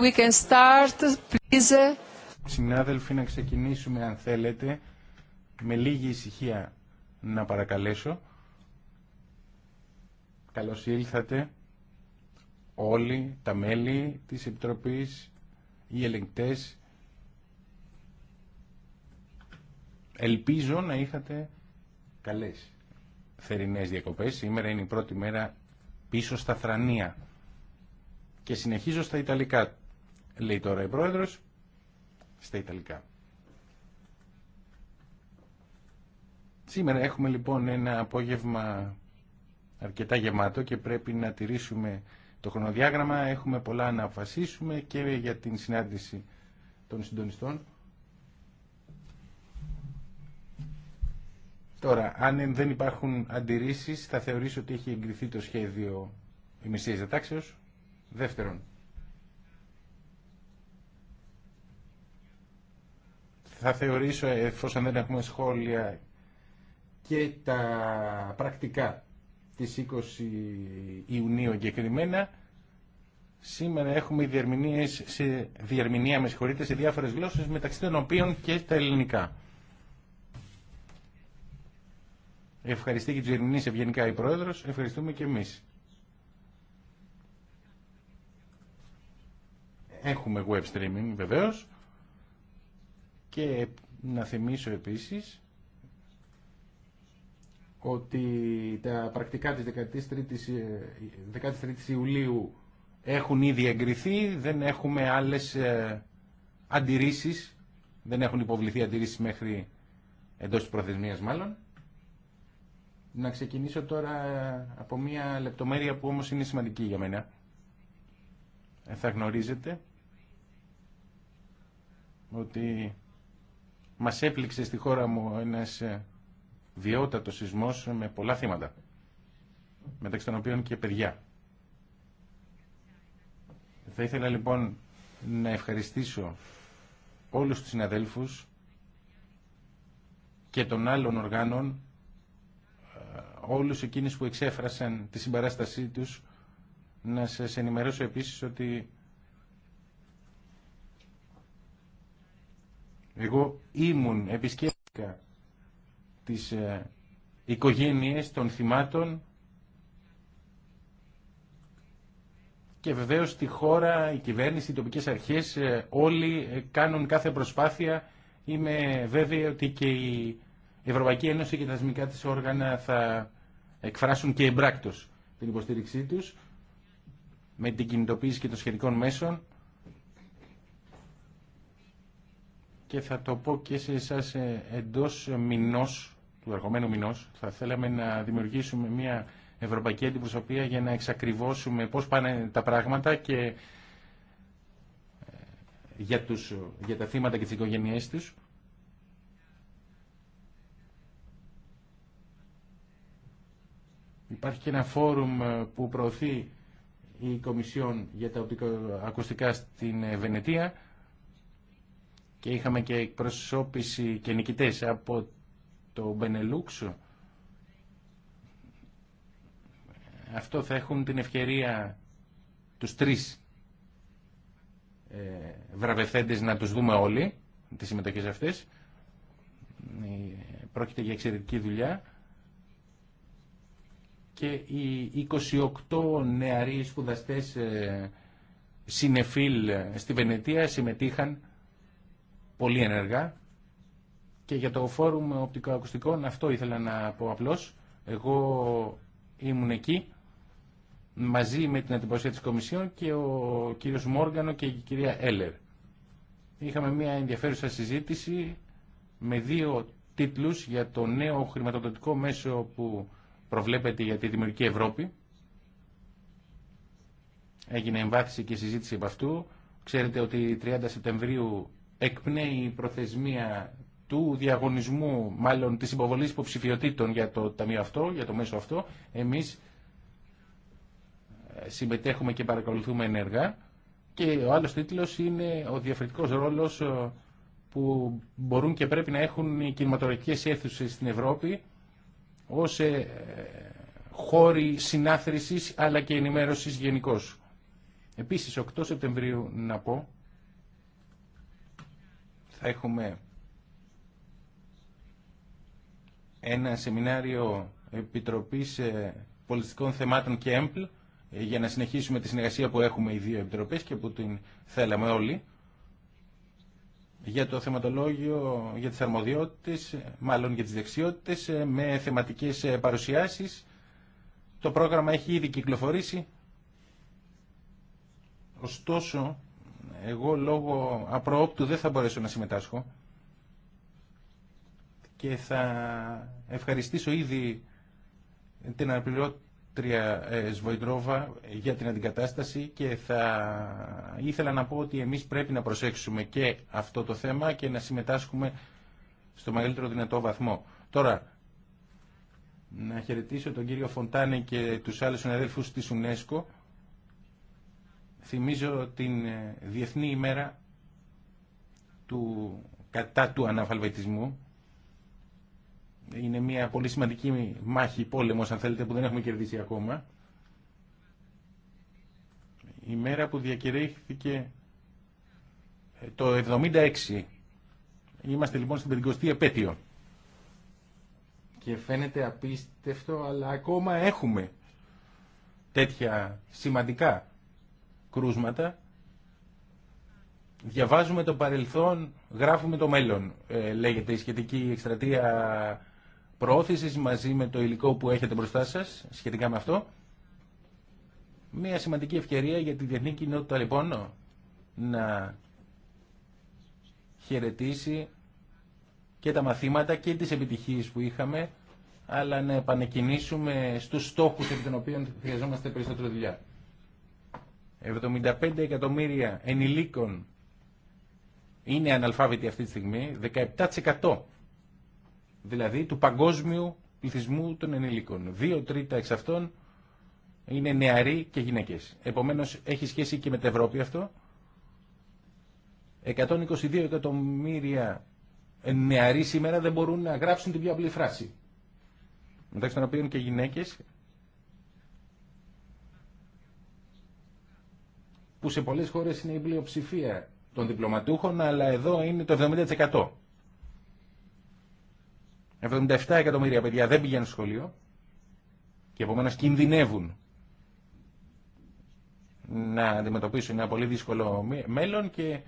we Συνάδελφοι, να ξεκινήσουμε αν θέλετε με λίγη ησυχία να παρακαλέσω. Καλώς ήλθατε όλοι τα μέλη της Επιτροπής, οι ελεγκτές. Ελπίζω να είχατε καλές θερινές διακοπές. Σήμερα είναι η πρώτη μέρα πίσω στα Θρανία. Και συνεχίζω στα Ιταλικά, λέει τώρα η Πρόεδρος, στα Ιταλικά. Σήμερα έχουμε λοιπόν ένα απόγευμα αρκετά γεμάτο και πρέπει να τηρήσουμε το χρονοδιάγραμμα. Έχουμε πολλά να αποφασίσουμε και για την συνάντηση των συντονιστών. Τώρα, αν δεν υπάρχουν αντιρρήσεις, θα θεωρήσω ότι έχει εγκριθεί το σχέδιο μισή διατάξεως. Δεύτερον, θα θεωρήσω, εφόσον δεν έχουμε σχόλια, και τα πρακτικά της 20 Ιουνίου εγκεκριμένα. Σήμερα έχουμε διερμηνία με σε διάφορες γλώσσες, μεταξύ των οποίων και τα ελληνικά. Ευχαριστεί και τους Ελληνείς ευγενικά η Πρόεδρος. Ευχαριστούμε και εμείς. Έχουμε web streaming βεβαίως. Και να θυμίσω επίσης ότι τα πρακτικά της 13ης, 13ης ε, Ιουλίου έχουν ήδη εγκριθεί, δεν έχουμε άλλες ε, αντιρρήσεις, δεν έχουν υποβληθεί αντιρρήσεις μέχρι εντός της προθεσμίας μάλλον. Να ξεκινήσω τώρα από μια λεπτομέρεια που όμως είναι σημαντική για μένα. Ε, θα γνωρίζετε ότι μας έπληξε στη χώρα μου ένας ε, βιώτατος σεισμός με πολλά θύματα, μεταξύ των οποίων και παιδιά. Θα ήθελα λοιπόν να ευχαριστήσω όλους τους συναδέλφους και των άλλων οργάνων όλους εκείνους που εξέφρασαν τη συμπαράστασή τους. Να σας ενημερώσω επίσης ότι εγώ ήμουν, επισκέφτηκα τις ε, οικογένειες των θυμάτων και βεβαίως τη χώρα, η κυβέρνηση, οι τοπικές αρχές ε, όλοι ε, κάνουν κάθε προσπάθεια. Είμαι βέβαιη ότι και οι η Ευρωπαϊκή Ένωση και τα δεσμικά όργανα θα εκφράσουν και εμπράκτο την υποστήριξή τους με την κινητοποίηση και των σχετικών μέσων και θα το πω και σε εσά ε, εντός μηνός, του ερχομένου μηνό, θα θέλαμε να δημιουργήσουμε μια ευρωπαϊκή αντιπροσωπεία για να εξακριβώσουμε πώς πάνε τα πράγματα και ε, για, τους, για τα θύματα και τι οικογένειε του. Υπάρχει και ένα φόρουμ ε, που προωθεί η Κομισιόν για τα ακουστικά στην ε, Βενετία και είχαμε και εκπροσώπηση και νικητές από το Μπενελούξ. Αυτό θα έχουν την ευκαιρία τους τρεις ε, βραβευθέντες να τους δούμε όλοι, τις συμμετοχές αυτές. Πρόκειται για εξαιρετική δουλειά και οι 28 νεαροί σπουδαστές ε, συνεφίλ ε, στη Βενετία συμμετείχαν πολύ ενεργά και για το φόρουμ οπτικοακουστικών αυτό ήθελα να πω απλώς. Εγώ ήμουν εκεί μαζί με την αντιπροσία της Κομισιόν και ο κύριος Μόργανο και η κυρία Έλερ. Είχαμε μια ενδιαφέρουσα συζήτηση με δύο τίτλους για το νέο χρηματοδοτικό μέσο που προβλέπεται για τη Δημιουργική Ευρώπη. Έγινε εμβάθυνση και συζήτηση από αυτού. Ξέρετε ότι 30 Σεπτεμβρίου εκπνέει η προθεσμία του διαγωνισμού, μάλλον της υποβολής υποψηφιωτήτων για το ταμείο αυτό, για το μέσο αυτό. Εμείς ε, συμμετέχουμε και παρακολουθούμε ενεργά. Και ο άλλος τίτλος είναι ο διαφορετικός ρόλος ε, που μπορούν και πρέπει να έχουν οι κινηματογραφικές αίθουσες στην Ευρώπη ως ε, χώροι συνάθρησης αλλά και ενημέρωσης γενικώ. Επίσης, 8 Σεπτεμβρίου να πω, θα έχουμε ένα σεμινάριο Επιτροπής ε, Πολιτικών Θεμάτων και ΕΜΠΛ ε, για να συνεχίσουμε τη συνεργασία που έχουμε οι δύο επιτροπές και που την θέλαμε όλοι για το θεματολόγιο, για τις αρμοδιότητες, μάλλον για τις δεξιότητες, ε, με θεματικές ε, παρουσιάσεις. Το πρόγραμμα έχει ήδη κυκλοφορήσει. Ωστόσο, εγώ λόγω απροόπτου δεν θα μπορέσω να συμμετάσχω και θα ευχαριστήσω ήδη την αναπληρώτη. Ε, Σβοϊντρόβα για την αντικατάσταση και θα ήθελα να πω ότι εμείς πρέπει να προσέξουμε και αυτό το θέμα και να συμμετάσχουμε στο μεγαλύτερο δυνατό βαθμό. Τώρα, να χαιρετήσω τον κύριο Φοντάνη και τους άλλους συναδέλφους της UNESCO. Θυμίζω την ε, Διεθνή ημέρα του, κατά του αναφαλβετισμού είναι μια πολύ σημαντική μάχη, πόλεμος αν θέλετε, που δεν έχουμε κερδίσει ακόμα. Η μέρα που διακηρύχθηκε ε, το 76. Είμαστε λοιπόν στην 50η επέτειο. Και φαίνεται απίστευτο, αλλά ακόμα έχουμε τέτοια σημαντικά κρούσματα. Διαβάζουμε το παρελθόν, γράφουμε το μέλλον, ε, λέγεται η σχετική εκστρατεία προώθησης μαζί με το υλικό που έχετε μπροστά σα σχετικά με αυτό. Μια σημαντική ευκαιρία για τη διεθνή κοινότητα λοιπόν να χαιρετήσει και τα μαθήματα και τις επιτυχίες που είχαμε αλλά να επανεκκινήσουμε στους στόχους επί των οποίων χρειαζόμαστε περισσότερο δουλειά. 75 εκατομμύρια ενηλίκων είναι αναλφάβητοι αυτή τη στιγμή, 17% δηλαδή του παγκόσμιου πληθυσμού των ενηλίκων. Δύο τρίτα εξ αυτών είναι νεαροί και γυναίκες. Επομένως έχει σχέση και με την Ευρώπη αυτό. 122 εκατομμύρια νεαροί σήμερα δεν μπορούν να γράψουν την πιο απλή φράση. Μεταξύ των οποίων και γυναίκες που σε πολλές χώρες είναι η πλειοψηφία των διπλωματούχων, αλλά εδώ είναι το 70%. 77 εκατομμύρια παιδιά δεν πηγαίνουν στο σχολείο και επομένω κινδυνεύουν να αντιμετωπίσουν ένα πολύ δύσκολο μέλλον και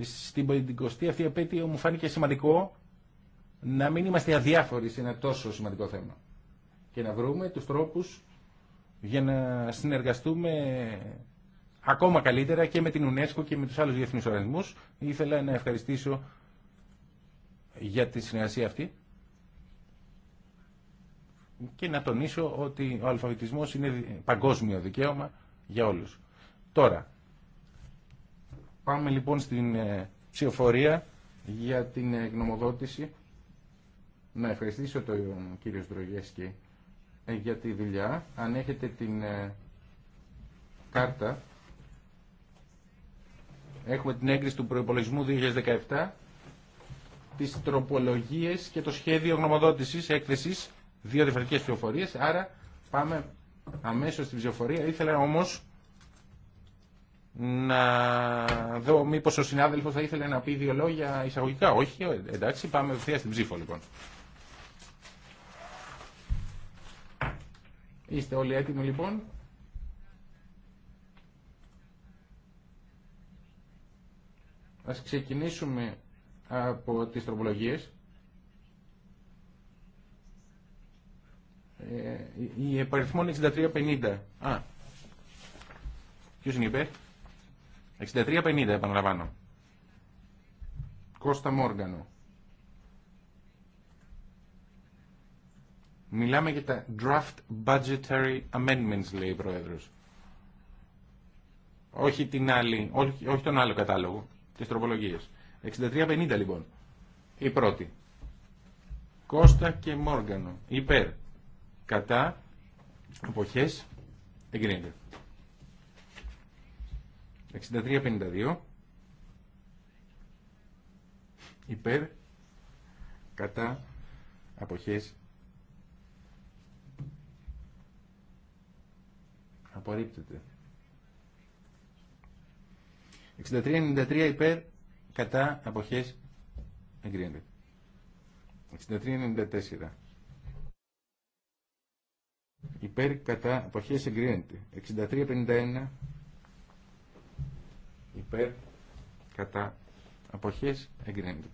στην πολιτικοστή αυτή επέτειο μου φάνηκε σημαντικό να μην είμαστε αδιάφοροι σε ένα τόσο σημαντικό θέμα και να βρούμε τους τρόπους για να συνεργαστούμε ακόμα καλύτερα και με την UNESCO και με τους άλλους διεθνείς οργανισμούς. Ήθελα να ευχαριστήσω για τη συνεργασία αυτή και να τονίσω ότι ο αλφαβητισμός είναι παγκόσμιο δικαίωμα για όλους. Τώρα, πάμε λοιπόν στην ε, ψηφοφορία για την ε, γνωμοδότηση. Να ευχαριστήσω τον κύριο Στρογέσκη ε, για τη δουλειά. Αν έχετε την κάρτα, έχουμε την έγκριση του προϋπολογισμού 2017 τις τροπολογίε και το σχέδιο γνωμοδότηση έκθεση. δύο διαφορετικές πληροφορίε. άρα πάμε αμέσως στην ψηφοφορία. Ήθελα όμως να δω μήπως ο συνάδελφος θα ήθελε να πει δύο λόγια εισαγωγικά. Όχι, ε, εντάξει, πάμε ευθεία στην ψήφο λοιπόν. Είστε όλοι έτοιμοι λοιπόν. Ας ξεκινήσουμε από τις τροπολογίες. Ε, η επαριθμόν 63-50. Α, ποιος είναι υπέρ. 63-50 επαναλαμβάνω. Κώστα Μόργανο. Μιλάμε για τα draft budgetary amendments, λέει η Πρόεδρος. Όχι όχι τον άλλο κατάλογο, τις τροπολογίες. 63-50 λοιπόν. Η πρώτη. Κώστα και Μόργανο. Υπέρ. Κατά. Εποχές. Εγκρίνεται. 63-52. Υπέρ. Κατά. Αποχές. Απορρίπτεται. 63-93 υπέρ κατα εποχες αποχές εγκρίνεται. 63-94 υπέρ κατά αποχές εγκρίνεται. 63-51 υπέρ κατά αποχές εγκρίνεται.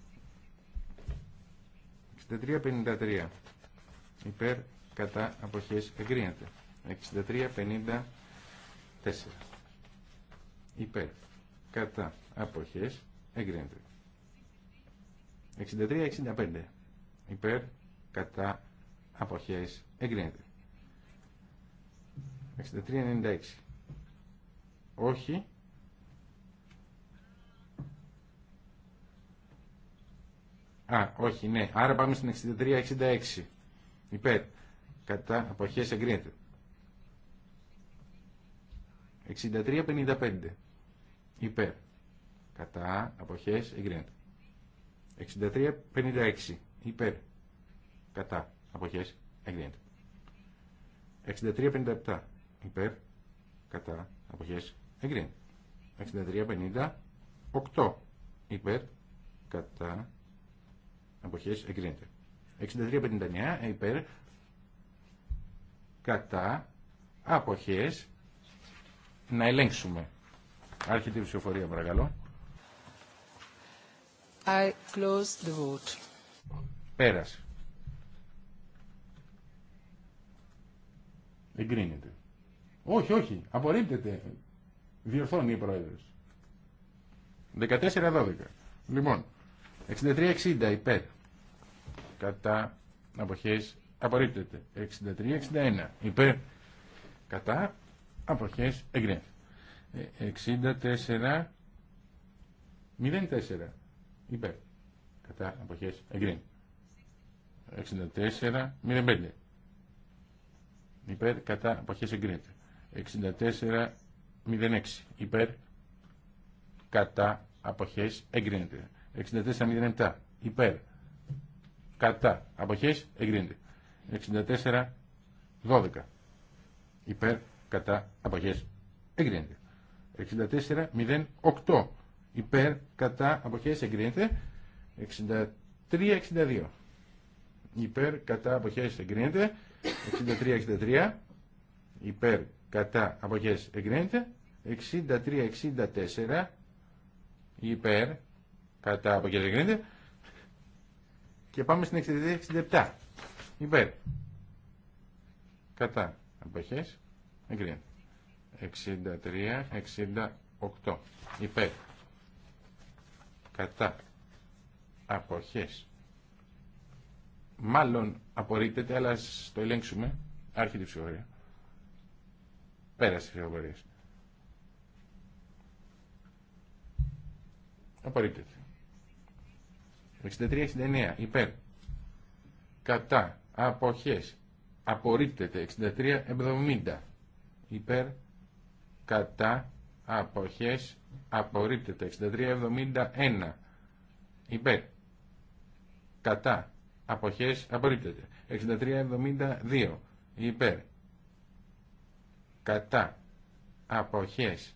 63-53 υπέρ κατά αποχές εγκρίνεται. 63-54 υπέρ κατά αποχές εγκρίνεται. 63-65 υπέρ κατά αποχές εγκρίνεται. 63-96 όχι. Α, όχι, ναι. Άρα πάμε στην 63-66. Υπέρ. Κατά αποχές εγκρίνεται. 63-55. Υπέρ κατά αποχές εγκρίνεται. 63-56 υπέρ κατά αποχές εγκρίνεται. 63-57 υπέρ κατά αποχές εγκρίνεται. 63-58 υπέρ κατά αποχές εγκρίνεται. 63-59 υπέρ κατά αποχές να ελέγξουμε. Άρχεται η ψηφοφορία παρακαλώ. I close Πέρασε. Εγκρίνεται. Όχι, όχι. Απορρίπτεται. Διορθώνει η Πρόεδρος. 14-12. Λοιπόν, 63-60 υπέρ. Κατά αποχές απορρίπτεται. 63-61 υπέρ. Κατά αποχές εγκρίνεται. 64-04 ε, υπέρ κατά αποχές εγκρίνει 64-05 υπέρ κατά αποχές εγκρίνεται 64-06 υπέρ κατά αποχές εγκρίνεται 64-07 υπέρ κατά αποχές εγκρίνεται 64-12 υπέρ κατά αποχές εγκρίνεται 64-08 υπέρ, κατά, αποχές εγκρίνεται. 63-62 υπέρ, κατά, αποχές εγκρίνεται. 63-63 υπέρ, κατά, αποχές εγκρίνεται. 63-64 υπέρ, κατά, αποχές εγκρίνεται. Και πάμε στην 63-67 υπέρ, κατά, αποχές εγκρίνεται. 63-68 υπέρ κατά αποχές μάλλον απορρίπτεται αλλά ας το ελέγξουμε άρχιτη ψηφοφορία πέρασε ψηφοφορίες απορρίπτεται 63-69 υπέρ κατά αποχές απορρίπτεται 63-70 υπέρ κατά αποχές απορρίπτεται 6371 υπέρ κατά αποχές απορρίπτεται 6372 υπέρ κατά αποχές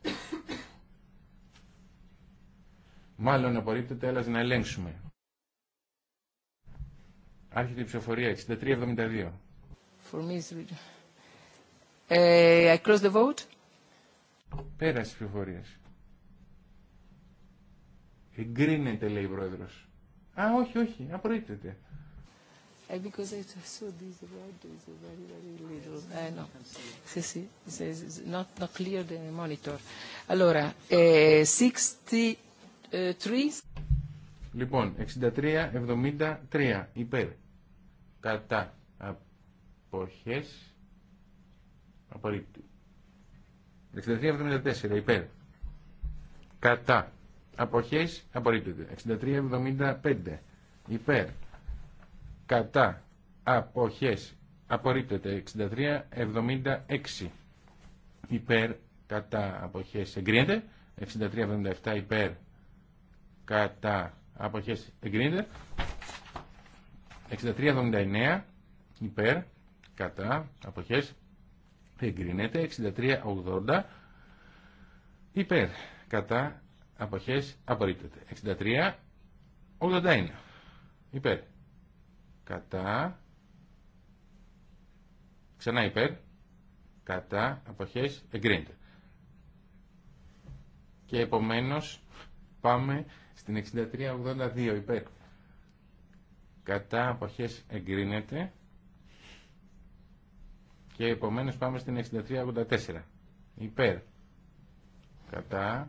μάλλον απορρίπτεται αλλά να ελέγξουμε άρχεται η ψηφοφορία 6372 For me uh, I the vote. Πέρασε ψηφοφορίας. Εγκρίνεται, λέει η πρόεδρος. Α, όχι, όχι, απορρίπτεται. Λοιπόν, 63-73 υπέρ. Κατά αποχές απορρίπτει. 63-74 υπέρ. Κατά αποχές 6375 υπέρ κατά αποχές 6376 υπέρ κατά αποχές 6377 υπέρ κατά αποχές 6379 υπέρ κατά αποχές 6380 υπέρ κατά αποχές απορρίπτεται. 63, 81 υπέρ. Κατά, ξανά υπέρ, κατά, αποχές εγκρίνεται. Και επομένως πάμε στην 63-82 υπέρ. Κατά αποχές εγκρίνεται. Και επομένως πάμε στην 63-84 υπέρ. Κατά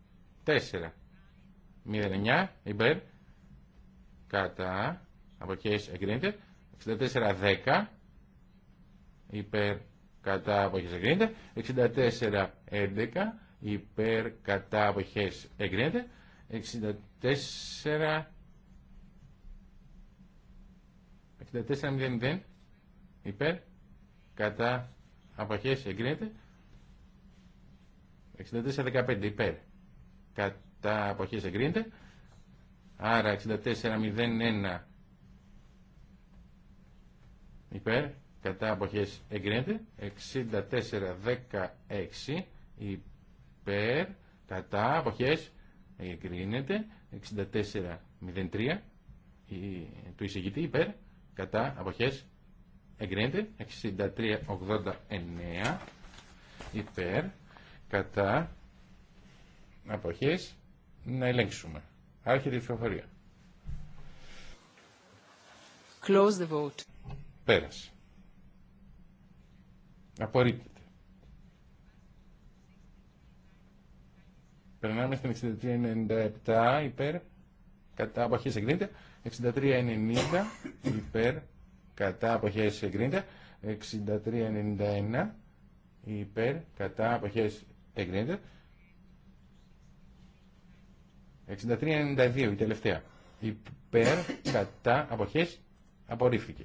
4. 09 υπέρ κατά αποχές εγκρίνεται 64-10 υπέρ κατά αποχές εγκρίνεται 64-11 υπέρ κατά αποχές εγκρίνεται 64 64-00 υπέρ κατά αποχές εγκρίνεται 64-15 από υπέρ κατα αποχή αποχές εγκρίνεται. Άρα 64-01 υπέρ αποχή αποχές εγκρίνεται. 64-16 υπέρ αποχή αποχές εγκρίνεται. 64-03 του εισηγητή υπέρ αποχή αποχές εγκρίνεται. 63-89 υπέρ κατά αποχές να ελέγξουμε. Άρχεται η ψηφοφορία. Close the vote. Πέρασε. Απορρίπτεται. Περνάμε στην 63-97 υπέρ, κατά αποχές εγκρίνεται. 63-90 υπέρ, κατά αποχές εγκρίνεται. 63-91 υπέρ, κατά αποχές εγκρίνεται. 63-92 η τελευταία. Υπέρ, κατά, αποχές, απορρίφθηκε.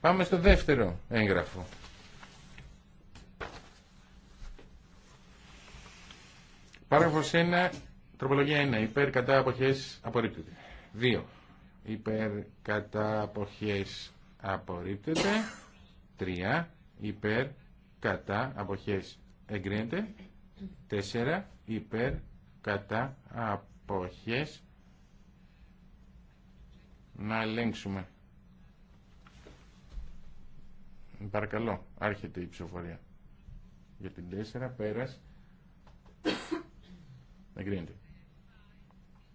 Πάμε στο δεύτερο έγγραφο. Παράγραφος 1, τροπολογία 1. Υπέρ, κατά, αποχές, απορρίπτεται. 2. Υπέρ, κατά, αποχές, απορρίπτεται. 3. Υπέρ, κατά αποχές εγκρίνεται τέσσερα υπέρ κατά αποχές να ελέγξουμε παρακαλώ άρχεται η ψηφοφορία για την 4 πέρας εγκρίνεται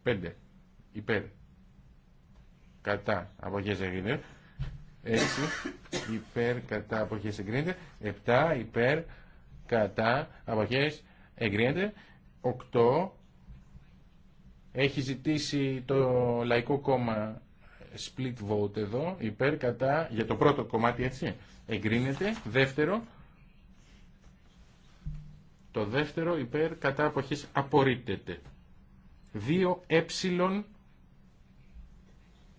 5 υπέρ κατά αποχές εγκρίνεται Έξι, υπέρ κατά αποχές εγκρίνεται 7 υπέρ κατά αποχές εγκρίνεται 8 έχει ζητήσει το Λαϊκό Κόμμα split vote εδώ υπέρ κατά για το πρώτο κομμάτι έτσι εγκρίνεται δεύτερο το δεύτερο υπέρ κατά αποχές απορρίπτεται Δύο ε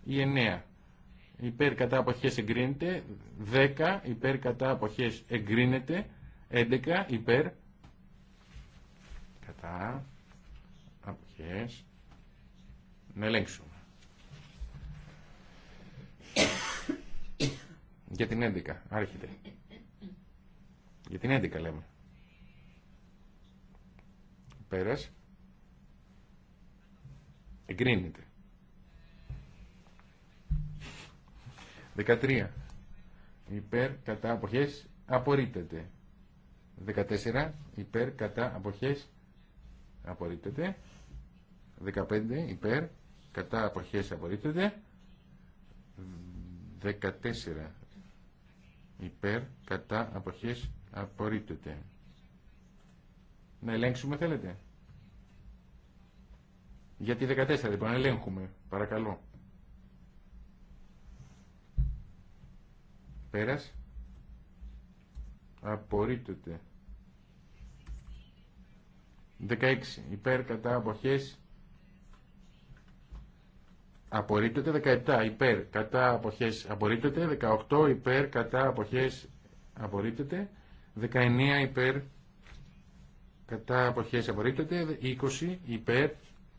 ή εννέα υπέρ κατά αποχές εγκρίνεται, 10 υπέρ κατά αποχές εγκρίνεται, 11 υπέρ κατά αποχές να ελέγξουμε. Για την 11, άρχεται. Για την 11 λέμε. Πέρας. Εγκρίνεται. 13. Υπέρ κατά αποχές απορρίπτεται. 14. Υπέρ κατά αποχές απορρίπτεται. 15. Υπέρ κατά αποχές απορρίπτεται. 14. Υπέρ κατά αποχές απορρίπτεται. Να ελέγξουμε θέλετε. Γιατί 14 λοιπόν ελέγχουμε. Παρακαλώ. Πέρας. Απορρίπτεται. 16. Υπέρ κατά αποχές. Απορρίπτεται 17 υπέρ κατά αποχές απορρίπτεται, 18 υπέρ κατά αποχές απορρίπτεται, 19 υπέρ κατά αποχές απορρίπτεται, 20 υπέρ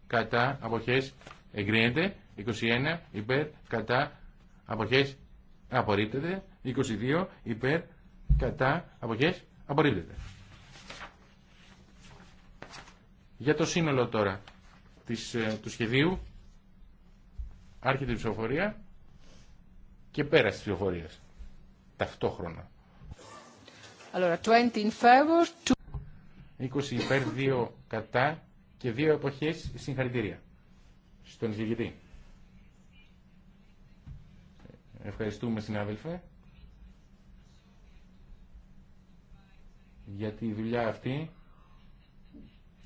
κατά αποχές εγκρίνεται, 21 υπέρ κατά αποχές απορρίπτεται, 22 υπέρ κατά αποχές απορρίπτεται. Για το σύνολο τώρα της, ε, του σχεδίου άρχεται η ψηφοφορία και πέρας της ψηφοφορίας ταυτόχρονα. 20 in favor, 20 υπέρ, 2 κατά και 2 εποχές συγχαρητήρια στον εισηγητή. Ευχαριστούμε συνάδελφε. για τη δουλειά αυτή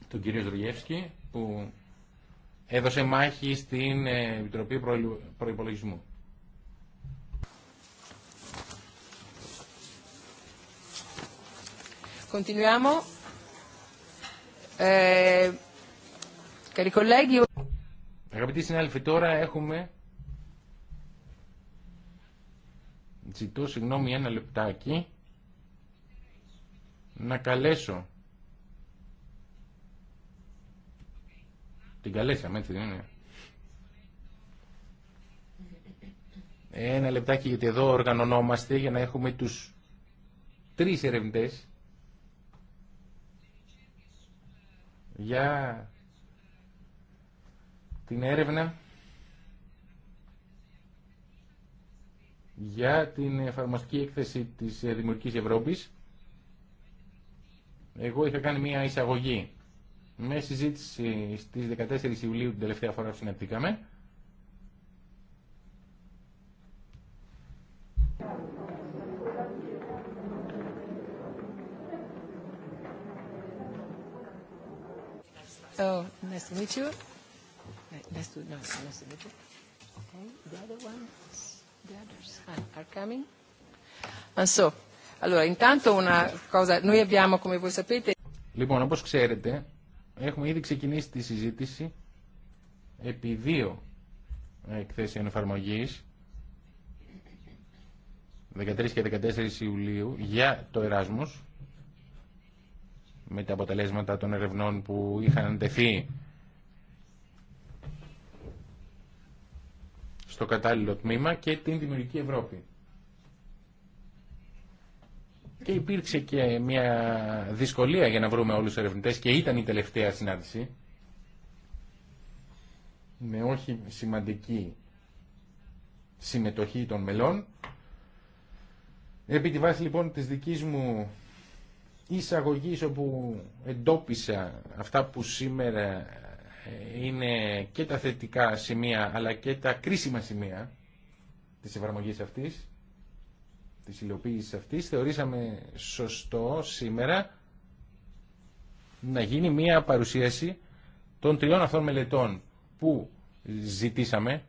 τον κύριο Δρογεύσκη που έδωσε μάχη στην ε, Επιτροπή Προϋπολογισμού. Continuiamo. Ε, colleghi. Αγαπητοί συνάδελφοι, τώρα έχουμε... Ζητώ συγγνώμη ένα λεπτάκι να καλέσω την καλέσαμε έτσι δεν είναι ένα λεπτάκι γιατί εδώ οργανωνόμαστε για να έχουμε τους τρεις ερευνητές για την έρευνα για την εφαρμοστική έκθεση της Δημιουργικής Ευρώπης εγώ είχα κάνει μια εισαγωγή με συζήτηση στις 14 Ιουλίου την τελευταία φορά που συναντήκαμε. Oh, nice to meet you. Nice to, no, nice to meet you. Okay, the other ones, the others are coming. And so, Λοιπόν, όπως ξέρετε, έχουμε ήδη ξεκινήσει τη συζήτηση επί δύο εκθέσεων εφαρμογής 13 και 14 Ιουλίου για το Εράσμος με τα αποτελέσματα των ερευνών που είχαν τεθεί στο κατάλληλο τμήμα και την Δημιουργική Ευρώπη. Και υπήρξε και μια δυσκολία για να βρούμε όλους τους ερευνητές και ήταν η τελευταία συνάντηση με όχι σημαντική συμμετοχή των μελών. Επί τη βάση λοιπόν της δικής μου εισαγωγής όπου εντόπισα αυτά που σήμερα ε, είναι και τα θετικά σημεία αλλά και τα κρίσιμα σημεία της εφαρμογής αυτής της υλοποίηση αυτής θεωρήσαμε σωστό σήμερα να γίνει μια παρουσίαση των τριών αυτών μελετών που ζητήσαμε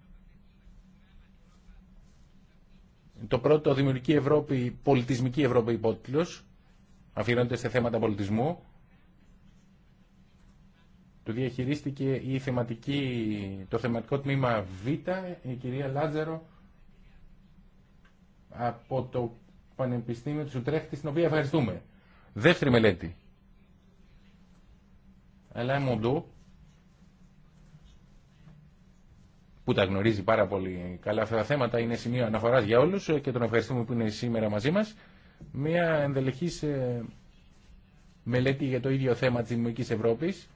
το πρώτο δημιουργική Ευρώπη, πολιτισμική Ευρώπη υπότιτλος αφιερώνεται σε θέματα πολιτισμού το διαχειρίστηκε η θεματική, το θεματικό τμήμα Β η κυρία Λάτζαρο από το Πανεπιστήμιο του Ουτρέχτης στην οποία ευχαριστούμε. Δεύτερη μελέτη. Αλλά μοντου που τα γνωρίζει πάρα πολύ καλά αυτά τα θέματα, είναι σημείο αναφοράς για όλους και τον ευχαριστούμε που είναι σήμερα μαζί μας. Μια ενδελεχής ε, μελέτη για το ίδιο θέμα της Δημιουργικής Ευρώπης,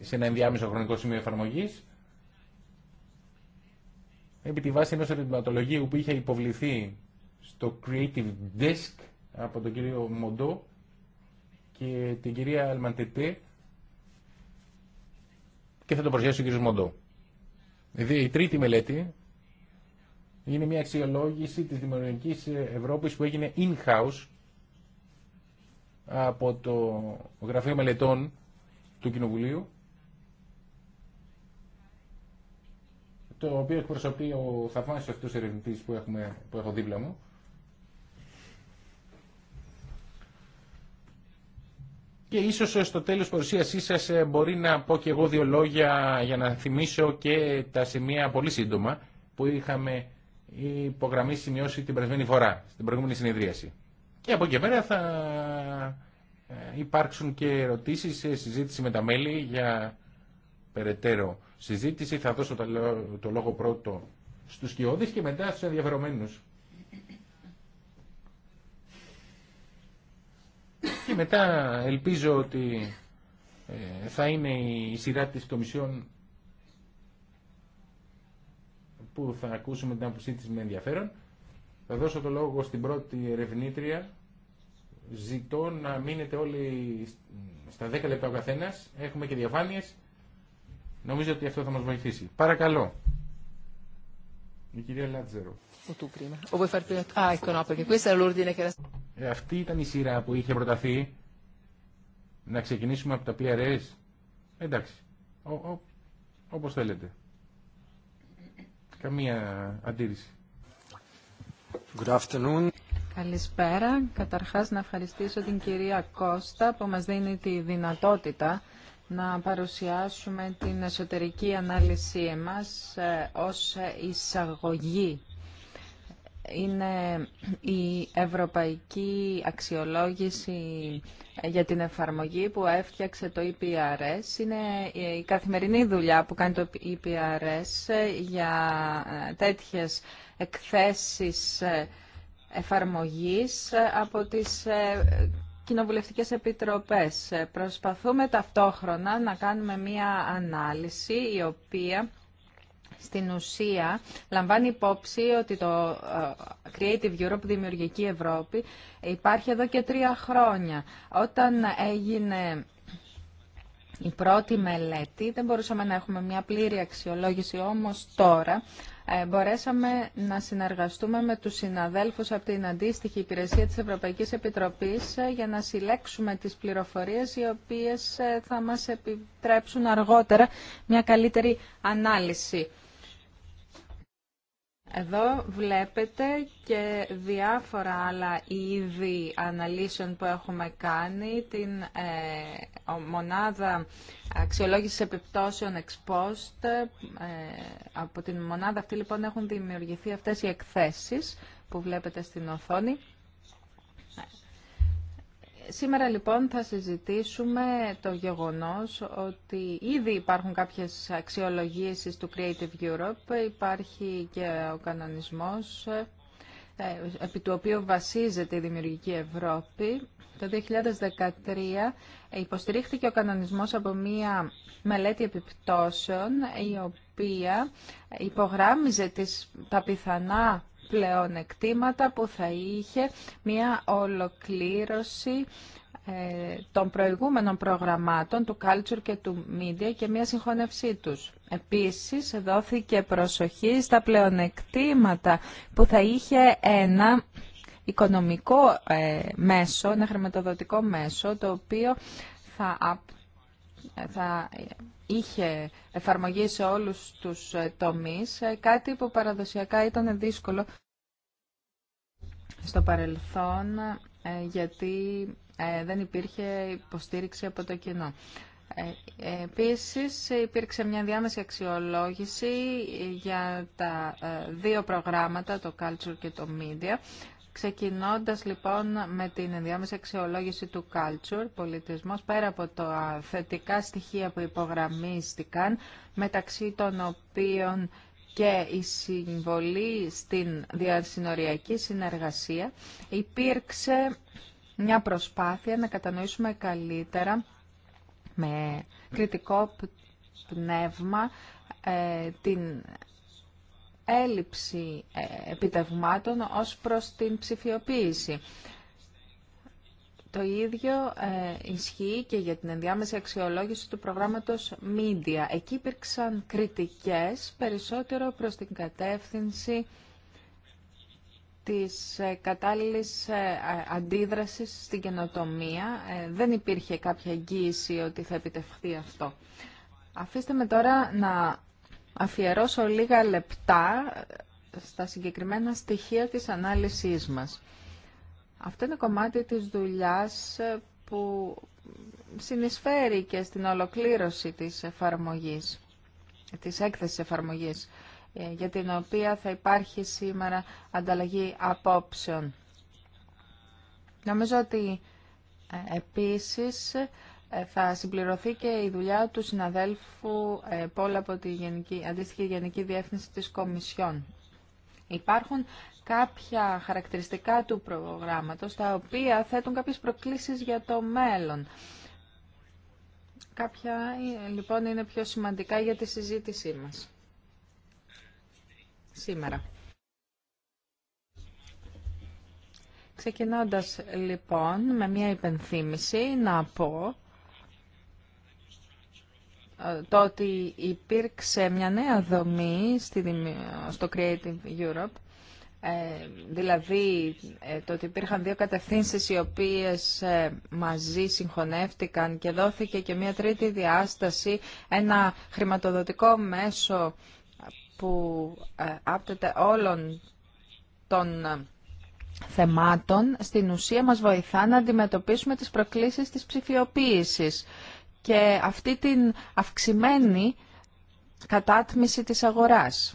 σε ένα ενδιάμεσο χρονικό σημείο εφαρμογής επί τη βάση ενός ερωτηματολογίου που είχε υποβληθεί στο Creative Desk από τον κύριο Μοντό και την κυρία Αλμαντετέ και θα το προσθέσει ο κύριος Μοντό. Δηλαδή, η τρίτη μελέτη είναι μια αξιολόγηση της Δημιουργικής Ευρώπης που έγινε in-house από το Γραφείο Μελετών του Κοινοβουλίου το οποίο εκπροσωπεί ο θαυμάσιο αυτό ερευνητή που, που έχω δίπλα μου. Και ίσω ε, στο τέλος παρουσίασή σα ε, μπορεί να πω και εγώ δύο λόγια για να θυμίσω και τα σημεία πολύ σύντομα που είχαμε υπογραμμίσει σημειώσει την περασμένη φορά, στην προηγούμενη συνεδρίαση. Και από εκεί πέρα θα ε, υπάρξουν και ερωτήσεις σε συζήτηση με τα μέλη για περαιτέρω συζήτηση. Θα δώσω το λόγο πρώτο στους κοιόδης και μετά στους ενδιαφερομένους. Και μετά ελπίζω ότι ε, θα είναι η σειρά της Κομισιόν που θα ακούσουμε την άποψή της με ενδιαφέρον. Θα δώσω το λόγο στην πρώτη ερευνήτρια. Ζητώ να μείνετε όλοι στα 10 λεπτά ο καθένας. Έχουμε και διαφάνειες. Νομίζω ότι αυτό θα μας βοηθήσει. Παρακαλώ. Η κυρία Λάτζερο. αυτή ήταν η σειρά που είχε προταθεί. Να ξεκινήσουμε από τα PRS. Εντάξει. Όπω όπως θέλετε. Καμία αντίρρηση. Good afternoon. Καλησπέρα. Καταρχάς να ευχαριστήσω την κυρία Κώστα που μας δίνει τη δυνατότητα να παρουσιάσουμε την εσωτερική ανάλυση μας ε, ως εισαγωγή. Είναι η Ευρωπαϊκή Αξιολόγηση ε, για την Εφαρμογή που έφτιαξε το EPRS. Είναι ε, η καθημερινή δουλειά που κάνει το EPRS για τέτοιες εκθέσεις εφαρμογής από τις κοινοβουλευτικές επιτροπές. Ε, προσπαθούμε ταυτόχρονα να κάνουμε μία ανάλυση η οποία στην ουσία λαμβάνει υπόψη ότι το ε, Creative Europe, Δημιουργική Ευρώπη, υπάρχει εδώ και τρία χρόνια. Όταν έγινε η πρώτη μελέτη δεν μπορούσαμε να έχουμε μια πλήρη αξιολόγηση, όμως τώρα ε, μπορέσαμε να συνεργαστούμε με τους συναδέλφους από την αντίστοιχη υπηρεσία της Ευρωπαϊκής Επιτροπής ε, για να συλλέξουμε τις πληροφορίες οι οποίες ε, θα μας επιτρέψουν αργότερα μια καλύτερη ανάλυση. Εδώ βλέπετε και διάφορα άλλα είδη αναλύσεων που έχουμε κάνει, την ε, μονάδα αξιολόγησης επιπτώσεων EXPOST. Ε, από την μονάδα αυτή λοιπόν έχουν δημιουργηθεί αυτές οι εκθέσεις που βλέπετε στην οθόνη. Σήμερα λοιπόν θα συζητήσουμε το γεγονός ότι ήδη υπάρχουν κάποιες αξιολογήσεις του Creative Europe, υπάρχει και ο κανονισμός ε, επί του οποίου βασίζεται η Δημιουργική Ευρώπη. Το 2013 υποστηρίχθηκε ο κανονισμός από μία μελέτη επιπτώσεων η οποία υπογράμμιζε τις, τα πιθανά πλεονεκτήματα που θα είχε μια ολοκλήρωση ε, των προηγούμενων προγραμμάτων του Culture και του Media και μια συγχώνευσή τους. Επίσης, δόθηκε προσοχή στα πλεονεκτήματα που θα είχε ένα οικονομικό ε, μέσο, ένα χρηματοδοτικό μέσο, το οποίο θα θα είχε εφαρμογή σε όλους τους ε, τομείς, ε, κάτι που παραδοσιακά ήταν δύσκολο στο παρελθόν, ε, γιατί δεν υπήρχε υποστήριξη από το κοινό. Επίσης υπήρξε μια διάμεση αξιολόγηση για τα δύο προγράμματα, το Culture και το Media, Ξεκινώντας λοιπόν με την ενδιάμεση αξιολόγηση του culture, πολιτισμός, πέρα από τα θετικά στοιχεία που υπογραμμίστηκαν, μεταξύ των οποίων και η συμβολή στην διασυνοριακή συνεργασία, υπήρξε μια προσπάθεια να κατανοήσουμε καλύτερα με κριτικό πνεύμα ε, την έλλειψη ε, επιτευγμάτων ως προς την ψηφιοποίηση. Το ίδιο ε, ισχύει και για την ενδιάμεση αξιολόγηση του προγράμματος Media. Εκεί υπήρξαν κριτικές περισσότερο προς την κατεύθυνση της ε, κατάλληλης αντίδρασης στην καινοτομία. Δεν υπήρχε κάποια εγγύηση ότι θα επιτευχθεί αυτό. Αφήστε με τώρα να αφιερώσω λίγα λεπτά στα συγκεκριμένα στοιχεία της ανάλυσής μας. Αυτό είναι κομμάτι της δουλειάς που συνεισφέρει και στην ολοκλήρωση της εφαρμογής, της έκθεσης εφαρμογής, ε, για την οποία θα υπάρχει σήμερα ανταλλαγή απόψεων. Νομίζω ότι ε, επίσης ε, θα συμπληρωθεί και η δουλειά του συναδέλφου ε, Πόλα από τη γενική, αντίστοιχη Γενική Διεύθυνση της Κομισιόν. Υπάρχουν κάποια χαρακτηριστικά του προγράμματος, τα οποία θέτουν κάποιες προκλήσεις για το μέλλον. Κάποια, ε, λοιπόν, είναι πιο σημαντικά για τη συζήτησή μας σήμερα. Ξεκινώντας λοιπόν με μια υπενθύμηση να πω το ότι υπήρξε μια νέα δομή στο Creative Europe, ε, δηλαδή ε, το ότι υπήρχαν δύο κατευθύνσεις οι οποίες ε, μαζί συγχωνεύτηκαν και δόθηκε και μια τρίτη διάσταση, ένα χρηματοδοτικό μέσο που άπτεται όλων των θεμάτων, στην ουσία μας βοηθά να αντιμετωπίσουμε τις προκλήσεις της ψηφιοποίησης και αυτή την αυξημένη κατάτμιση της αγοράς.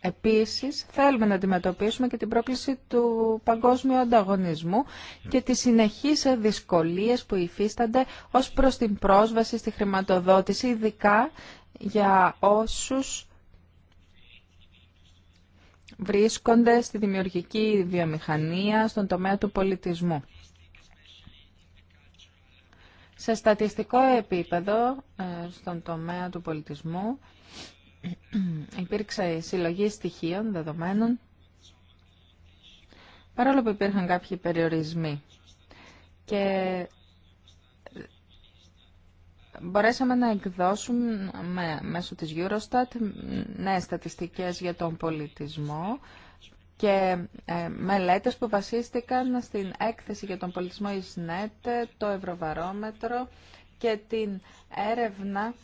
Επίσης, θέλουμε να αντιμετωπίσουμε και την πρόκληση του παγκόσμιου ανταγωνισμού και τις συνεχείς δυσκολίες που υφίστανται ως προς την πρόσβαση στη χρηματοδότηση, ειδικά για όσους βρίσκονται στη δημιουργική βιομηχανία, στον τομέα του πολιτισμού. Σε στατιστικό επίπεδο, ε, στον τομέα του πολιτισμού, υπήρξε συλλογή στοιχείων, δεδομένων, παρόλο που υπήρχαν κάποιοι περιορισμοί. Και μπορέσαμε να εκδώσουμε μέσω της Eurostat νέες στατιστικές για τον πολιτισμό, και ε, μελέτες που βασίστηκαν στην έκθεση για τον πολιτισμό ΙΣΝΕΤ, το Ευρωβαρόμετρο και την έρευνα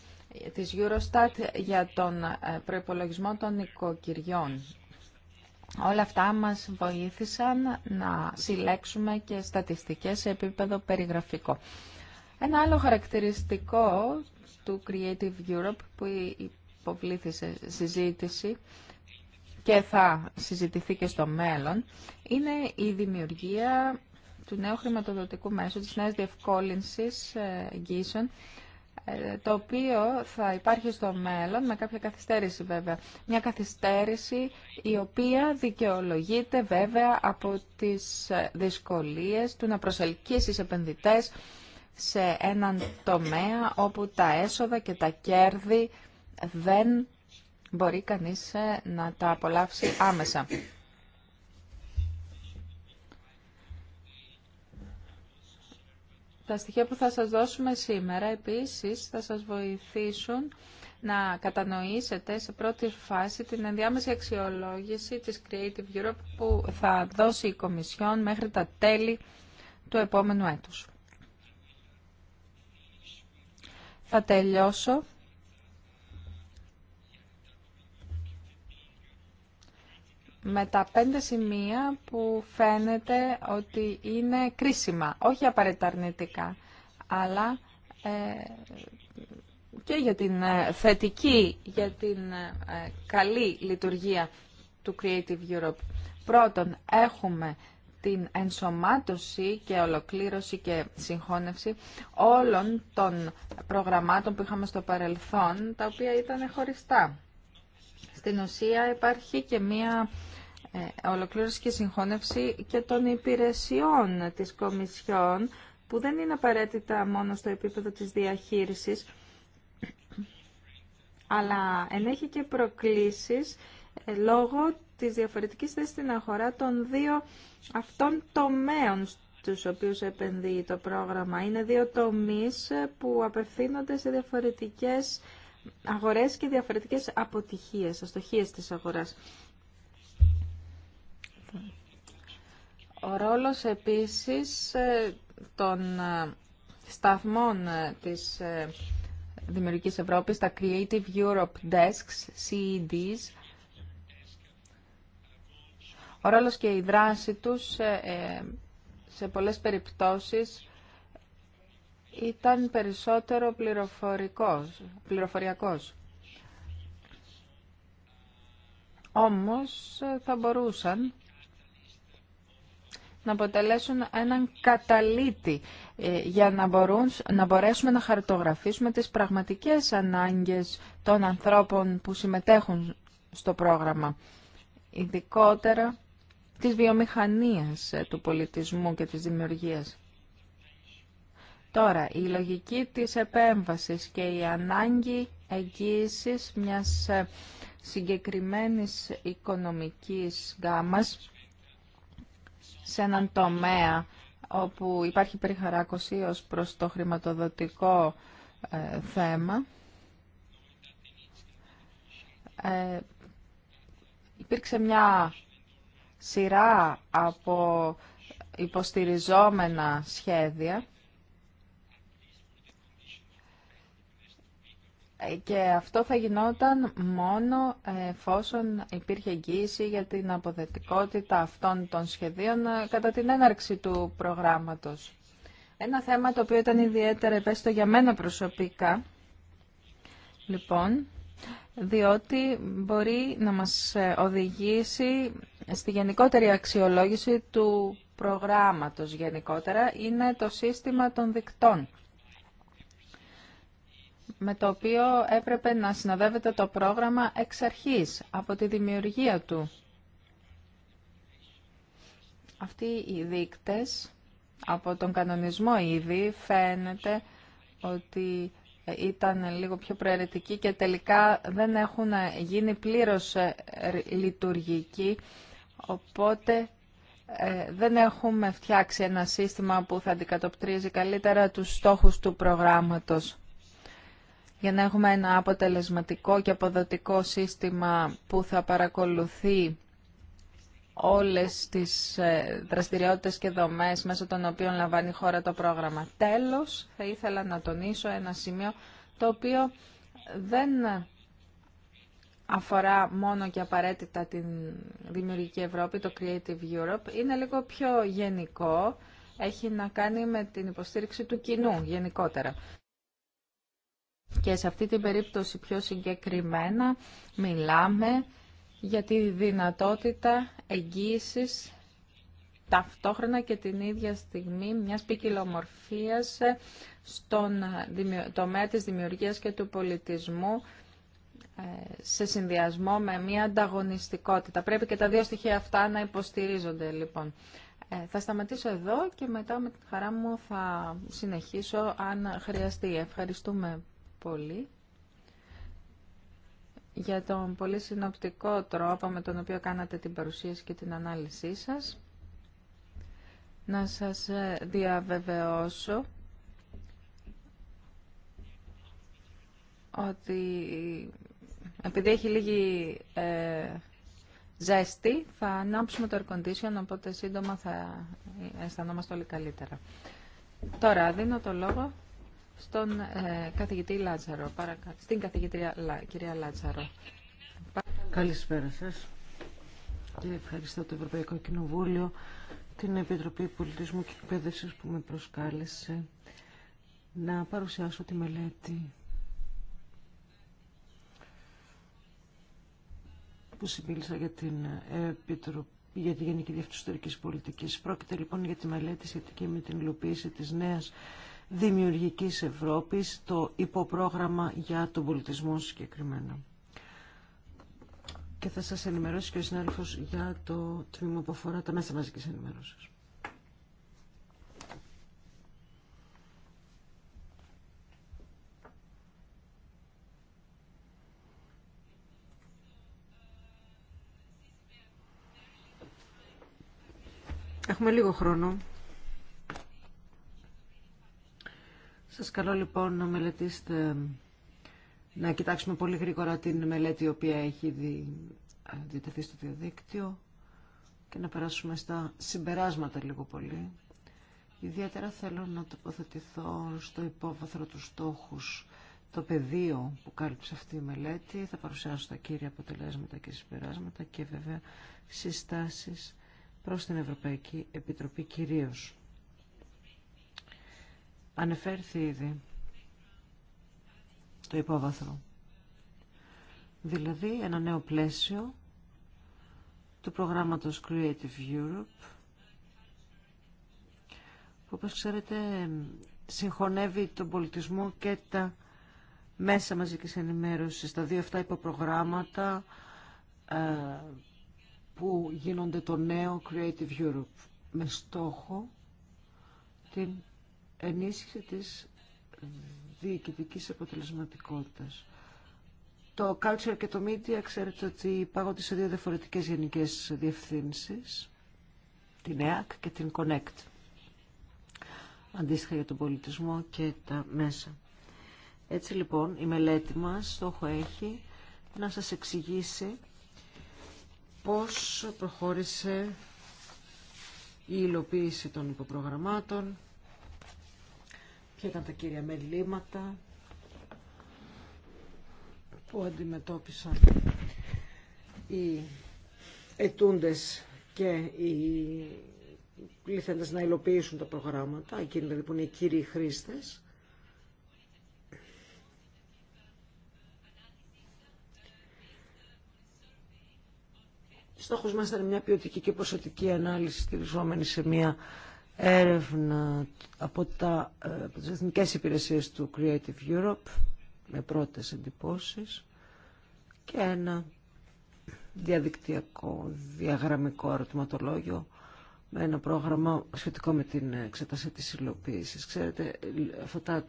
της Eurostat για τον ε, προϋπολογισμό των οικοκυριών. Όλα αυτά μας βοήθησαν να συλλέξουμε και στατιστικές σε επίπεδο περιγραφικό. Ένα άλλο χαρακτηριστικό του Creative Europe που υποβλήθησε συζήτηση και θα συζητηθεί και στο μέλλον, είναι η δημιουργία του νέου χρηματοδοτικού μέσου, της νέας διευκόλυνσης ε, εγγύσεων, ε, το οποίο θα υπάρχει στο μέλλον με κάποια καθυστέρηση βέβαια. Μια καθυστέρηση η οποία δικαιολογείται βέβαια από τις ε, δυσκολίες του να προσελκύσει επενδυτές σε έναν τομέα όπου τα έσοδα και τα κέρδη δεν μπορεί κανείς ε, να τα απολαύσει άμεσα. Τα στοιχεία που θα σας δώσουμε σήμερα επίσης θα σας βοηθήσουν να κατανοήσετε σε πρώτη φάση την ενδιάμεση αξιολόγηση της Creative Europe που θα δώσει η Κομισιόν μέχρι τα τέλη του επόμενου έτους. Θα τελειώσω με τα πέντε σημεία που φαίνεται ότι είναι κρίσιμα, όχι απαραίτητα αρνητικά, αλλά ε, και για την ε, θετική, για την ε, καλή λειτουργία του Creative Europe. Πρώτον, έχουμε την ενσωμάτωση και ολοκλήρωση και συγχώνευση όλων των προγραμμάτων που είχαμε στο παρελθόν, τα οποία ήταν χωριστά. Στην ουσία υπάρχει και μία ε, ολοκλήρωση και συγχώνευση και των υπηρεσιών της Κομισιόν που δεν είναι απαραίτητα μόνο στο επίπεδο της διαχείρισης αλλά ενέχει και προκλήσεις ε, λόγω της διαφορετικής θέσης στην αγορά των δύο αυτών τομέων στους οποίους επενδύει το πρόγραμμα. Είναι δύο τομείς που απευθύνονται σε διαφορετικές αγορές και διαφορετικές αποτυχίες, αστοχίες της αγοράς. Ο ρόλος επίσης ε, των ε, σταθμών ε, της Δημιουργικής Ευρώπης, τα Creative Europe Desks, CEDs, ο ρόλος και η δράση τους σε πολλές περιπτώσεις ήταν περισσότερο πληροφορικός, πληροφοριακός. Όμως θα μπορούσαν να αποτελέσουν έναν καταλήτη ε, για να, μπορούν, να μπορέσουμε να χαρτογραφήσουμε τις πραγματικές ανάγκες των ανθρώπων που συμμετέχουν στο πρόγραμμα. Ειδικότερα της βιομηχανίας, ε, του πολιτισμού και της δημιουργίας. Τώρα, η λογική της επέμβασης και η ανάγκη εγγύησης μιας ε, συγκεκριμένης οικονομικής γάμας σε έναν τομέα όπου υπάρχει περιχαράκωση ως προς το χρηματοδοτικό ε, θέμα. Ε, υπήρξε μια σειρά από υποστηριζόμενα σχέδια Και αυτό θα γινόταν μόνο εφόσον υπήρχε εγγύηση για την αποδετικότητα αυτών των σχεδίων ε, κατά την έναρξη του προγράμματος. Ένα θέμα το οποίο ήταν ιδιαίτερα ευαίσθητο για μένα προσωπικά, λοιπόν, διότι μπορεί να μας ε, οδηγήσει στη γενικότερη αξιολόγηση του προγράμματος γενικότερα, είναι το σύστημα των δικτών με το οποίο έπρεπε να συνοδεύεται το πρόγραμμα εξ αρχής, από τη δημιουργία του. Αυτοί οι δείκτες, από τον κανονισμό ήδη, φαίνεται ότι ήταν λίγο πιο προαιρετικοί και τελικά δεν έχουν γίνει πλήρως ε, λειτουργικοί, οπότε ε, δεν έχουμε φτιάξει ένα σύστημα που θα αντικατοπτρίζει καλύτερα τους στόχους του προγράμματος για να έχουμε ένα αποτελεσματικό και αποδοτικό σύστημα που θα παρακολουθεί όλες τις ε, δραστηριότητες και δομές μέσω των οποίων λαμβάνει η χώρα το πρόγραμμα. Τέλος, θα ήθελα να τονίσω ένα σημείο το οποίο δεν αφορά μόνο και απαραίτητα την Δημιουργική Ευρώπη, το Creative Europe, είναι λίγο πιο γενικό, έχει να κάνει με την υποστήριξη του κοινού γενικότερα. Και σε αυτή την περίπτωση πιο συγκεκριμένα μιλάμε για τη δυνατότητα εγγύησης ταυτόχρονα και την ίδια στιγμή μιας ποικιλομορφία στον τομέα της δημιουργίας και του πολιτισμού ε, σε συνδυασμό με μια ανταγωνιστικότητα. Πρέπει και τα δύο στοιχεία αυτά να υποστηρίζονται λοιπόν. Ε, θα σταματήσω εδώ και μετά με τη χαρά μου θα συνεχίσω αν χρειαστεί. Ευχαριστούμε πολύ για τον πολύ συνοπτικό τρόπο με τον οποίο κάνατε την παρουσίαση και την ανάλυση σας. Να σας ε, διαβεβαιώσω ότι επειδή έχει λίγη ε, ζέστη θα ανάψουμε το air condition οπότε σύντομα θα αισθανόμαστε όλοι καλύτερα. Τώρα δίνω το λόγο στον ε, καθηγητή Λάτσαρο. Στην καθηγητρία Λα... κυρία Λάτσαρο. Καλησπέρα σας και ευχαριστώ το Ευρωπαϊκό Κοινοβούλιο, την Επιτροπή Πολιτισμού και Εκπαίδευσης που με προσκάλεσε να παρουσιάσω τη μελέτη που συμπίλησα για την Επιτροπή για τη Γενική Διευθυντική πολιτική. Πρόκειται λοιπόν για τη μελέτη σχετική με την υλοποίηση της νέας Δημιουργικής Ευρώπης, το υποπρόγραμμα για τον πολιτισμό συγκεκριμένα. Και θα σας ενημερώσει και ο συνάδελφος για το τμήμα που αφορά τα μέσα μαζικής ενημέρωσης. Έχουμε λίγο χρόνο. Σας καλώ λοιπόν να μελετήσετε, να κοιτάξουμε πολύ γρήγορα την μελέτη η οποία έχει δι... διτεθεί στο διαδίκτυο και να περάσουμε στα συμπεράσματα λίγο πολύ. Ιδιαίτερα θέλω να τοποθετηθώ στο υπόβαθρο του στόχους το πεδίο που κάλυψε αυτή η μελέτη. Θα παρουσιάσω τα κύρια αποτελέσματα και συμπεράσματα και βέβαια συστάσεις προς την Ευρωπαϊκή Επιτροπή κυρίως. Ανεφέρθη ήδη το υπόβαθρο. Δηλαδή ένα νέο πλαίσιο του προγράμματος Creative Europe που όπως ξέρετε συγχωνεύει τον πολιτισμό και τα μέσα μαζικής ενημέρωσης, τα δύο αυτά υποπρογράμματα ε, που γίνονται το νέο Creative Europe με στόχο την ενίσχυση της διοικητικής αποτελεσματικότητας. Το culture και το media ξέρετε ότι υπάγονται σε δύο διαφορετικές γενικές διευθύνσεις, την ΕΑΚ e και την Connect, αντίστοιχα για τον πολιτισμό και τα μέσα. Έτσι λοιπόν η μελέτη μας στόχο έχει να σας εξηγήσει πώς προχώρησε η υλοποίηση των υποπρογραμμάτων, Ποια ήταν τα κύρια μελήματα που αντιμετώπισαν οι ετούντες και οι πληθέντες να υλοποιήσουν τα προγράμματα, εκείνοι δηλαδή που είναι οι κύριοι χρήστες. Στόχος μας ήταν μια ποιοτική και ποσοτική ανάλυση στηριζόμενη σε μια έρευνα από, τα, ε, από τις υπηρεσίες του Creative Europe με πρώτες εντυπώσεις και ένα διαδικτυακό, διαγραμμικό ερωτηματολόγιο με ένα πρόγραμμα σχετικό με την εξέταση της υλοποίησης. Ξέρετε, αυτά τα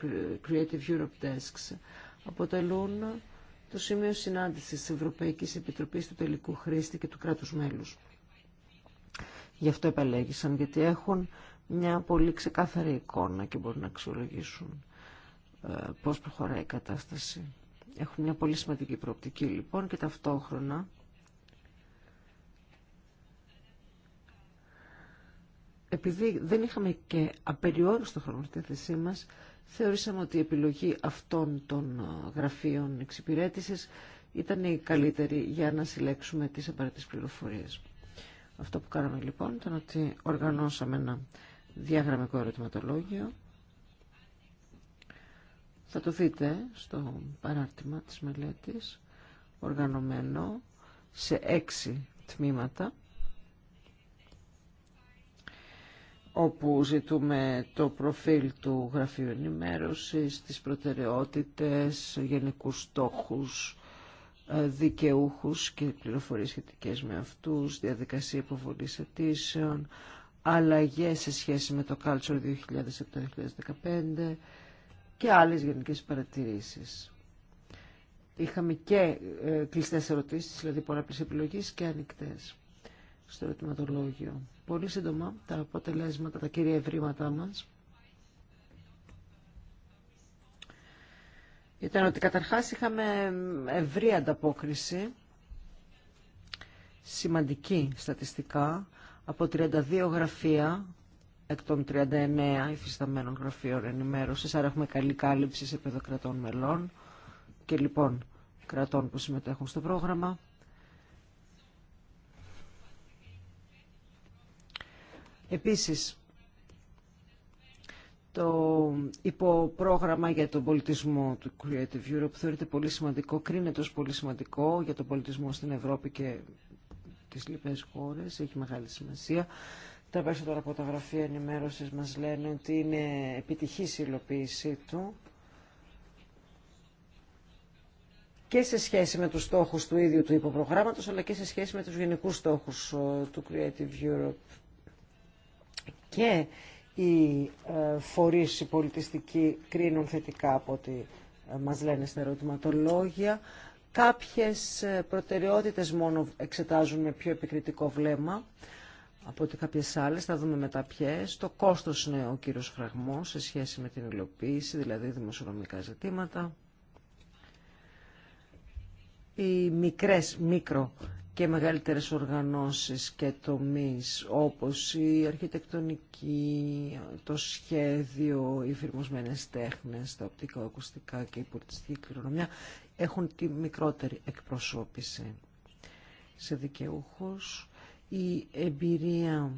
Creative Europe Desks αποτελούν το σημείο συνάντησης της Ευρωπαϊκής Επιτροπής του τελικού χρήστη και του κράτους μέλους. Γι' αυτό επελέγησαν, γιατί έχουν μια πολύ ξεκάθαρη εικόνα και μπορούν να αξιολογήσουν ε, πώς προχωράει η κατάσταση. Έχουν μια πολύ σημαντική προοπτική λοιπόν και ταυτόχρονα επειδή δεν είχαμε και απεριόριστο χρόνο στη θέση μας, θεωρήσαμε ότι η επιλογή αυτών των ε, γραφείων εξυπηρέτησης ήταν η καλύτερη για να συλλέξουμε τις απαραίτητες πληροφορίες. Αυτό που κάναμε λοιπόν ήταν ότι οργανώσαμε ένα διαγραμμικό ερωτηματολόγιο. Θα το δείτε στο παράρτημα της μελέτης, οργανωμένο σε έξι τμήματα, όπου ζητούμε το προφίλ του γραφείου ενημέρωσης, τις προτεραιότητες, γενικούς στόχους, ε, δικαιούχους και πληροφορίες σχετικές με αυτούς, διαδικασία υποβολής αιτήσεων, αλλαγές σε σχέση με το Culture 2007-2015 και άλλες γενικές παρατηρήσεις. Είχαμε και ε, κλειστές ερωτήσεις, δηλαδή πολλαπλές επιλογές και ανοιχτές στο ερωτηματολόγιο. Πολύ σύντομα τα αποτελέσματα, τα κύρια ευρήματά μας ήταν ότι καταρχάς είχαμε ευρή ανταπόκριση, σημαντική στατιστικά, από 32 γραφεία εκ των 39 υφισταμένων γραφείων ενημέρωσης, άρα έχουμε καλή κάλυψη σε παιδοκρατών μελών και λοιπόν κρατών που συμμετέχουν στο πρόγραμμα. Επίσης, το υποπρόγραμμα για τον πολιτισμό του Creative Europe θεωρείται πολύ σημαντικό, κρίνεται ως πολύ σημαντικό για τον πολιτισμό στην Ευρώπη και τις λοιπές χώρες, έχει μεγάλη σημασία. Τα περισσότερα από τα γραφεία ενημέρωσης μας λένε ότι είναι επιτυχής η υλοποίησή του και σε σχέση με τους στόχους του ίδιου του υποπρογράμματος, αλλά και σε σχέση με τους γενικούς στόχους ε, του Creative Europe. Και οι ε, φορείς πολιτιστικοί κρίνουν θετικά από ό,τι ε, μας λένε στα ερωτηματολόγια. Κάποιες ε, προτεραιότητες μόνο εξετάζουν με πιο επικριτικό βλέμμα από ότι κάποιες άλλες, θα δούμε μετά ποιες. Το κόστος είναι ο κύριος φραγμός σε σχέση με την υλοποίηση, δηλαδή δημοσιονομικά ζητήματα. Οι μικρές, μικρο και μεγαλύτερες οργανώσεις και τομείς όπως η αρχιτεκτονική, το σχέδιο, οι φυρμοσμένες τέχνες, τα οπτικά, ακουστικά και η πολιτιστική κληρονομιά έχουν τη μικρότερη εκπροσώπηση σε δικαιούχους. Η εμπειρία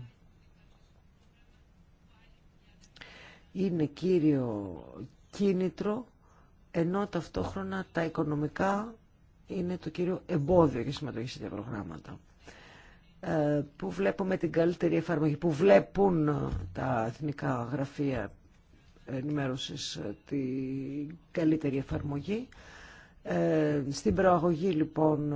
είναι κύριο κίνητρο, ενώ ταυτόχρονα τα οικονομικά είναι το κύριο εμπόδιο για συμμετοχή σε προγράμματα. Ε, που βλέπουμε την καλύτερη εφαρμογή, που βλέπουν ε, τα εθνικά γραφεία ενημέρωσης ε, την καλύτερη εφαρμογή. Ε, στην προαγωγή λοιπόν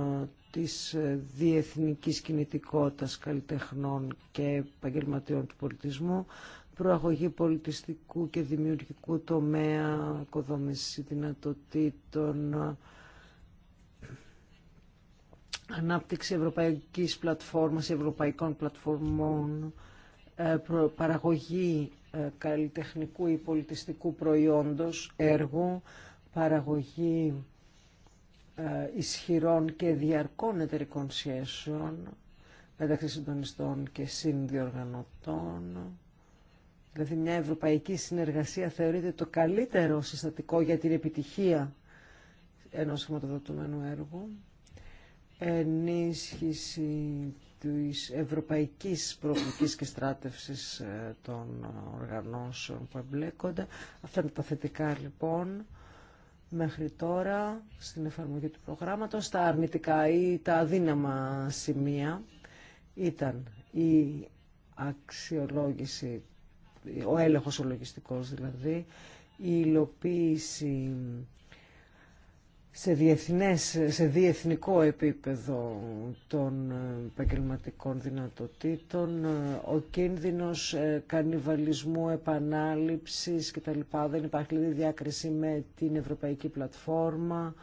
της ε, διεθνικής κινητικότητας καλλιτεχνών και επαγγελματιών του πολιτισμού, προαγωγή πολιτιστικού και δημιουργικού τομέα, οικοδόμηση δυνατοτήτων, ανάπτυξη ευρωπαϊκής πλατφόρμας, ευρωπαϊκών πλατφορμών, ε, παραγωγή καλλιτεχνικού ή πολιτιστικού προϊόντος, έργου, παραγωγή ε, ισχυρών και διαρκών εταιρικών σχέσεων μεταξύ συντονιστών και συνδιοργανωτών. Δηλαδή μια ευρωπαϊκή συνεργασία θεωρείται το καλύτερο συστατικό για την επιτυχία ενός χρηματοδοτούμενου έργου. Ενίσχυση της ευρωπαϊκής προοπτικής και στράτευσης ε, των οργανώσεων που εμπλέκονται. Αυτά είναι τα θετικά λοιπόν μέχρι τώρα στην εφαρμογή του προγράμματος. Τα αρνητικά ή τα αδύναμα σημεία ήταν η αξιολόγηση, ο έλεγχος ολογιστικός δηλαδή, η αξιολογηση ο ελεγχος λογιστικος δηλαδη η υλοποιηση σε, διεθνές, σε διεθνικό επίπεδο των ε, επαγγελματικών δυνατοτήτων, ε, ο κίνδυνος ε, κανιβαλισμού, επανάληψης κτλ. Δεν υπάρχει δηλαδή διάκριση με την Ευρωπαϊκή Πλατφόρμα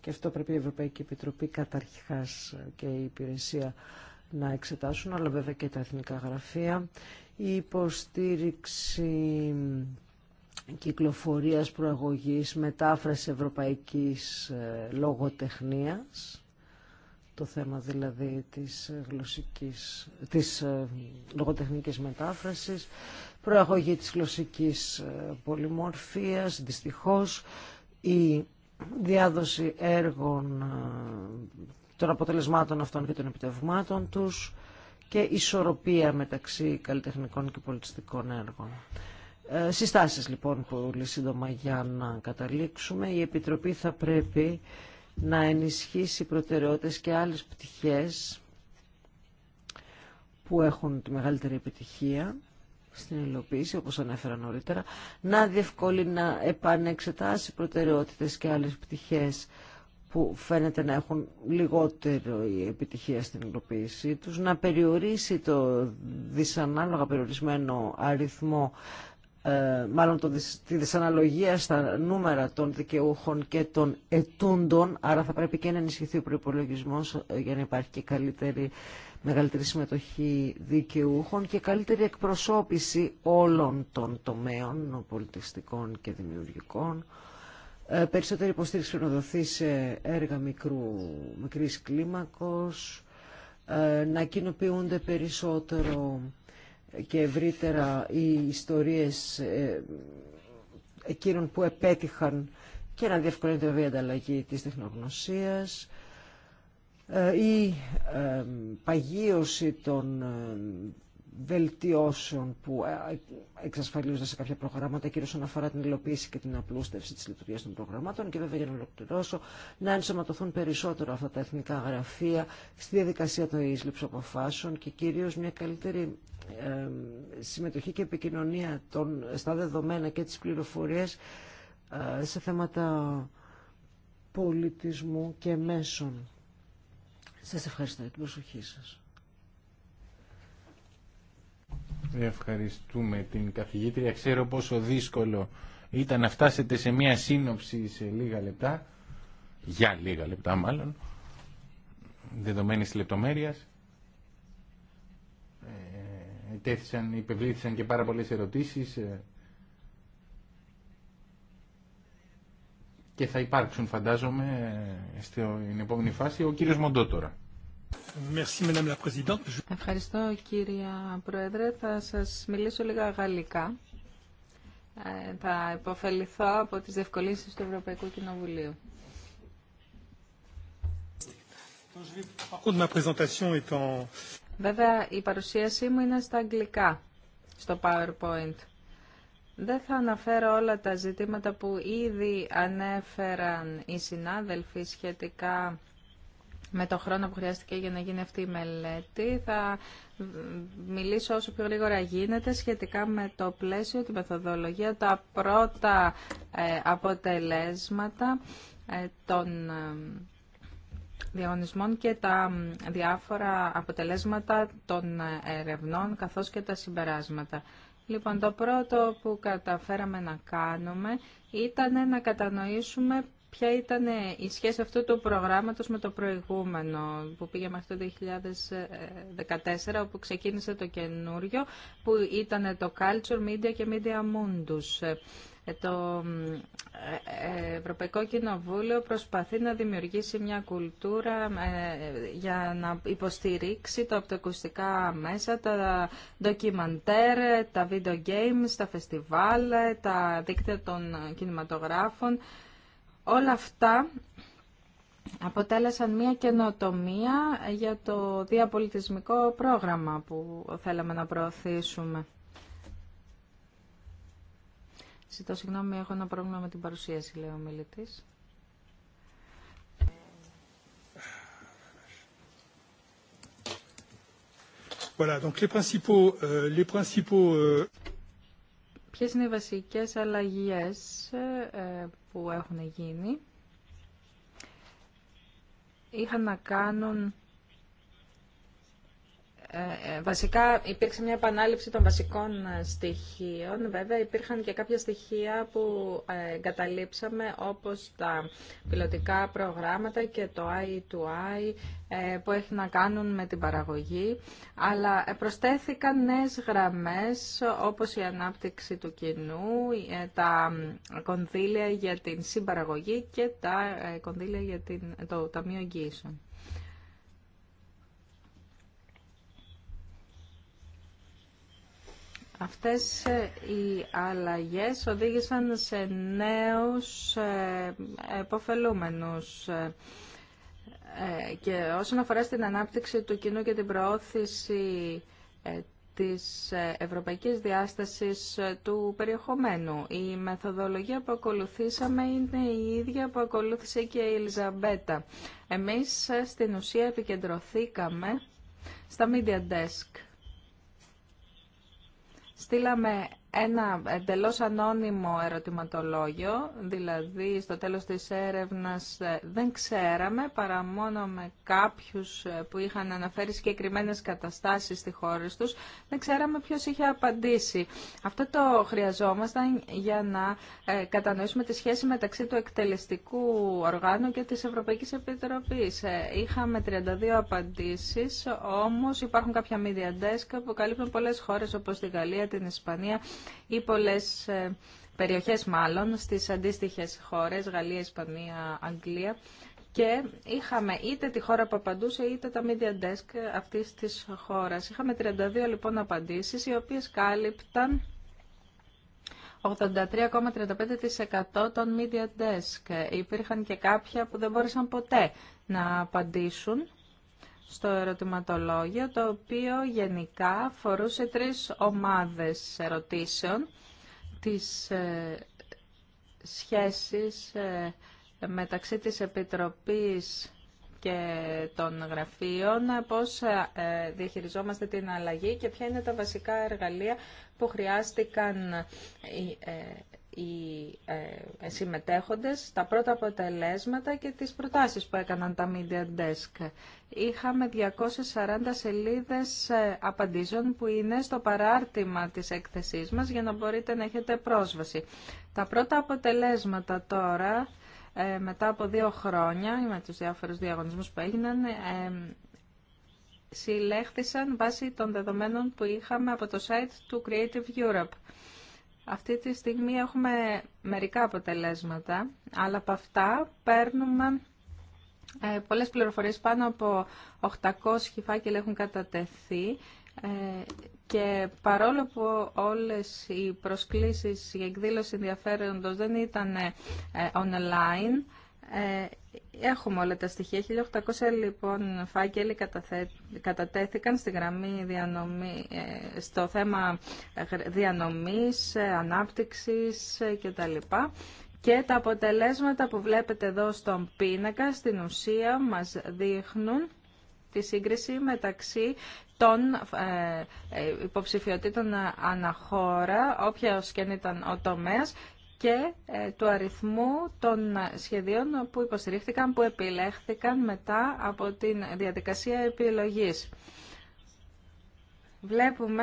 και αυτό πρέπει η Ευρωπαϊκή Επιτροπή καταρχάς και η υπηρεσία να εξετάσουν, αλλά βέβαια και τα εθνικά γραφεία. Η υποστήριξη κυκλοφορίας προαγωγής, μετάφραση ευρωπαϊκής ε, λογοτεχνίας, το θέμα δηλαδή της, ε, γλωσσικής, της ε, λογοτεχνικής μετάφρασης, προαγωγή της γλωσσικής πολυμορφίας, δυστυχώς, η διάδοση έργων των αποτελεσμάτων αυτών και των επιτευγμάτων τους και ισορροπία μεταξύ καλλιτεχνικών και πολιτιστικών έργων. Ε, συστάσεις λοιπόν πολύ σύντομα για να καταλήξουμε. Η Επιτροπή θα πρέπει να ενισχύσει προτεραιότητες και άλλες πτυχές που έχουν τη μεγαλύτερη επιτυχία στην υλοποίηση, όπως ανέφερα νωρίτερα, να διευκολύνει να επανεξετάσει προτεραιότητες και άλλες πτυχές που φαίνεται να έχουν λιγότερο η επιτυχία στην υλοποίησή τους, να περιορίσει το δυσανάλογα περιορισμένο αριθμό ε, μάλλον τη δυσαναλογία στα νούμερα των δικαιούχων και των ετούντων, άρα θα πρέπει και να ενισχυθεί ο προπολογισμό ε, για να υπάρχει και καλύτερη, μεγαλύτερη συμμετοχή δικαιούχων και καλύτερη εκπροσώπηση όλων των τομέων πολιτιστικών και δημιουργικών. Ε, περισσότερη υποστήριξη να δοθεί σε έργα μικρού, μικρής κλίμακος, να κοινοποιούνται περισσότερο και ευρύτερα οι ιστορίες ε, εκείνων που επέτυχαν και να διευκολύνει βέβαια η ανταλλαγή της τεχνογνωσίας, ε, η ε, παγίωση των βελτιώσεων που εξασφαλίζονται σε κάποια προγράμματα, κυρίως όσον αφορά την υλοποίηση και την απλούστευση της λειτουργίας των προγραμμάτων και βέβαια για να ολοκληρώσω να ενσωματωθούν περισσότερο αυτά τα εθνικά γραφεία στη διαδικασία των εισλήψεων αποφάσεων και κυρίως μια καλύτερη συμμετοχή και επικοινωνία των, στα δεδομένα και τις πληροφορίες ε, σε θέματα πολιτισμού και μέσων. Σας ευχαριστώ για την προσοχή σας. Ευχαριστούμε την καθηγήτρια. Ξέρω πόσο δύσκολο ήταν να φτάσετε σε μία σύνοψη σε λίγα λεπτά, για λίγα λεπτά μάλλον, δεδομένης λεπτομέρειας τέθησαν, υπευλήθησαν και πάρα πολλές ερωτήσεις ε, και θα υπάρξουν φαντάζομαι ε, στην επόμενη φάση. Ο κύριος Μοντό τώρα. Ευχαριστώ κύριε Πρόεδρε. Θα σας μιλήσω λίγα γαλλικά. Ε, θα υποφεληθώ από τις διευκολύνσεις του Ευρωπαϊκού Κοινοβουλίου. Βέβαια, η παρουσίασή μου είναι στα αγγλικά, στο PowerPoint. Δεν θα αναφέρω όλα τα ζητήματα που ήδη ανέφεραν οι συνάδελφοι σχετικά με το χρόνο που χρειάστηκε για να γίνει αυτή η μελέτη. Θα μιλήσω όσο πιο γρήγορα γίνεται σχετικά με το πλαίσιο, τη μεθοδολογία, τα πρώτα ε, αποτελέσματα ε, των ε, διαγωνισμών και τα διάφορα αποτελέσματα των ερευνών καθώς και τα συμπεράσματα. Λοιπόν, το πρώτο που καταφέραμε να κάνουμε ήταν να κατανοήσουμε ποια ήταν η σχέση αυτού του προγράμματος με το προηγούμενο που πήγε μέχρι το 2014 όπου ξεκίνησε το καινούριο που ήταν το Culture Media και Media Mundus. Ε, το ε, ε, Ευρωπαϊκό Κοινοβούλιο προσπαθεί να δημιουργήσει μια κουλτούρα για να υποστηρίξει τα οπτοκουστικά μέσα, τα ντοκιμαντέρ, τα video games, τα φεστιβάλ, τα δίκτυα των κινηματογράφων. Όλα αυτά αποτέλεσαν μια καινοτομία για το διαπολιτισμικό πρόγραμμα που θέλαμε να προωθήσουμε. Ζητώ συγγνώμη, έχω ένα πρόβλημα με την παρουσίαση, λέει ο μιλητή. Voilà, euh, euh, Ποιες είναι οι βασικές αλλαγές ε, που έχουν γίνει. Είχαν να κάνουν ε, ε, βασικά υπήρξε μια επανάληψη των βασικών ε, στοιχείων. Βέβαια υπήρχαν και κάποια στοιχεία που εγκαταλείψαμε όπως τα πιλωτικά προγράμματα και το I2I που έχει να κάνουν με την παραγωγή. Αλλά προσθέθηκαν νέες γραμμές όπως η ανάπτυξη του κοινού, τα κονδύλια για την συμπαραγωγή και τα κονδύλια για το Ταμείο Εγγύησεων. Αυτές ε, οι αλλαγές οδήγησαν σε νέους ε, εποφελούμενους ε, και όσον αφορά στην ανάπτυξη του κοινού και την προώθηση της ευρωπαϊκής διάστασης του περιεχομένου. Η μεθοδολογία που ακολουθήσαμε είναι η ίδια που ακολούθησε και η Ελιζαμπέτα. Εμείς στην ουσία επικεντρωθήκαμε στα Media Desk Στείλαμε ένα εντελώ ανώνυμο ερωτηματολόγιο, δηλαδή στο τέλος της έρευνας ε, δεν ξέραμε παρά μόνο με κάποιους ε, που είχαν αναφέρει συγκεκριμένε καταστάσεις στη χώρα τους, δεν ξέραμε ποιος είχε απαντήσει. Αυτό το χρειαζόμασταν για να ε, κατανοήσουμε τη σχέση μεταξύ του εκτελεστικού οργάνου και της Ευρωπαϊκής Επιτροπής. Είχαμε 32 απαντήσεις, όμως υπάρχουν κάποια media desk που καλύπτουν πολλές χώρες όπως τη Γαλλία, την Ισπανία, ή πολλές ε, περιοχές μάλλον στις αντίστοιχες χώρες, Γαλλία, Ισπανία, Αγγλία και είχαμε είτε τη χώρα που απαντούσε είτε τα media desk αυτής της χώρας. Είχαμε 32 λοιπόν απαντήσεις οι οποίες κάλυπταν 83,35% των media desk. Υπήρχαν και κάποια που δεν μπόρεσαν ποτέ να απαντήσουν στο ερωτηματολόγιο, το οποίο γενικά φορούσε τρεις ομάδες ερωτήσεων της ε, σχέσεις ε, μεταξύ της Επιτροπής και των γραφείων, πώς ε, διαχειριζόμαστε την αλλαγή και ποια είναι τα βασικά εργαλεία που χρειάστηκαν οι ε, ε, συμμετέχοντες, τα πρώτα αποτελέσματα και τις προτάσεις που έκαναν τα Media Desk. Είχαμε 240 σελίδες ε, απαντήσεων που είναι στο παράρτημα της έκθεσής μας για να μπορείτε να έχετε πρόσβαση. Τα πρώτα αποτελέσματα τώρα, μετά από δύο χρόνια, με τους διάφορους διαγωνισμούς που έγιναν, συλλέχθησαν βάσει των δεδομένων που είχαμε από το site του Creative Europe. Αυτή τη στιγμή έχουμε μερικά αποτελέσματα, αλλά από αυτά παίρνουμε ε, πολλές πληροφορίες. Πάνω από 800 φάκελοι έχουν κατατεθεί ε, και παρόλο που όλες οι προσκλήσεις για εκδήλωση ενδιαφέροντος δεν ήταν ε, online, ε, έχουμε όλα τα στοιχεία. 1.800 λοιπόν φάκελοι κατατέθηκαν στη γραμμή διανομή, ε, στο θέμα ε, διανομής, ανάπτυξης κτλ. Και τα αποτελέσματα που βλέπετε εδώ στον πίνακα στην ουσία μας δείχνουν τη σύγκριση μεταξύ των υποψηφιωτήτων αναχώρα, όποιος και αν ήταν ο τομέας, και ε, του αριθμού των σχεδίων που υποστηρίχθηκαν, που επιλέχθηκαν μετά από τη διαδικασία επιλογής. Βλέπουμε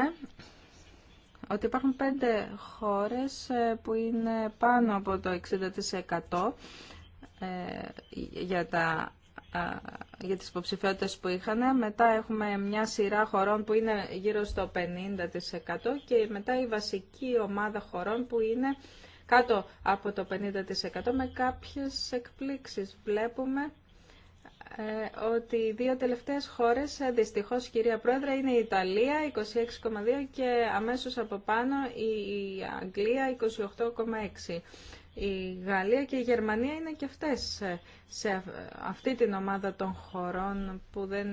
ότι υπάρχουν πέντε χώρες ε, που είναι πάνω από το 60% ε, για τα για τις υποψηφιότητες που είχαν. Μετά έχουμε μια σειρά χωρών που είναι γύρω στο 50% και μετά η βασική ομάδα χωρών που είναι κάτω από το 50% με κάποιες εκπλήξεις. Βλέπουμε ε, ότι οι δύο τελευταίες χώρες, ε, δυστυχώς κυρία Πρόεδρε, είναι η Ιταλία 26,2 και αμέσως από πάνω η Αγγλία 28,6. Η Γαλλία και η Γερμανία είναι και αυτές ε, σε αυτή την ομάδα των χωρών που δεν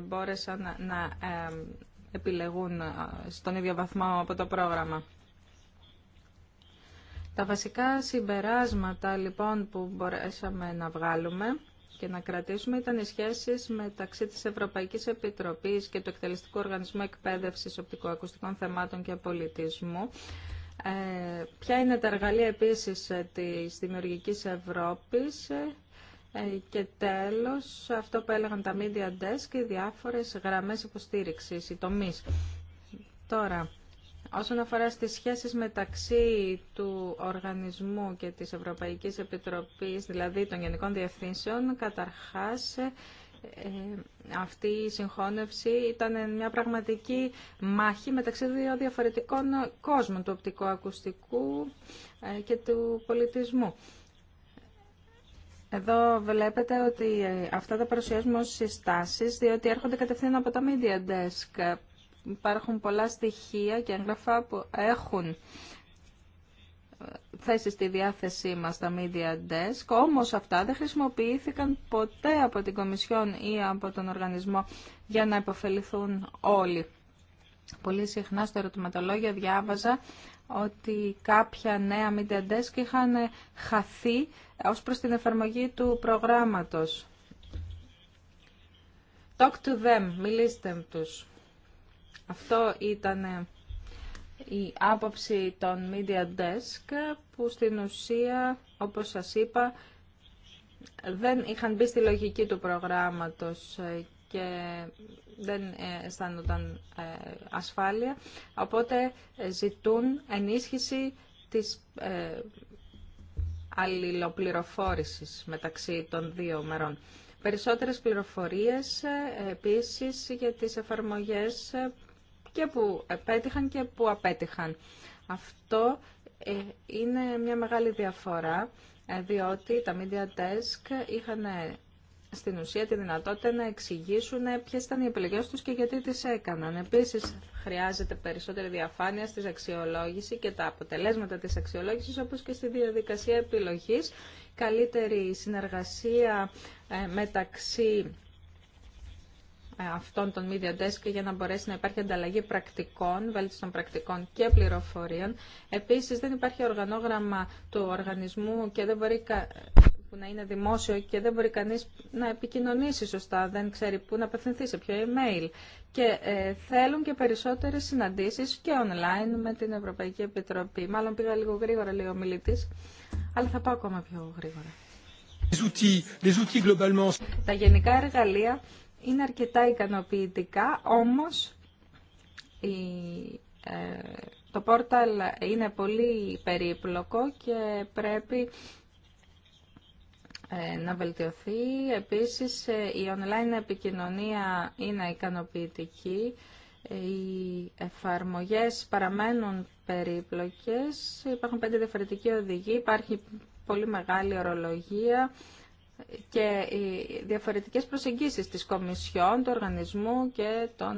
μπόρεσαν να επιλεγούν στον ίδιο βαθμό από το πρόγραμμα. Τα βασικά συμπεράσματα λοιπόν που μπορέσαμε να βγάλουμε και να κρατήσουμε ήταν οι σχέσεις μεταξύ της Ευρωπαϊκής Επιτροπής και του Εκτελεστικού Οργανισμού Εκπαίδευσης Οπτικοακουστικών Θεμάτων και Πολιτισμού. Ε, ποια είναι τα εργαλεία επίσης της Δημιουργικής Ευρώπης ε, και τέλος αυτό που έλεγαν τα Media Desk, οι διάφορες γραμμές υποστήριξης, οι τομείς. Τώρα, Όσον αφορά στις σχέσεις μεταξύ του οργανισμού και της Ευρωπαϊκής Επιτροπής, δηλαδή των Γενικών Διευθύνσεων, καταρχάς ε, αυτή η συγχώνευση ήταν μια πραγματική μάχη μεταξύ δύο διαφορετικών κόσμων, του οπτικο-ακουστικού ε, και του πολιτισμού. Εδώ βλέπετε ότι ε, αυτά τα παρουσιάζουμε ως συστάσεις, διότι έρχονται κατευθείαν από τα Media Desk. Υπάρχουν πολλά στοιχεία και έγγραφα που έχουν ε, θέσει στη διάθεσή μας τα Media Desk, όμως αυτά δεν χρησιμοποιήθηκαν ποτέ από την Κομισιόν ή από τον οργανισμό για να υποφεληθούν όλοι. Πολύ συχνά στο ερωτηματολόγιο διάβαζα ότι κάποια νέα Media Desk είχαν χαθεί ως προς την εφαρμογή του προγράμματος. Talk to them, μιλήστε τους. Αυτό ήταν ε, η άποψη των Media Desk που στην ουσία, όπως σας είπα, δεν είχαν μπει στη λογική του προγράμματος ε, και δεν ε, αισθάνονταν ασφάλεια, οπότε ζητούν ενίσχυση της αλληλοπληροφόρησης μεταξύ των δύο μερών. Περισσότερες πληροφορίες επίσης για τις εφαρμογές και που επέτυχαν και που απέτυχαν. Αυτό ε, είναι μια μεγάλη διαφορά, ε, διότι τα Media Desk είχαν ε, στην ουσία τη δυνατότητα να εξηγήσουν ποιες ήταν οι επιλογές τους και γιατί τις έκαναν. Επίσης, χρειάζεται περισσότερη διαφάνεια στις αξιολόγηση και τα αποτελέσματα της αξιολόγησης, όπως και στη διαδικασία επιλογής, καλύτερη συνεργασία μεταξύ ε, αυτών των media desk για να μπορέσει να υπάρχει ανταλλαγή πρακτικών, των πρακτικών και πληροφορίων. Επίση, δεν υπάρχει οργανόγραμμα του οργανισμού και δεν μπορεί που να είναι δημόσιο και δεν μπορεί κανεί να επικοινωνήσει σωστά, δεν ξέρει πού να απευθυνθεί, σε ποιο email. Και ε, θέλουν και περισσότερε συναντήσει και online με την Ευρωπαϊκή Επιτροπή. Μάλλον πήγα λίγο γρήγορα, λέει ο μιλητή, αλλά θα πάω ακόμα πιο γρήγορα. Les outils, les outils globalement. Τα γενικά εργαλεία είναι αρκετά ικανοποιητικά, όμως ε, το πόρταλ είναι πολύ περίπλοκο και πρέπει ε, να βελτιωθεί. Επίσης, ε, η online επικοινωνία είναι ικανοποιητική. Οι εφαρμογές παραμένουν περίπλοκες. Υπάρχουν πέντε διαφορετικοί οδηγοί. Υπάρχει πολύ μεγάλη ορολογία και οι διαφορετικές προσεγγίσεις της Κομισιόν, του Οργανισμού και των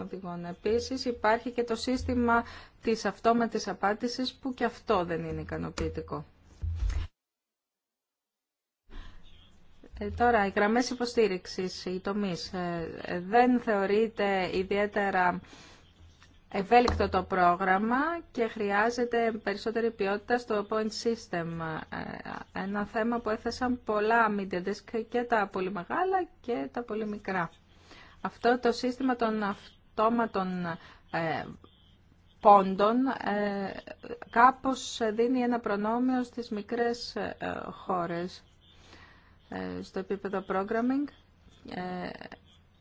οδηγών. Επίσης υπάρχει και το σύστημα της αυτόματης απάντησης που και αυτό δεν είναι ικανοποιητικό. Ε, τώρα, οι γραμμές υποστήριξης, οι τομείς, ε, ε, δεν θεωρείται ιδιαίτερα ευέλικτο το πρόγραμμα και χρειάζεται περισσότερη ποιότητα στο point system. Ε, ένα θέμα που έθεσαν πολλά media και και τα πολύ μεγάλα και τα πολύ μικρά. Αυτό το σύστημα των αυτόματων ε, πόντων ε, κάπως δίνει ένα προνόμιο στις μικρές χώρες στο επίπεδο programming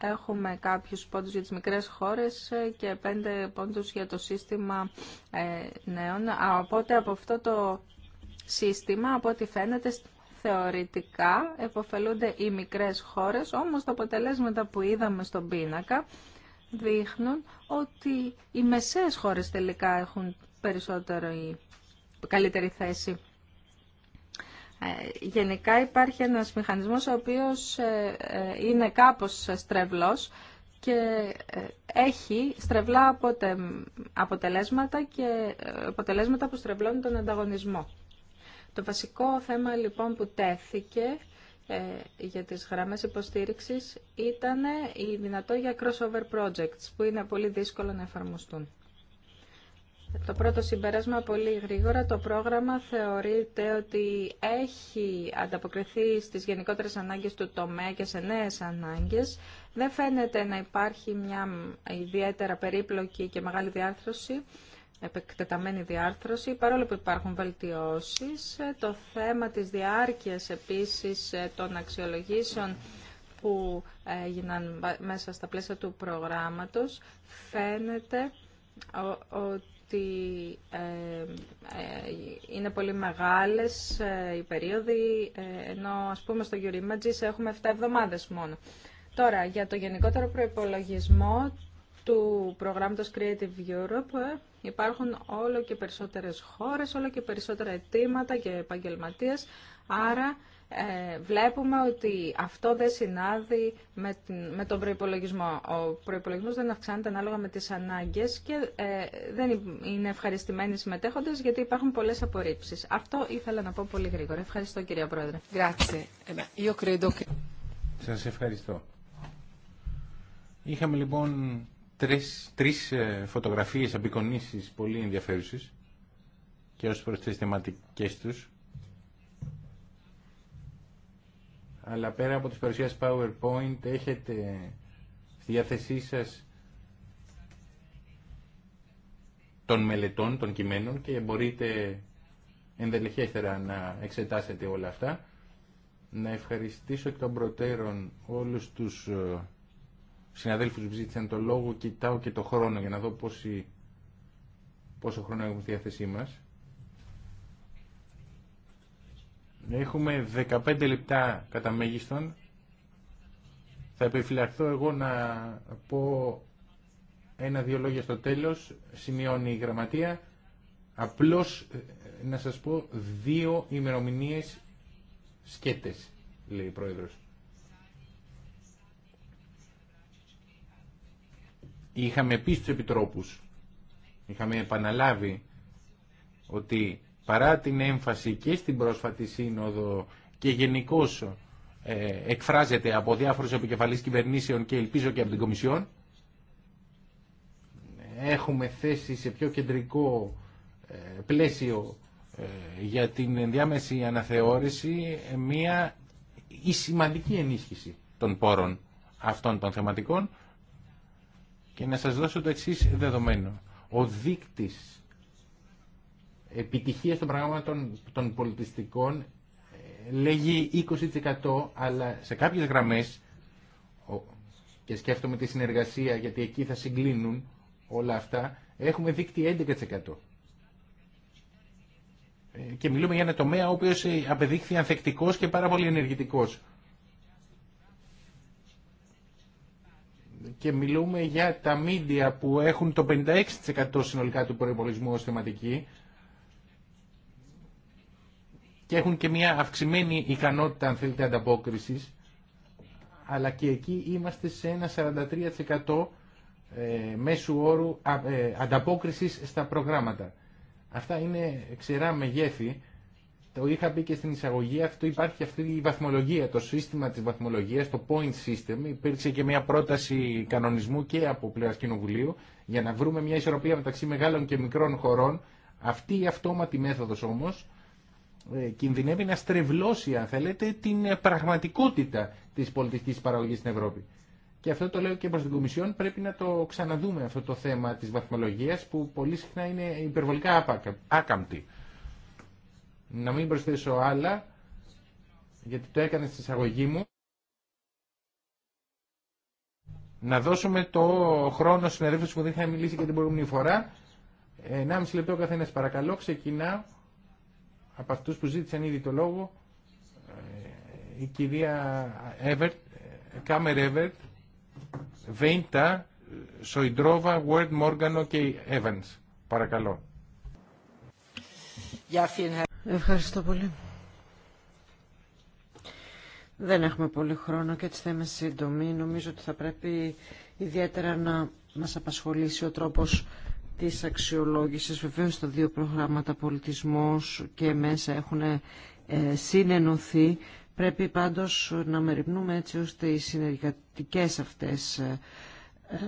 Έχουμε κάποιους πόντους για τις μικρές χώρες ε, και πέντε πόντους για το σύστημα ε, νέων. Οπότε από αυτό το σύστημα, από ό,τι φαίνεται, θεωρητικά εποφελούνται οι μικρές χώρες, όμως τα αποτελέσματα που είδαμε στον πίνακα δείχνουν ότι οι μεσαίες χώρες τελικά έχουν περισσότερο η καλύτερη θέση. Ε, γενικά υπάρχει ένας μηχανισμός ο οποίος ε, ε, είναι κάπως στρεβλός και έχει στρεβλά αποτελέσματα και αποτελέσματα που στρεβλώνουν τον ανταγωνισμό. Το βασικό θέμα λοιπόν που τέθηκε για τις γραμμές υποστήριξης ήταν η δυνατότητα για crossover projects που είναι πολύ δύσκολο να εφαρμοστούν. Το πρώτο συμπέρασμα, πολύ γρήγορα, το πρόγραμμα θεωρείται ότι έχει ανταποκριθεί στις γενικότερες ανάγκες του τομέα και σε νέες ανάγκες. Δεν φαίνεται να υπάρχει μια ιδιαίτερα περίπλοκη και μεγάλη διάρθρωση, επεκτεταμένη διάρθρωση, παρόλο που υπάρχουν βελτιώσεις. Το θέμα της διάρκειας επίσης των αξιολογήσεων που έγιναν μέσα στα πλαίσια του προγράμματος φαίνεται ότι ότι ε, ε, είναι πολύ μεγάλες ε, οι περίοδοι, ενώ ας πούμε στο Eurimages έχουμε 7 εβδομάδες μόνο. Τώρα, για το γενικότερο προϋπολογισμό του προγράμματος Creative Europe υπάρχουν όλο και περισσότερες χώρες, όλο και περισσότερα αιτήματα και επαγγελματίες, άρα ε, βλέπουμε ότι αυτό δεν συνάδει με, με τον προϋπολογισμό. Ο προϋπολογισμός δεν αυξάνεται ανάλογα με τις ανάγκες και ε, δεν είναι ευχαριστημένοι συμμετέχοντες γιατί υπάρχουν πολλές απορρίψεις. Αυτό ήθελα να πω πολύ γρήγορα. Ευχαριστώ κυρία Πρόεδρε. Ε, Σας ευχαριστώ. Είχαμε λοιπόν τρεις, τρεις φωτογραφίες, απεικονίσεις πολύ ενδιαφέρουσες και ως προς τις θεματικές τους αλλά πέρα από τις παρουσιάσεις PowerPoint έχετε στη διάθεσή σας των μελετών, των κειμένων και μπορείτε ενδελεχέστερα να εξετάσετε όλα αυτά. Να ευχαριστήσω εκ των προτέρων όλους τους ε, συναδέλφους που ζήτησαν το λόγο. Κοιτάω και το χρόνο για να δω πόσο χρόνο έχουμε στη διάθεσή μας. Έχουμε 15 λεπτά κατά μέγιστον. Θα επιφυλαχθώ εγώ να πω ένα-δύο λόγια στο τέλος. Σημειώνει η γραμματεία. Απλώς ε, ε, να σας πω δύο ημερομηνίες σκέτες, λέει η πρόεδρος. Είχαμε πει στους επιτρόπους, είχαμε επαναλάβει ότι παρά την έμφαση και στην πρόσφατη σύνοδο και γενικώ ε, εκφράζεται από διάφορους επικεφαλής κυβερνήσεων και ελπίζω και από την Κομισιόν, έχουμε θέσει σε πιο κεντρικό ε, πλαίσιο ε, για την ενδιάμεση αναθεώρηση ε, μια η σημαντική ενίσχυση των πόρων αυτών των θεματικών και να σας δώσω το εξής δεδομένο. Ο δείκτης επιτυχία των πράγμα των, των πολιτιστικών ε, λέγει 20% αλλά σε κάποιες γραμμές και σκέφτομαι τη συνεργασία γιατί εκεί θα συγκλίνουν όλα αυτά έχουμε δείκτη 11% ε, και μιλούμε για ένα τομέα ο οποίος ε, απεδείχθη ανθεκτικός και πάρα πολύ ενεργητικός και μιλούμε για τα μίντια που έχουν το 56% συνολικά του προϋπολισμού ως θεματική και έχουν και μια αυξημένη ικανότητα αν θέλετε ανταπόκρισης αλλά και εκεί είμαστε σε ένα 43% ε, μέσου όρου ε, ανταπόκρισης στα προγράμματα. Αυτά είναι ξερά μεγέθη. Το είχα πει και στην εισαγωγή, αυτό υπάρχει αυτή η βαθμολογία, το σύστημα της βαθμολογίας, το point system. Υπήρξε και μια πρόταση κανονισμού και από πλευράς Κοινοβουλίου για να βρούμε μια ισορροπία μεταξύ μεγάλων και μικρών χωρών. Αυτή η αυτόματη μέθοδος όμως ε, κινδυνεύει να στρεβλώσει, αν θέλετε, την πραγματικότητα της πολιτικής παραγωγής στην Ευρώπη. Και αυτό το λέω και προς την Κομισιόν, πρέπει να το ξαναδούμε αυτό το θέμα της βαθμολογίας που πολύ συχνά είναι υπερβολικά άκαμπτη. Να μην προσθέσω άλλα, γιατί το έκανε στην εισαγωγή μου. Να δώσουμε το χρόνο συνεδρίφωση που δεν είχα μιλήσει και την προηγούμενη φορά. 1,5 λεπτό καθένα παρακαλώ. Ξεκινάω από αυτούς που ζήτησαν ήδη το λόγο, ε, η κυρία Εβερτ, Κάμερ Εβερτ, Βέιντα, Σοϊντρόβα, Βουέρτ Μόργανο και Εύανς. Παρακαλώ. Ευχαριστώ πολύ. Δεν έχουμε πολύ χρόνο και έτσι θα είμαι σύντομη. Νομίζω ότι θα πρέπει ιδιαίτερα να μας απασχολήσει ο τρόπος της αξιολόγησης. Βεβαίως τα δύο προγράμματα πολιτισμός και μέσα έχουν ε, συνενωθεί. Πρέπει πάντως να μεριμνούμε έτσι ώστε οι συνεργατικές αυτές ε,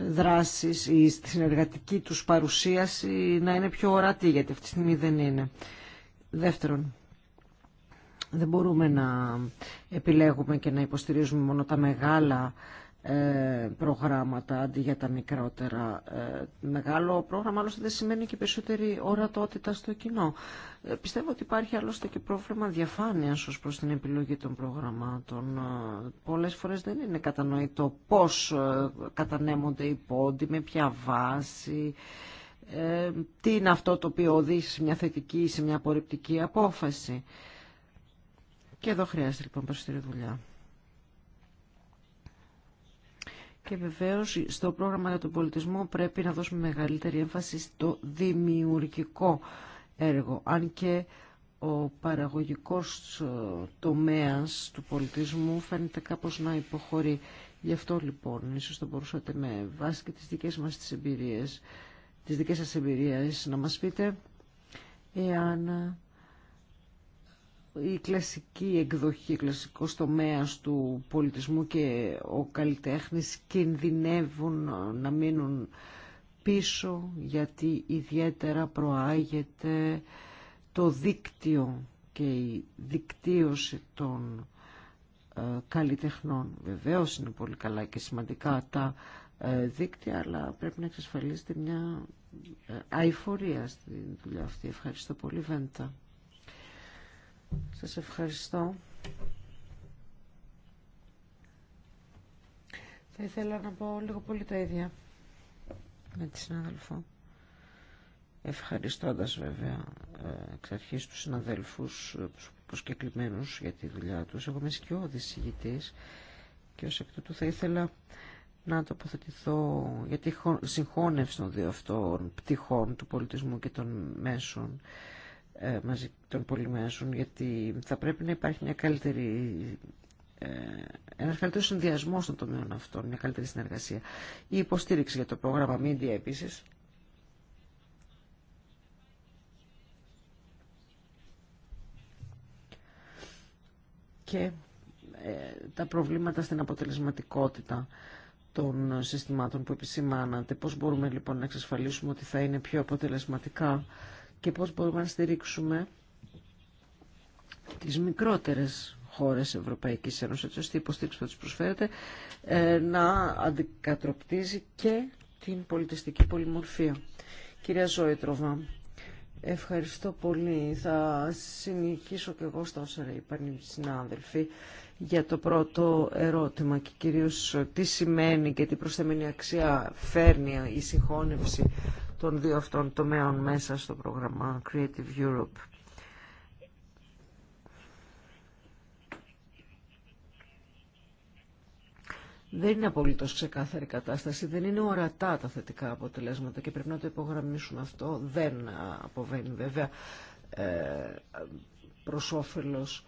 δράσεις, η συνεργατική τους παρουσίαση να είναι πιο ορατή, γιατί αυτή τη στιγμή δεν είναι. Δεύτερον, δεν μπορούμε να επιλέγουμε και να υποστηρίζουμε μόνο τα μεγάλα ε, προγράμματα αντί για τα μικρότερα. Ε, μεγάλο πρόγραμμα άλλωστε δεν σημαίνει και περισσότερη ορατότητα στο κοινό. Ε, πιστεύω ότι υπάρχει άλλωστε και πρόβλημα διαφάνεια ω προς την επιλογή των προγραμμάτων. Πολλέ φορές δεν είναι κατανοητό πώς κατανέμονται οι πόντοι, με ποια βάση, τι είναι αυτό το οποίο οδήγησε σε μια θετική ή σε μια απορριπτική απόφαση. Και εδώ χρειάζεται λοιπόν περισσότερη δουλειά. και βεβαίως στο πρόγραμμα για τον πολιτισμό πρέπει να δώσουμε μεγαλύτερη έμφαση στο δημιουργικό έργο. Αν και ο παραγωγικός ε, τομέας του πολιτισμού φαίνεται κάπως να υποχωρεί. Γι' αυτό λοιπόν ίσως θα μπορούσατε με βάση και τις δικές μας τις εμπειρίες, τις δικές σας εμπειρίες να μας πείτε εάν η κλασική εκδοχή, ο κλασικό τομέα του πολιτισμού και ο καλλιτέχνης κινδυνεύουν να μείνουν πίσω γιατί ιδιαίτερα προάγεται το δίκτυο και η δικτύωση των ε, καλλιτεχνών. Βεβαίω είναι πολύ καλά και σημαντικά τα ε, δίκτυα, αλλά πρέπει να εξασφαλίσετε μια ε, αηφορία στη δουλειά αυτή. Ευχαριστώ πολύ, Βέντα. Σας ευχαριστώ. Θα ήθελα να πω λίγο πολύ τα ίδια με τη συνάδελφο. Ευχαριστώντας βέβαια ε, εξ αρχής τους συναδέλφους ε, προσκεκλημένους για τη δουλειά τους. Εγώ είμαι σκιώδης ηγητής και ως εκ τούτου θα ήθελα να τοποθετηθώ για τη συγχώνευση των δύο αυτών πτυχών του πολιτισμού και των μέσων ε, μαζί των πολυμέσων γιατί θα πρέπει να υπάρχει μια καλύτερη ε, ένας καλύτερος συνδυασμό των τομέων αυτών, μια καλύτερη συνεργασία. Η υποστήριξη για το πρόγραμμα Media επίσης. Και ε, τα προβλήματα στην αποτελεσματικότητα των συστημάτων που επισημάνατε. Πώς μπορούμε λοιπόν να εξασφαλίσουμε ότι θα είναι πιο αποτελεσματικά και πώς μπορούμε να στηρίξουμε τις μικρότερες χώρες Ευρωπαϊκής Ένωσης, έτσι ώστε η υποστήριξη που τους προσφέρεται ε, να αντικατροπτίζει και την πολιτιστική πολυμορφία. Κυρία Ζόητροβα, ευχαριστώ πολύ. Θα συνεχίσω και εγώ στα όσα είπαν οι συνάδελφοι για το πρώτο ερώτημα και κυρίως τι σημαίνει και τι προσθεμένη αξία φέρνει η συγχώνευση των δύο αυτών τομέων μέσα στο πρόγραμμα Creative Europe. Δεν είναι απολύτως ξεκάθαρη κατάσταση, δεν είναι ορατά τα θετικά αποτελέσματα και πρέπει να το υπογραμμίσουμε αυτό. Δεν αποβαίνει βέβαια ε, προς όφελος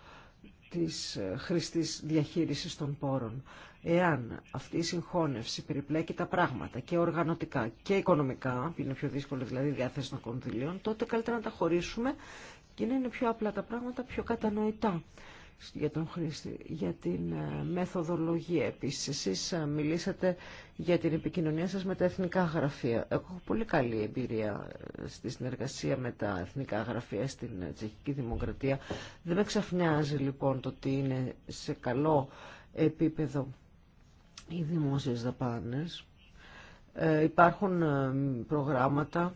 της ε, χρηστής διαχείρισης των πόρων. Εάν αυτή η συγχώνευση περιπλέκει τα πράγματα και οργανωτικά και οικονομικά, που είναι πιο δύσκολο δηλαδή η διάθεση των κονδυλίων, τότε καλύτερα να τα χωρίσουμε και να είναι πιο απλά τα πράγματα, πιο κατανοητά για τον χρήστη, για την ε, μεθοδολογία επίση. Εσεί ε, μιλήσατε για την επικοινωνία σα με τα εθνικά γραφεία. Έχω πολύ καλή εμπειρία ε, στη συνεργασία με τα εθνικά γραφεία στην Τσεχική Δημοκρατία. Δεν με ξαφνιάζει λοιπόν το ότι είναι σε καλό επίπεδο οι δημόσιες δαπάνες. Ε, υπάρχουν ε, προγράμματα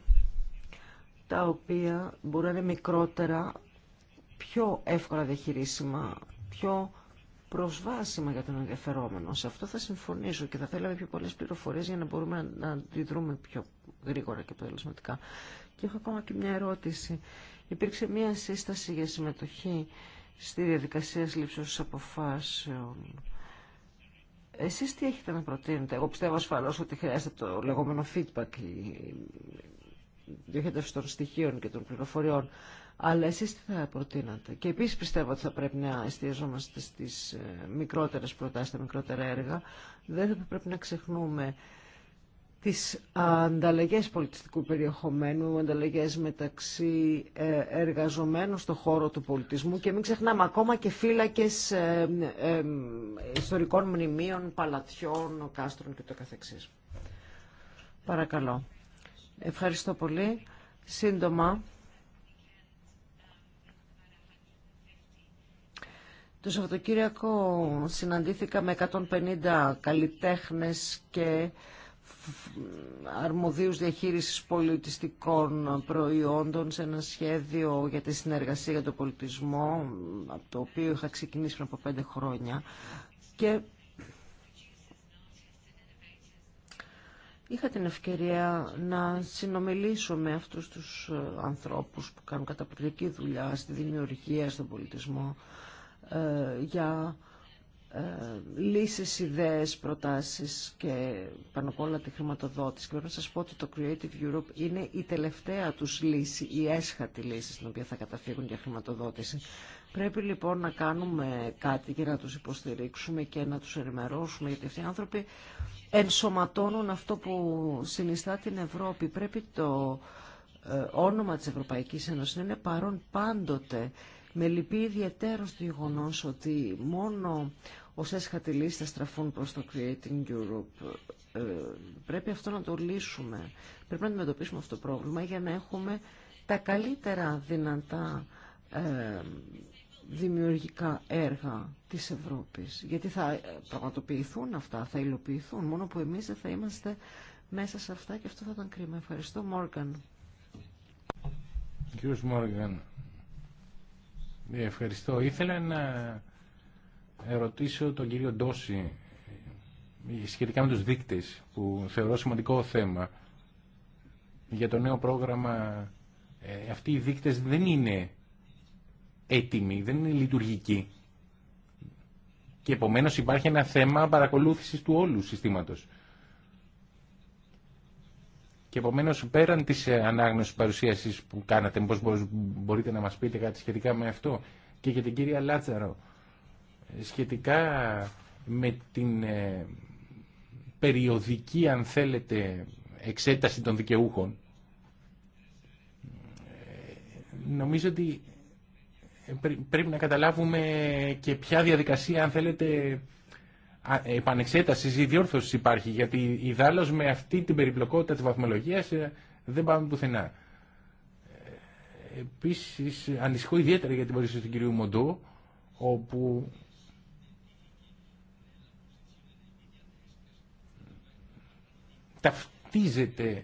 τα οποία μπορεί να είναι μικρότερα, πιο εύκολα διαχειρίσιμα, πιο προσβάσιμα για τον ενδιαφερόμενο. Σε αυτό θα συμφωνήσω και θα θέλαμε πιο πολλές πληροφορίες για να μπορούμε να αντιδρούμε πιο γρήγορα και αποτελεσματικά. Και έχω ακόμα και μια ερώτηση. Υπήρξε μια σύσταση για συμμετοχή στη διαδικασία λήψης αποφάσεων εσείς τι έχετε να προτείνετε. Εγώ πιστεύω ασφαλώς ότι χρειάζεται το λεγόμενο feedback, η διοχέτευση των στοιχείων και των πληροφοριών. Αλλά εσείς τι θα προτείνατε. Και επίσης πιστεύω ότι θα πρέπει να εστιαζόμαστε στις ε, μικρότερες προτάσεις, τα μικρότερα έργα. Δεν θα πρέπει να ξεχνούμε τις ανταλλαγές πολιτιστικού περιεχομένου, ανταλλαγές μεταξύ ε, εργαζομένων στον χώρο του πολιτισμού και μην ξεχνάμε ακόμα και φύλακες ε, ε, ιστορικών μνημείων, παλατιών, κάστρων και το καθεξής. Παρακαλώ. Ευχαριστώ πολύ. Σύντομα. Το Σαββατοκύριακο συναντήθηκα με 150 καλλιτέχνες και αρμοδίους διαχείρισης πολιτιστικών προϊόντων σε ένα σχέδιο για τη συνεργασία για τον πολιτισμό από το οποίο είχα ξεκινήσει πριν από πέντε χρόνια και είχα την ευκαιρία να συνομιλήσω με αυτούς τους ε, ανθρώπους που κάνουν καταπληκτική δουλειά στη δημιουργία, στον πολιτισμό ε, για ε, λύσεις, ιδέες, προτάσεις και πάνω απ' όλα τη χρηματοδότηση. Και πρέπει να σας πω ότι το Creative Europe είναι η τελευταία τους λύση, η έσχατη λύση στην οποία θα καταφύγουν για χρηματοδότηση. Πρέπει λοιπόν να κάνουμε κάτι και να τους υποστηρίξουμε και να τους ενημερώσουμε γιατί αυτοί οι άνθρωποι ενσωματώνουν αυτό που συνιστά την Ευρώπη. Πρέπει το ε, όνομα της Ευρωπαϊκής Ένωσης να είναι παρόν πάντοτε με λυπεί ιδιαίτερο το γεγονό ότι μόνο ως έσχατη θα στραφούν προ το Creating Europe. Ε, πρέπει αυτό να το λύσουμε. Πρέπει να αντιμετωπίσουμε αυτό το πρόβλημα για να έχουμε τα καλύτερα δυνατά ε, δημιουργικά έργα της Ευρώπης. Γιατί θα ε, πραγματοποιηθούν αυτά, θα υλοποιηθούν, μόνο που εμείς δεν θα είμαστε μέσα σε αυτά και αυτό θα ήταν κρίμα. Ευχαριστώ, Μόργαν. Κύριος Μόργαν, ε, ευχαριστώ. Ήθελα να ερωτήσω τον κύριο Ντόση ε, σχετικά με τους δείκτες που θεωρώ σημαντικό θέμα για το νέο πρόγραμμα. Ε, αυτοί οι δείκτες δεν είναι έτοιμοι, δεν είναι λειτουργικοί. Και επομένως υπάρχει ένα θέμα παρακολούθησης του όλου συστήματος. Και επομένω, πέραν τη ε, ανάγνωση παρουσίαση που κάνατε, πώ μπορείτε να μα πείτε κάτι σχετικά με αυτό και για την κυρία Λάτσαρο, ε, σχετικά με την ε, περιοδική, αν θέλετε, εξέταση των δικαιούχων. Νομίζω ότι πρέπει να καταλάβουμε και ποια διαδικασία, αν θέλετε, ε, επανεξέτασης ή διόρθωσης υπάρχει, γιατί η δάλος με αυτή την περιπλοκότητα της βαθμολογίας ε, δεν πάμε πουθενά. Ε, επίσης, ανησυχώ ιδιαίτερα για την παρουσία του κυρίου Μοντού, όπου ταυτίζεται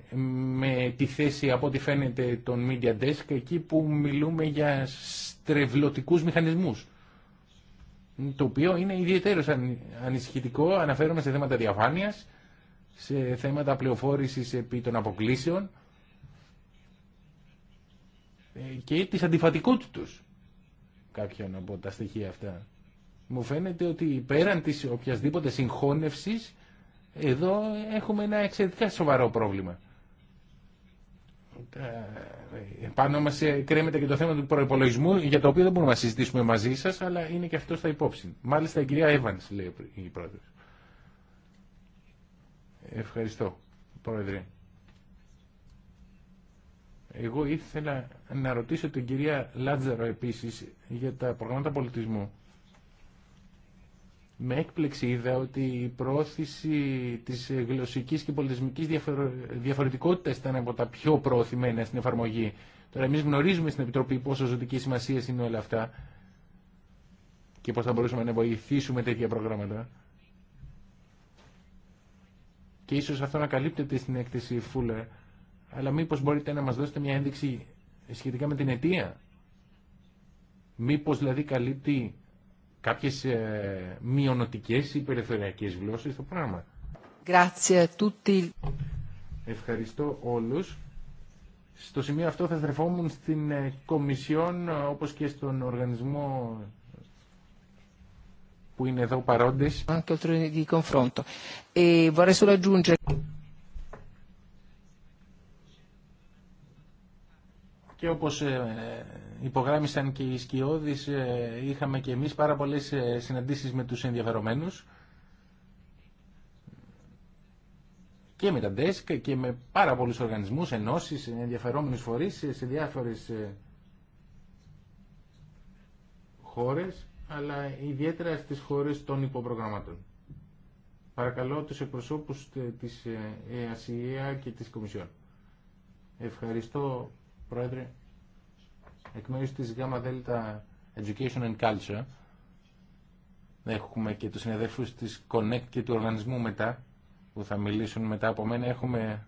με τη θέση από ό,τι φαίνεται των Media Desk εκεί που μιλούμε για στρεβλωτικούς μηχανισμούς το οποίο είναι ιδιαίτερο ανησυχητικό. Αναφέρομαι σε θέματα διαφάνειας, σε θέματα πληροφόρηση επί των αποκλήσεων ε, και τη του κάποιων από τα στοιχεία αυτά. Μου φαίνεται ότι πέραν της οποιασδήποτε συγχώνευσης εδώ έχουμε ένα εξαιρετικά σοβαρό πρόβλημα. Ε, ε, πάνω μας κρέμεται και το θέμα του προπολογισμού, για το οποίο δεν μπορούμε να συζητήσουμε μαζί σας αλλά είναι και αυτό στα υπόψη. Μάλιστα η κυρία Εύαν, λέει η πρόεδρος. Ευχαριστώ πρόεδρε. Εγώ ήθελα να ρωτήσω την κυρία Λάτζαρο επίσης για τα προγράμματα πολιτισμού με έκπληξη είδα ότι η πρόθεση της γλωσσικής και πολιτισμικής διαφορετικότητας ήταν από τα πιο προωθημένα στην εφαρμογή. Τώρα εμείς γνωρίζουμε στην Επιτροπή πόσο ζωτική σημασία είναι όλα αυτά και πώς θα μπορούσαμε να βοηθήσουμε τέτοια προγράμματα. Και ίσως αυτό να καλύπτεται στην έκθεση Fuller, αλλά μήπως μπορείτε να μας δώσετε μια ένδειξη σχετικά με την αιτία. Μήπως δηλαδή καλύπτει κάποιες ε, μειονοτικές ή περιφερειακέ γλώσσες στο πράγμα. Ευχαριστώ όλους. Στο σημείο αυτό θα στρεφόμουν στην ε, Κομισιόν ε, όπως και στον οργανισμό που είναι εδώ παρόντες. E και όπως ε, υπογράμμισαν και οι σκιώδεις, ε, είχαμε και εμείς πάρα πολλές ε, συναντήσεις με τους ενδιαφερομένους και με τα desk και με πάρα πολλούς οργανισμούς, ενώσεις, ενδιαφερόμενους φορείς ε, σε διάφορες χώρες, αλλά ιδιαίτερα στις χώρες των υποπρογραμμάτων. Παρακαλώ τους εκπροσώπους της ΕΑΣΙΕΑ και της Κομισιόν. Ευχαριστώ, Πρόεδρε εκ μέρους τη ΔΕΛΤΑ Education and Culture. Έχουμε και τους συναδέλφους της Connect και του οργανισμού μετά, που θα μιλήσουν μετά από μένα. Έχουμε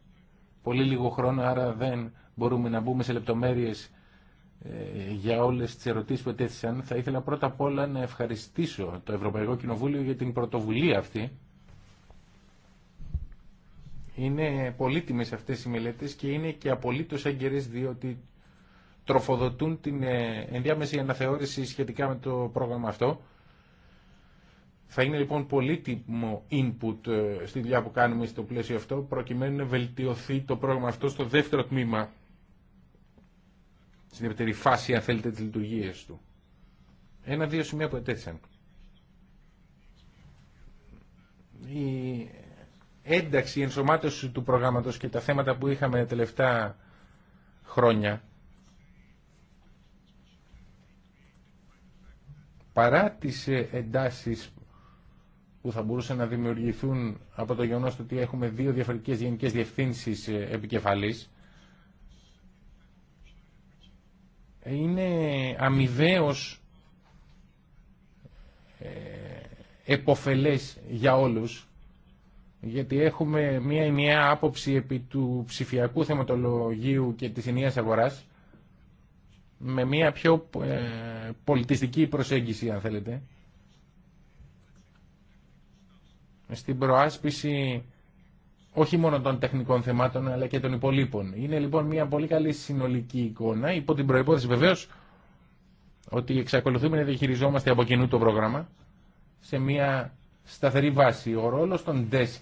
πολύ λίγο χρόνο, άρα δεν μπορούμε να μπούμε σε λεπτομέρειες ε, για όλες τις ερωτήσεις που ετέθησαν. Θα ήθελα πρώτα απ' όλα να ευχαριστήσω το Ευρωπαϊκό Κοινοβούλιο για την πρωτοβουλία αυτή. Είναι πολύτιμες αυτές οι μελέτες και είναι και απολύτως έγκαιρες διότι τροφοδοτούν την ε, ενδιάμεση αναθεώρηση σχετικά με το πρόγραμμα αυτό. Θα είναι λοιπόν πολύτιμο input ε, στη δουλειά που κάνουμε στο πλαίσιο αυτό, προκειμένου να βελτιωθεί το πρόγραμμα αυτό στο δεύτερο τμήμα, στην δεύτερη φάση, αν θέλετε, της λειτουργίας του. Ένα-δύο σημεία που ετέθησαν. Η ένταξη, η ενσωμάτωση του προγράμματος και τα θέματα που είχαμε τα τελευταία χρόνια παρά τις ε, εντάσεις που θα μπορούσαν να δημιουργηθούν από το γεγονός ότι έχουμε δύο διαφορετικές γενικές διευθύνσεις ε, επικεφαλής, είναι αμοιβαίως ε, εποφελές για όλους γιατί έχουμε μια ενιαία άποψη επί του ψηφιακού θεματολογίου και της ενιαίας αγοράς με μια πιο ε, πολιτιστική προσέγγιση αν θέλετε στην προάσπιση όχι μόνο των τεχνικών θεμάτων αλλά και των υπολείπων. Είναι λοιπόν μια πολύ καλή συνολική εικόνα υπό την προϋπόθεση βεβαίως ότι εξακολουθούμε να διαχειριζόμαστε από κοινού το πρόγραμμα σε μια σταθερή βάση. Ο ρόλος των desk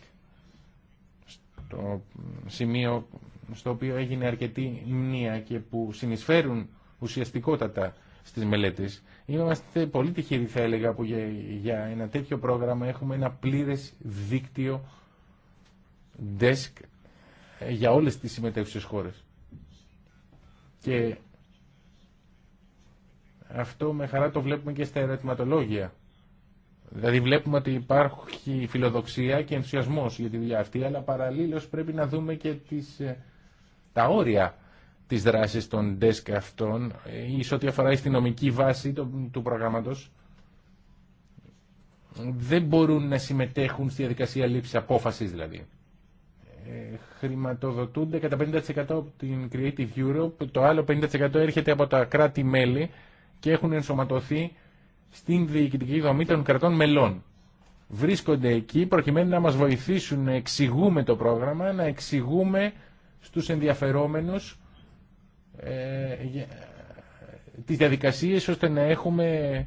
στο ε, σημείο στο οποίο έγινε αρκετή μνήμα και που συνεισφέρουν ουσιαστικότατα στις μελέτες. Είμαστε πολύ τυχεροί θα έλεγα που για, ένα τέτοιο πρόγραμμα έχουμε ένα πλήρες δίκτυο desk ε, για όλες τις συμμετέχουσε χώρες. Και αυτό με χαρά το βλέπουμε και στα ερωτηματολόγια. Δηλαδή βλέπουμε ότι υπάρχει φιλοδοξία και ενθουσιασμός για τη δουλειά αυτή, αλλά παραλλήλως πρέπει να δούμε και τις, ε, τα όρια τις δράσεις των desk αυτών, ε, εις ό,τι αφορά στη νομική βάση του προγράμματος, δεν μπορούν να συμμετέχουν στη διαδικασία λήψη απόφασης δηλαδή. Ε, χρηματοδοτούνται κατά 50% από την Creative Europe, το άλλο 50% έρχεται από τα κράτη-μέλη και έχουν ενσωματωθεί στην διοικητική δομή των κρατών μελών. Βρίσκονται εκεί προκειμένου να μας βοηθήσουν να εξηγούμε το πρόγραμμα, να εξηγούμε στους ενδιαφερόμενους ε, τις διαδικασίες ώστε να έχουμε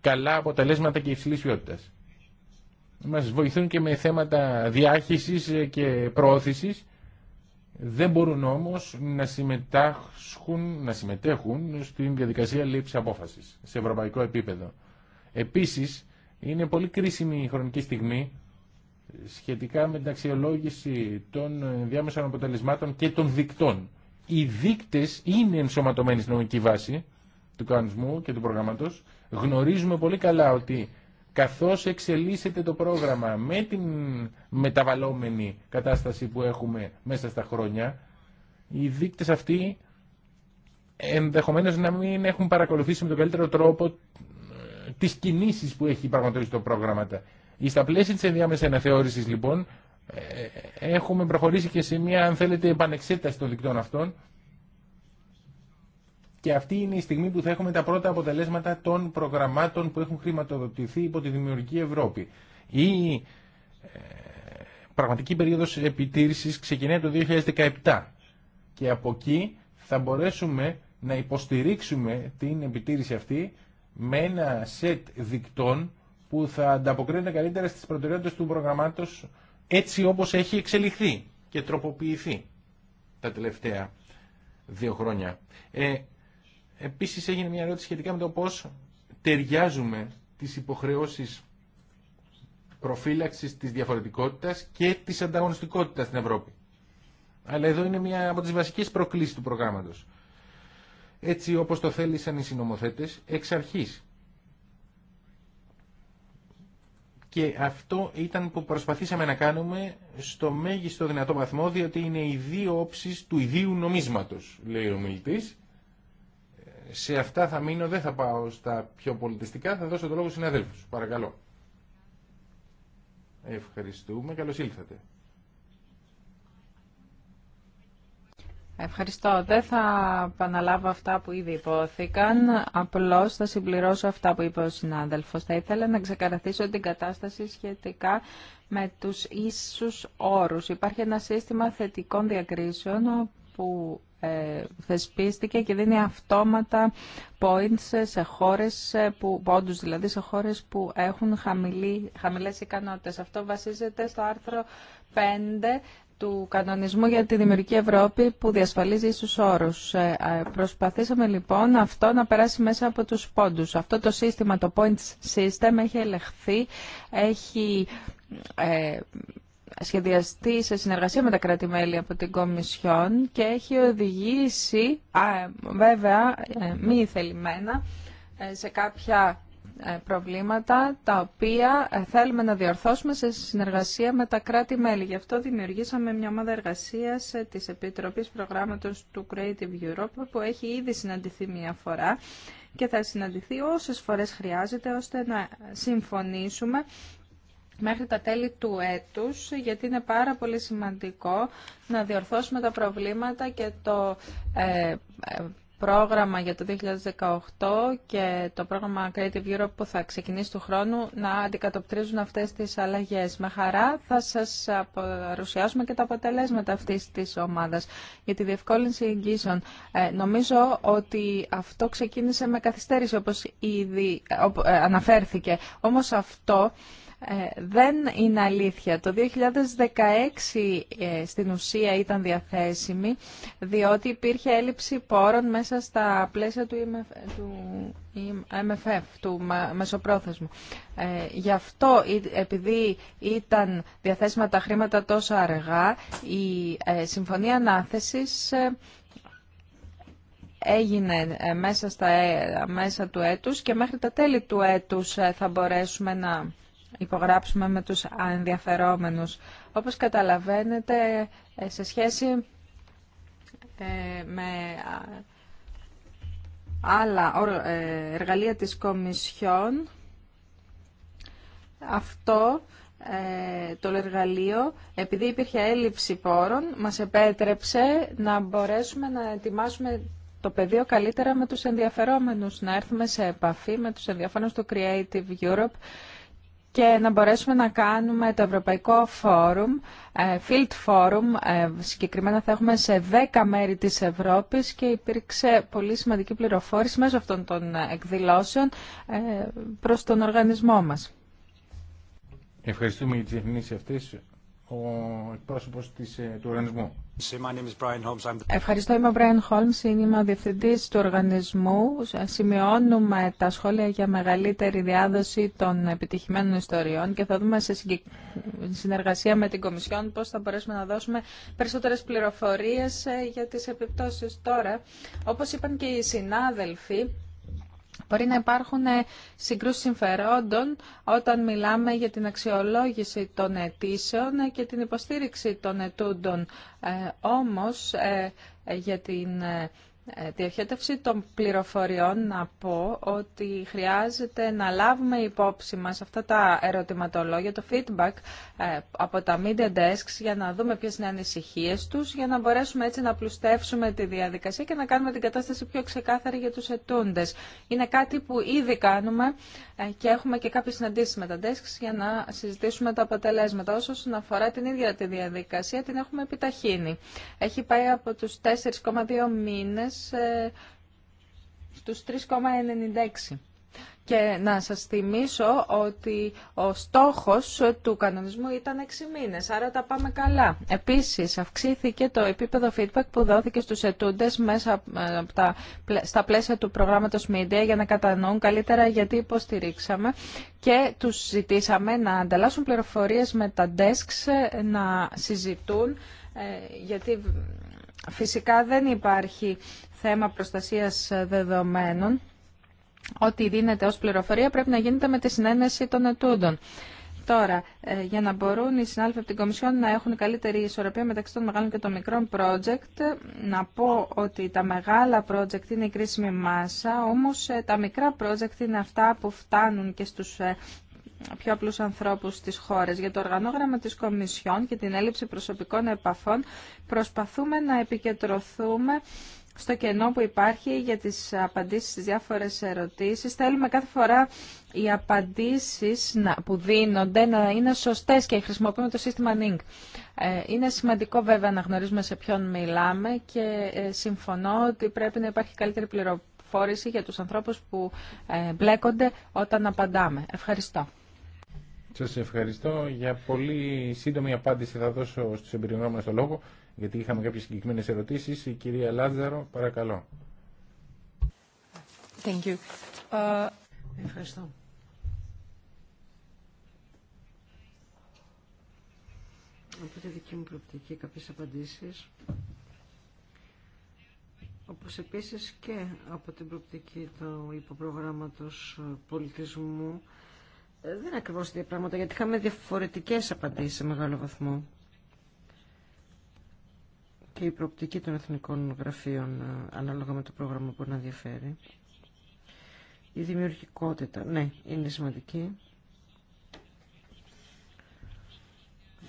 καλά αποτελέσματα και υψηλής ποιότητας. Μας βοηθούν και με θέματα διάχυσης και προώθησης. Δεν μπορούν όμως να συμμετάσχουν, να συμμετέχουν στην διαδικασία λήψη απόφασης σε ευρωπαϊκό επίπεδο. Επίσης, είναι πολύ κρίσιμη η χρονική στιγμή σχετικά με την αξιολόγηση των διάμεσων αποτελεσμάτων και των δικτών οι δείκτες είναι ενσωματωμένοι στην νομική βάση του κανονισμού και του προγράμματος. Γνωρίζουμε πολύ καλά ότι καθώς εξελίσσεται το πρόγραμμα με την μεταβαλλόμενη κατάσταση που έχουμε μέσα στα χρόνια, οι δείκτες αυτοί ενδεχομένως να μην έχουν παρακολουθήσει με τον καλύτερο τρόπο ε, τις κινήσεις που έχει πραγματοποιήσει το πρόγραμμα. Στα πλαίσια της ενδιάμεσης αναθεώρησης λοιπόν ε, έχουμε προχωρήσει και σε μια αν θέλετε επανεξέταση των δικτών αυτών και αυτή είναι η στιγμή που θα έχουμε τα πρώτα αποτελέσματα των προγραμμάτων που έχουν χρηματοδοτηθεί υπό τη Δημιουργική Ευρώπη. Η ε, πραγματική περίοδος επιτήρησης ξεκινάει το 2017 και από εκεί θα μπορέσουμε να υποστηρίξουμε την επιτήρηση αυτή με ένα σετ δικτών που θα ανταποκρίνεται καλύτερα στις προτεραιότητες του προγραμμάτου έτσι όπως έχει εξελιχθεί και τροποποιηθεί τα τελευταία δύο χρόνια. Ε, επίσης έγινε μια ερώτηση σχετικά με το πώς ταιριάζουμε τις υποχρεώσεις προφύλαξης της διαφορετικότητας και της ανταγωνιστικότητας στην Ευρώπη. Αλλά εδώ είναι μια από τις βασικές προκλήσεις του προγράμματος. Έτσι όπως το θέλησαν οι συνομοθέτες, εξ αρχής Και αυτό ήταν που προσπαθήσαμε να κάνουμε στο μέγιστο δυνατό βαθμό, διότι είναι οι δύο όψεις του ιδίου νομίσματο, λέει ο μιλητής. Σε αυτά θα μείνω, δεν θα πάω στα πιο πολιτιστικά, θα δώσω το λόγο στου συναδέλφου. Παρακαλώ. Ευχαριστούμε, καλώ ήλθατε. Ευχαριστώ. Δεν θα επαναλάβω αυτά που ήδη υπόθηκαν. Απλώς θα συμπληρώσω αυτά που είπε ο συνάδελφος. Θα ήθελα να ξεκαθαρίσω την κατάσταση σχετικά με τους ίσους όρους. Υπάρχει ένα σύστημα θετικών διακρίσεων που ε, θεσπίστηκε και δίνει αυτόματα points σε χώρες ε, που, πόντους δηλαδή σε χώρες που έχουν χαμηλή, χαμηλές ικανότητες. Αυτό βασίζεται στο άρθρο 5 του κανονισμού για τη Δημιουργική Ευρώπη που διασφαλίζει ίσους όρους. Ε, προσπαθήσαμε λοιπόν αυτό να περάσει μέσα από τους πόντους. Αυτό το σύστημα, το points system, έχει ελεχθεί, έχει ε, σχεδιαστεί σε συνεργασία με τα κράτη-μέλη από την Κομισιόν και έχει οδηγήσει, ε, βέβαια μη θελημένα, σε κάποια ε, προβλήματα τα οποία ε, θέλουμε να διορθώσουμε σε συνεργασία με τα κράτη-μέλη. Γι' αυτό δημιουργήσαμε μια ομάδα εργασίας ε, της Επιτροπής Προγράμματος του Creative Europe που έχει ήδη συναντηθεί μια φορά και θα συναντηθεί όσες φορές χρειάζεται ώστε να συμφωνήσουμε μέχρι τα τέλη του έτους, γιατί είναι πάρα πολύ σημαντικό να διορθώσουμε τα προβλήματα και το πρόγραμμα για το 2018 και το πρόγραμμα Creative Europe που θα ξεκινήσει του χρόνου να αντικατοπτρίζουν αυτές τις αλλαγές. Με χαρά θα σας παρουσιάσουμε και τα αποτελέσματα αυτής της ομάδας για τη διευκόλυνση εγγύσεων. Ε, νομίζω ότι αυτό ξεκίνησε με καθυστέρηση όπως ήδη ε, ε, αναφέρθηκε. Όμως αυτό ε, δεν είναι αλήθεια. Το 2016 ε, στην ουσία ήταν διαθέσιμη, διότι υπήρχε έλλειψη πόρων μέσα στα πλαίσια του του MFF, του Μεσοπρόθεσμου. Ε, γι' αυτό, επειδή ήταν διαθέσιμα τα χρήματα τόσο αργά, η Συμφωνία Ανάθεσης έγινε μέσα, στα, μέσα του έτους και μέχρι τα τέλη του έτους θα μπορέσουμε να υπογράψουμε με τους ενδιαφερόμενους. Όπως καταλαβαίνετε, ε, σε σχέση ε, με ε, άλλα εργαλεία της Κομισιόν, αυτό το εργαλείο, επειδή υπήρχε έλλειψη πόρων, μας επέτρεψε να μπορέσουμε να ετοιμάσουμε το πεδίο καλύτερα με τους ενδιαφερόμενους, να έρθουμε σε επαφή με τους ενδιαφέρονους του Creative Europe και να μπορέσουμε να κάνουμε το Ευρωπαϊκό Φόρουμ, ε, Field Forum, ε, συγκεκριμένα θα έχουμε σε 10 μέρη της Ευρώπης και υπήρξε πολύ σημαντική πληροφόρηση μέσω αυτών των ε, εκδηλώσεων προς τον οργανισμό μας. Ευχαριστούμε για τις αυτή αυτές ο ε, του οργανισμού. Ευχαριστώ, είμαι ο Μπράιν Χόλμς, είμαι ο Διευθυντής του Οργανισμού. Σημειώνουμε τα σχόλια για μεγαλύτερη διάδοση των επιτυχημένων ιστοριών και θα δούμε σε συνεργασία με την Κομισιόν πώς θα μπορέσουμε να δώσουμε περισσότερες πληροφορίες ε, για τις επιπτώσεις τώρα. Όπως είπαν και οι συνάδελφοι, Μπορεί να υπάρχουν ε, συγκρούσεις συμφερόντων όταν μιλάμε για την αξιολόγηση των αιτήσεων και την υποστήριξη των ετούντων. Ε, όμως, ε, για την ε, ε, διοχέτευση των πληροφοριών να πω ότι χρειάζεται να λάβουμε υπόψη μας αυτά τα ερωτηματολόγια, το feedback ε, από τα media desks για να δούμε ποιες είναι οι ανησυχίες τους, για να μπορέσουμε έτσι να πλουστεύσουμε τη διαδικασία και να κάνουμε την κατάσταση πιο ξεκάθαρη για τους ετούντες. Είναι κάτι που ήδη κάνουμε ε, και έχουμε και κάποιες συναντήσεις με τα desks για να συζητήσουμε τα αποτελέσματα. Όσον αφορά την ίδια τη διαδικασία, την έχουμε επιταχύνει. Έχει πάει από τους 4,2 μήνες Στου ε, στους 3,96. Και να σας θυμίσω ότι ο στόχος του κανονισμού ήταν 6 μήνες, άρα τα πάμε καλά. Επίσης, αυξήθηκε το επίπεδο feedback που δόθηκε στους ετούντες μέσα ε, από τα, στα πλαίσια του προγράμματος Media για να κατανοούν καλύτερα γιατί υποστηρίξαμε και τους ζητήσαμε να ανταλλάσσουν πληροφορίες με τα desks, ε, να συζητούν γιατί Φυσικά δεν υπάρχει θέμα προστασίας δεδομένων. Ό,τι δίνεται ως πληροφορία πρέπει να γίνεται με τη συνένεση των ετούντων. Τώρα, ε, για να μπορούν οι συνάδελφοι από την Κομισιόν να έχουν καλύτερη ισορροπία μεταξύ των μεγάλων και των μικρών project, να πω ότι τα μεγάλα project είναι η κρίσιμη μάσα, όμως ε, τα μικρά project είναι αυτά που φτάνουν και στους ε, πιο απλούς ανθρώπους στις χώρες. Για το οργανόγραμμα της Κομισιόν και την έλλειψη προσωπικών επαφών προσπαθούμε να επικεντρωθούμε στο κενό που υπάρχει για τις απαντήσεις στις διάφορες ερωτήσεις. Θέλουμε κάθε φορά οι απαντήσεις που δίνονται να είναι σωστές και χρησιμοποιούμε το σύστημα NING. Ε, είναι σημαντικό βέβαια να γνωρίζουμε σε ποιον μιλάμε και ε, συμφωνώ ότι πρέπει να υπάρχει καλύτερη πληροφόρηση για τους ανθρώπους που ε, μπλέκονται όταν απαντάμε. Ευχαριστώ. Σας ευχαριστώ για πολύ σύντομη απάντηση θα δώσω στου εμπειρογνώμονε το λόγο γιατί είχαμε κάποιες συγκεκριμένες ερωτήσεις. Η κυρία Λάζαρο, παρακαλώ. Thank you. Ε, ευχαριστώ. από τη δική μου προοπτική κάποιες απαντήσεις όπως επίσης και από την προοπτική του υποπρογράμματος πολιτισμού δεν είναι ακριβώς δύο πράγματα, γιατί είχαμε διαφορετικές απαντήσεις σε μεγάλο βαθμό. Και η προοπτική των εθνικών γραφείων, ε, ανάλογα με το πρόγραμμα που να διαφέρει. Η δημιουργικότητα, ναι, είναι σημαντική.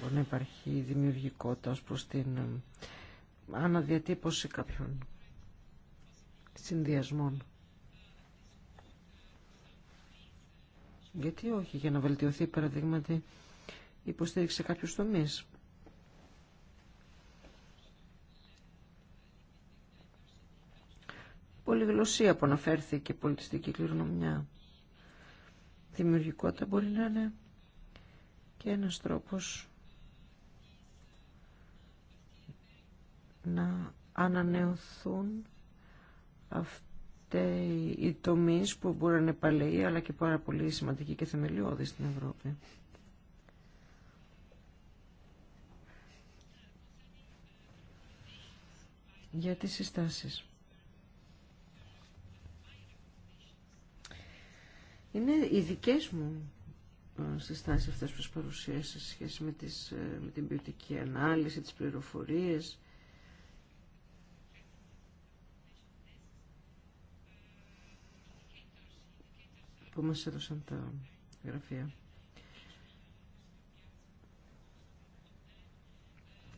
Μπορεί να υπάρχει δημιουργικότητα ως προς την ε, αναδιατύπωση κάποιων συνδυασμών. Γιατί όχι, για να βελτιωθεί παραδείγματι υποστήριξη σε κάποιους τομείς. Πολυγλωσία που αναφέρθηκε, πολιτιστική κληρονομιά. Δημιουργικότητα μπορεί να είναι και ένας τρόπος να ανανεωθούν αυτοί οι τομείς που μπορεί να είναι παλαιοί αλλά και πάρα πολύ σημαντικοί και θεμελιώδεις στην Ευρώπη. Για τις συστάσεις. Είναι οι δικές μου ε, συστάσεις αυτές που σας παρουσίασα σε σχέση με, τις, ε, με την ποιοτική ανάλυση, τις πληροφορίες, που μας έδωσαν τα γραφεία.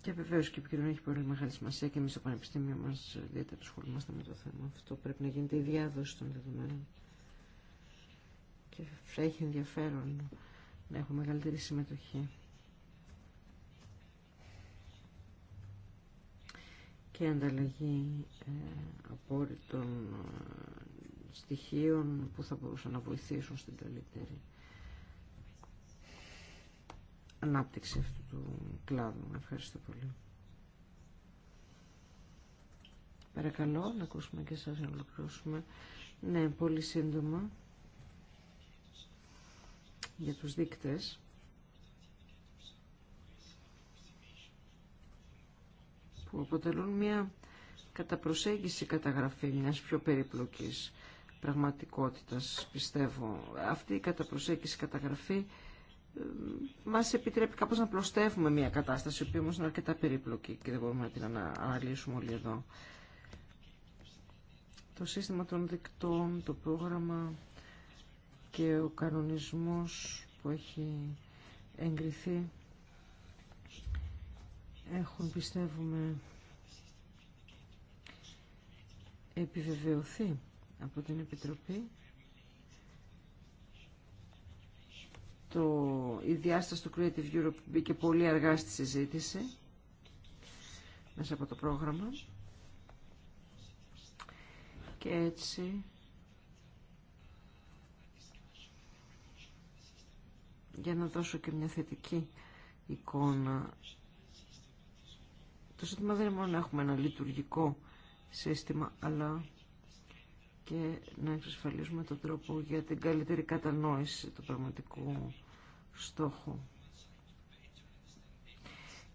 Και βεβαίω και η επικοινωνία έχει πολύ μεγάλη σημασία και εμεί στο Πανεπιστήμιο μα ιδιαίτερα ασχολούμαστε με το θέμα αυτό. Πρέπει να γίνεται η διάδοση των δεδομένων. Και θα έχει ενδιαφέρον να έχουμε μεγαλύτερη συμμετοχή. Και ανταλλαγή ε, απόρριτων στοιχείων που θα μπορούσαν να βοηθήσουν στην καλύτερη ανάπτυξη αυτού του κλάδου. Ευχαριστώ πολύ. Παρακαλώ να ακούσουμε και εσάς να ολοκληρώσουμε. Ναι, πολύ σύντομα για τους δείκτες. που αποτελούν μια καταπροσέγγιση καταγραφή μιας πιο περιπλοκής πραγματικότητας, πιστεύω. Αυτή η καταπροσέγγιση, καταγραφή μας επιτρέπει κάπως να πλωστεύουμε μια κατάσταση, η οποία όμως είναι αρκετά περίπλοκη και δεν μπορούμε να την αναλύσουμε όλοι εδώ. Το σύστημα των δικτών, το πρόγραμμα και ο κανονισμός που έχει εγκριθεί έχουν, πιστεύουμε, επιβεβαιωθεί από την Επιτροπή το, η διάσταση του Creative Europe μπήκε πολύ αργά στη συζήτηση μέσα από το πρόγραμμα και έτσι για να δώσω και μια θετική εικόνα το σύστημα δεν είναι μόνο να έχουμε ένα λειτουργικό σύστημα αλλά και να εξασφαλίσουμε τον τρόπο για την καλύτερη κατανόηση του πραγματικού στόχου.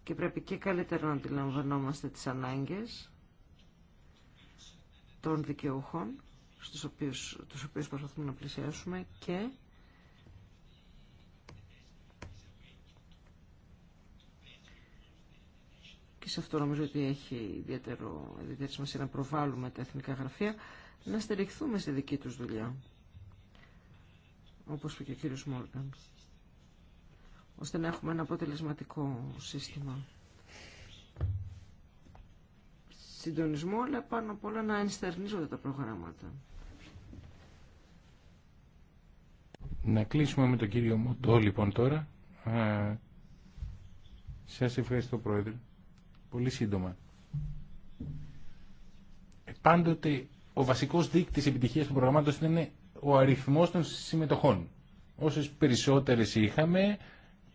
Και πρέπει και καλύτερα να αντιλαμβανόμαστε τις ανάγκες των δικαιούχων, στους οποίους, τους οποίους προσπαθούμε να πλησιάσουμε και και σε αυτό νομίζω ότι έχει ιδιαίτερο, ιδιαίτερη σημασία να προβάλλουμε τα εθνικά γραφεία να στηριχθούμε στη δική τους δουλειά, όπως είπε και ο κύριος Μόργαν, ώστε να έχουμε ένα αποτελεσματικό σύστημα συντονισμό, αλλά πάνω απ' όλα να ενστερνίζονται τα προγράμματα. Να κλείσουμε με τον κύριο Μοντό, λοιπόν, τώρα. Α, σας ευχαριστώ, Πρόεδρε. Πολύ σύντομα. Ε, πάντοτε ο βασικός δείκτη επιτυχία του προγραμματό είναι ο αριθμό των συμμετοχών. Όσε περισσότερε είχαμε,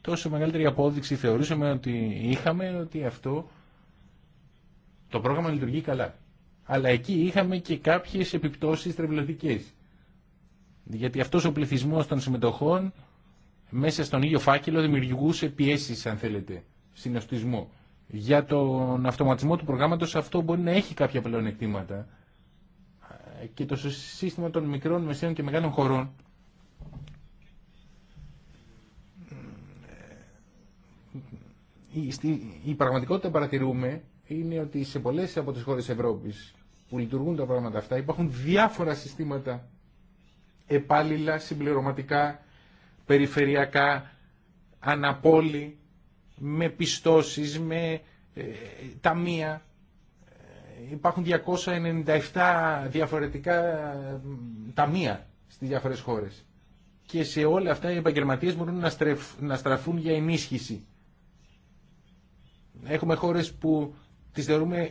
τόσο μεγαλύτερη απόδειξη θεωρούσαμε ότι είχαμε ότι αυτό το πρόγραμμα λειτουργεί καλά. Αλλά εκεί είχαμε και κάποιε επιπτώσει τρεβλωτικέ. Γιατί αυτό ο πληθυσμό των συμμετοχών μέσα στον ίδιο φάκελο δημιουργούσε πιέσει, αν θέλετε, συνοστισμό. Για τον αυτοματισμό του προγράμματο αυτό μπορεί να έχει κάποια πλεονεκτήματα και το σύστημα των μικρών, μεσαίων και μεγάλων χωρών ε, η πραγματικότητα παρατηρούμε είναι ότι σε πολλές από τις χώρες Ευρώπης που λειτουργούν τα πράγματα αυτά υπάρχουν διάφορα συστήματα επάλληλα, συμπληρωματικά, περιφερειακά, αναπόλη, με πιστώσεις, με ε, ταμεία υπάρχουν 297 διαφορετικά ταμεία στις διάφορες χώρες. Και σε όλα αυτά οι επαγγελματίες μπορούν να, να στραφούν για ενίσχυση. Έχουμε χώρες που τις θεωρούμε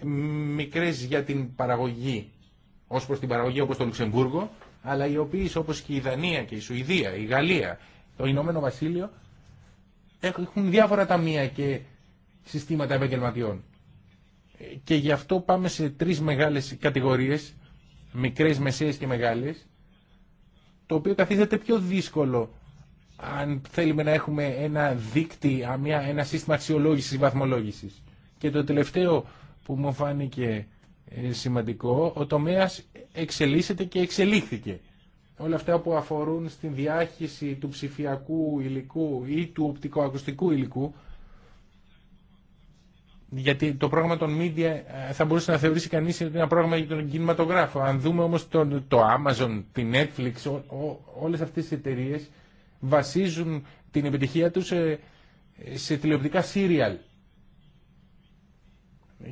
μικρές για την παραγωγή, ως προς την παραγωγή όπως το Λουξεμβούργο, αλλά οι οποίες όπως και η Δανία και η Σουηδία, η Γαλλία, το Ηνωμένο Βασίλειο, έχουν διάφορα ταμεία και συστήματα επαγγελματιών. Και γι' αυτό πάμε σε τρεις μεγάλες κατηγορίες, μικρές, μεσαίες και μεγάλες, το οποίο καθίζεται πιο δύσκολο αν θέλουμε να έχουμε ένα δίκτυ, ένα σύστημα αξιολόγησης, βαθμολόγησης. Και το τελευταίο που μου φάνηκε ε, σημαντικό, ο τομέα εξελίσσεται και εξελίχθηκε. Όλα αυτά που αφορούν στην διάχυση του ψηφιακού υλικού ή του οπτικοακουστικού υλικού, γιατί το πρόγραμμα των media ε, θα μπορούσε να θεωρήσει κανεί ότι ένα πρόγραμμα για τον κινηματογράφο. Αν δούμε όμως το, το Amazon, τη Netflix, όλε αυτέ όλες αυτές εταιρείε βασίζουν την επιτυχία τους ε, σε, τηλεοπτικά serial.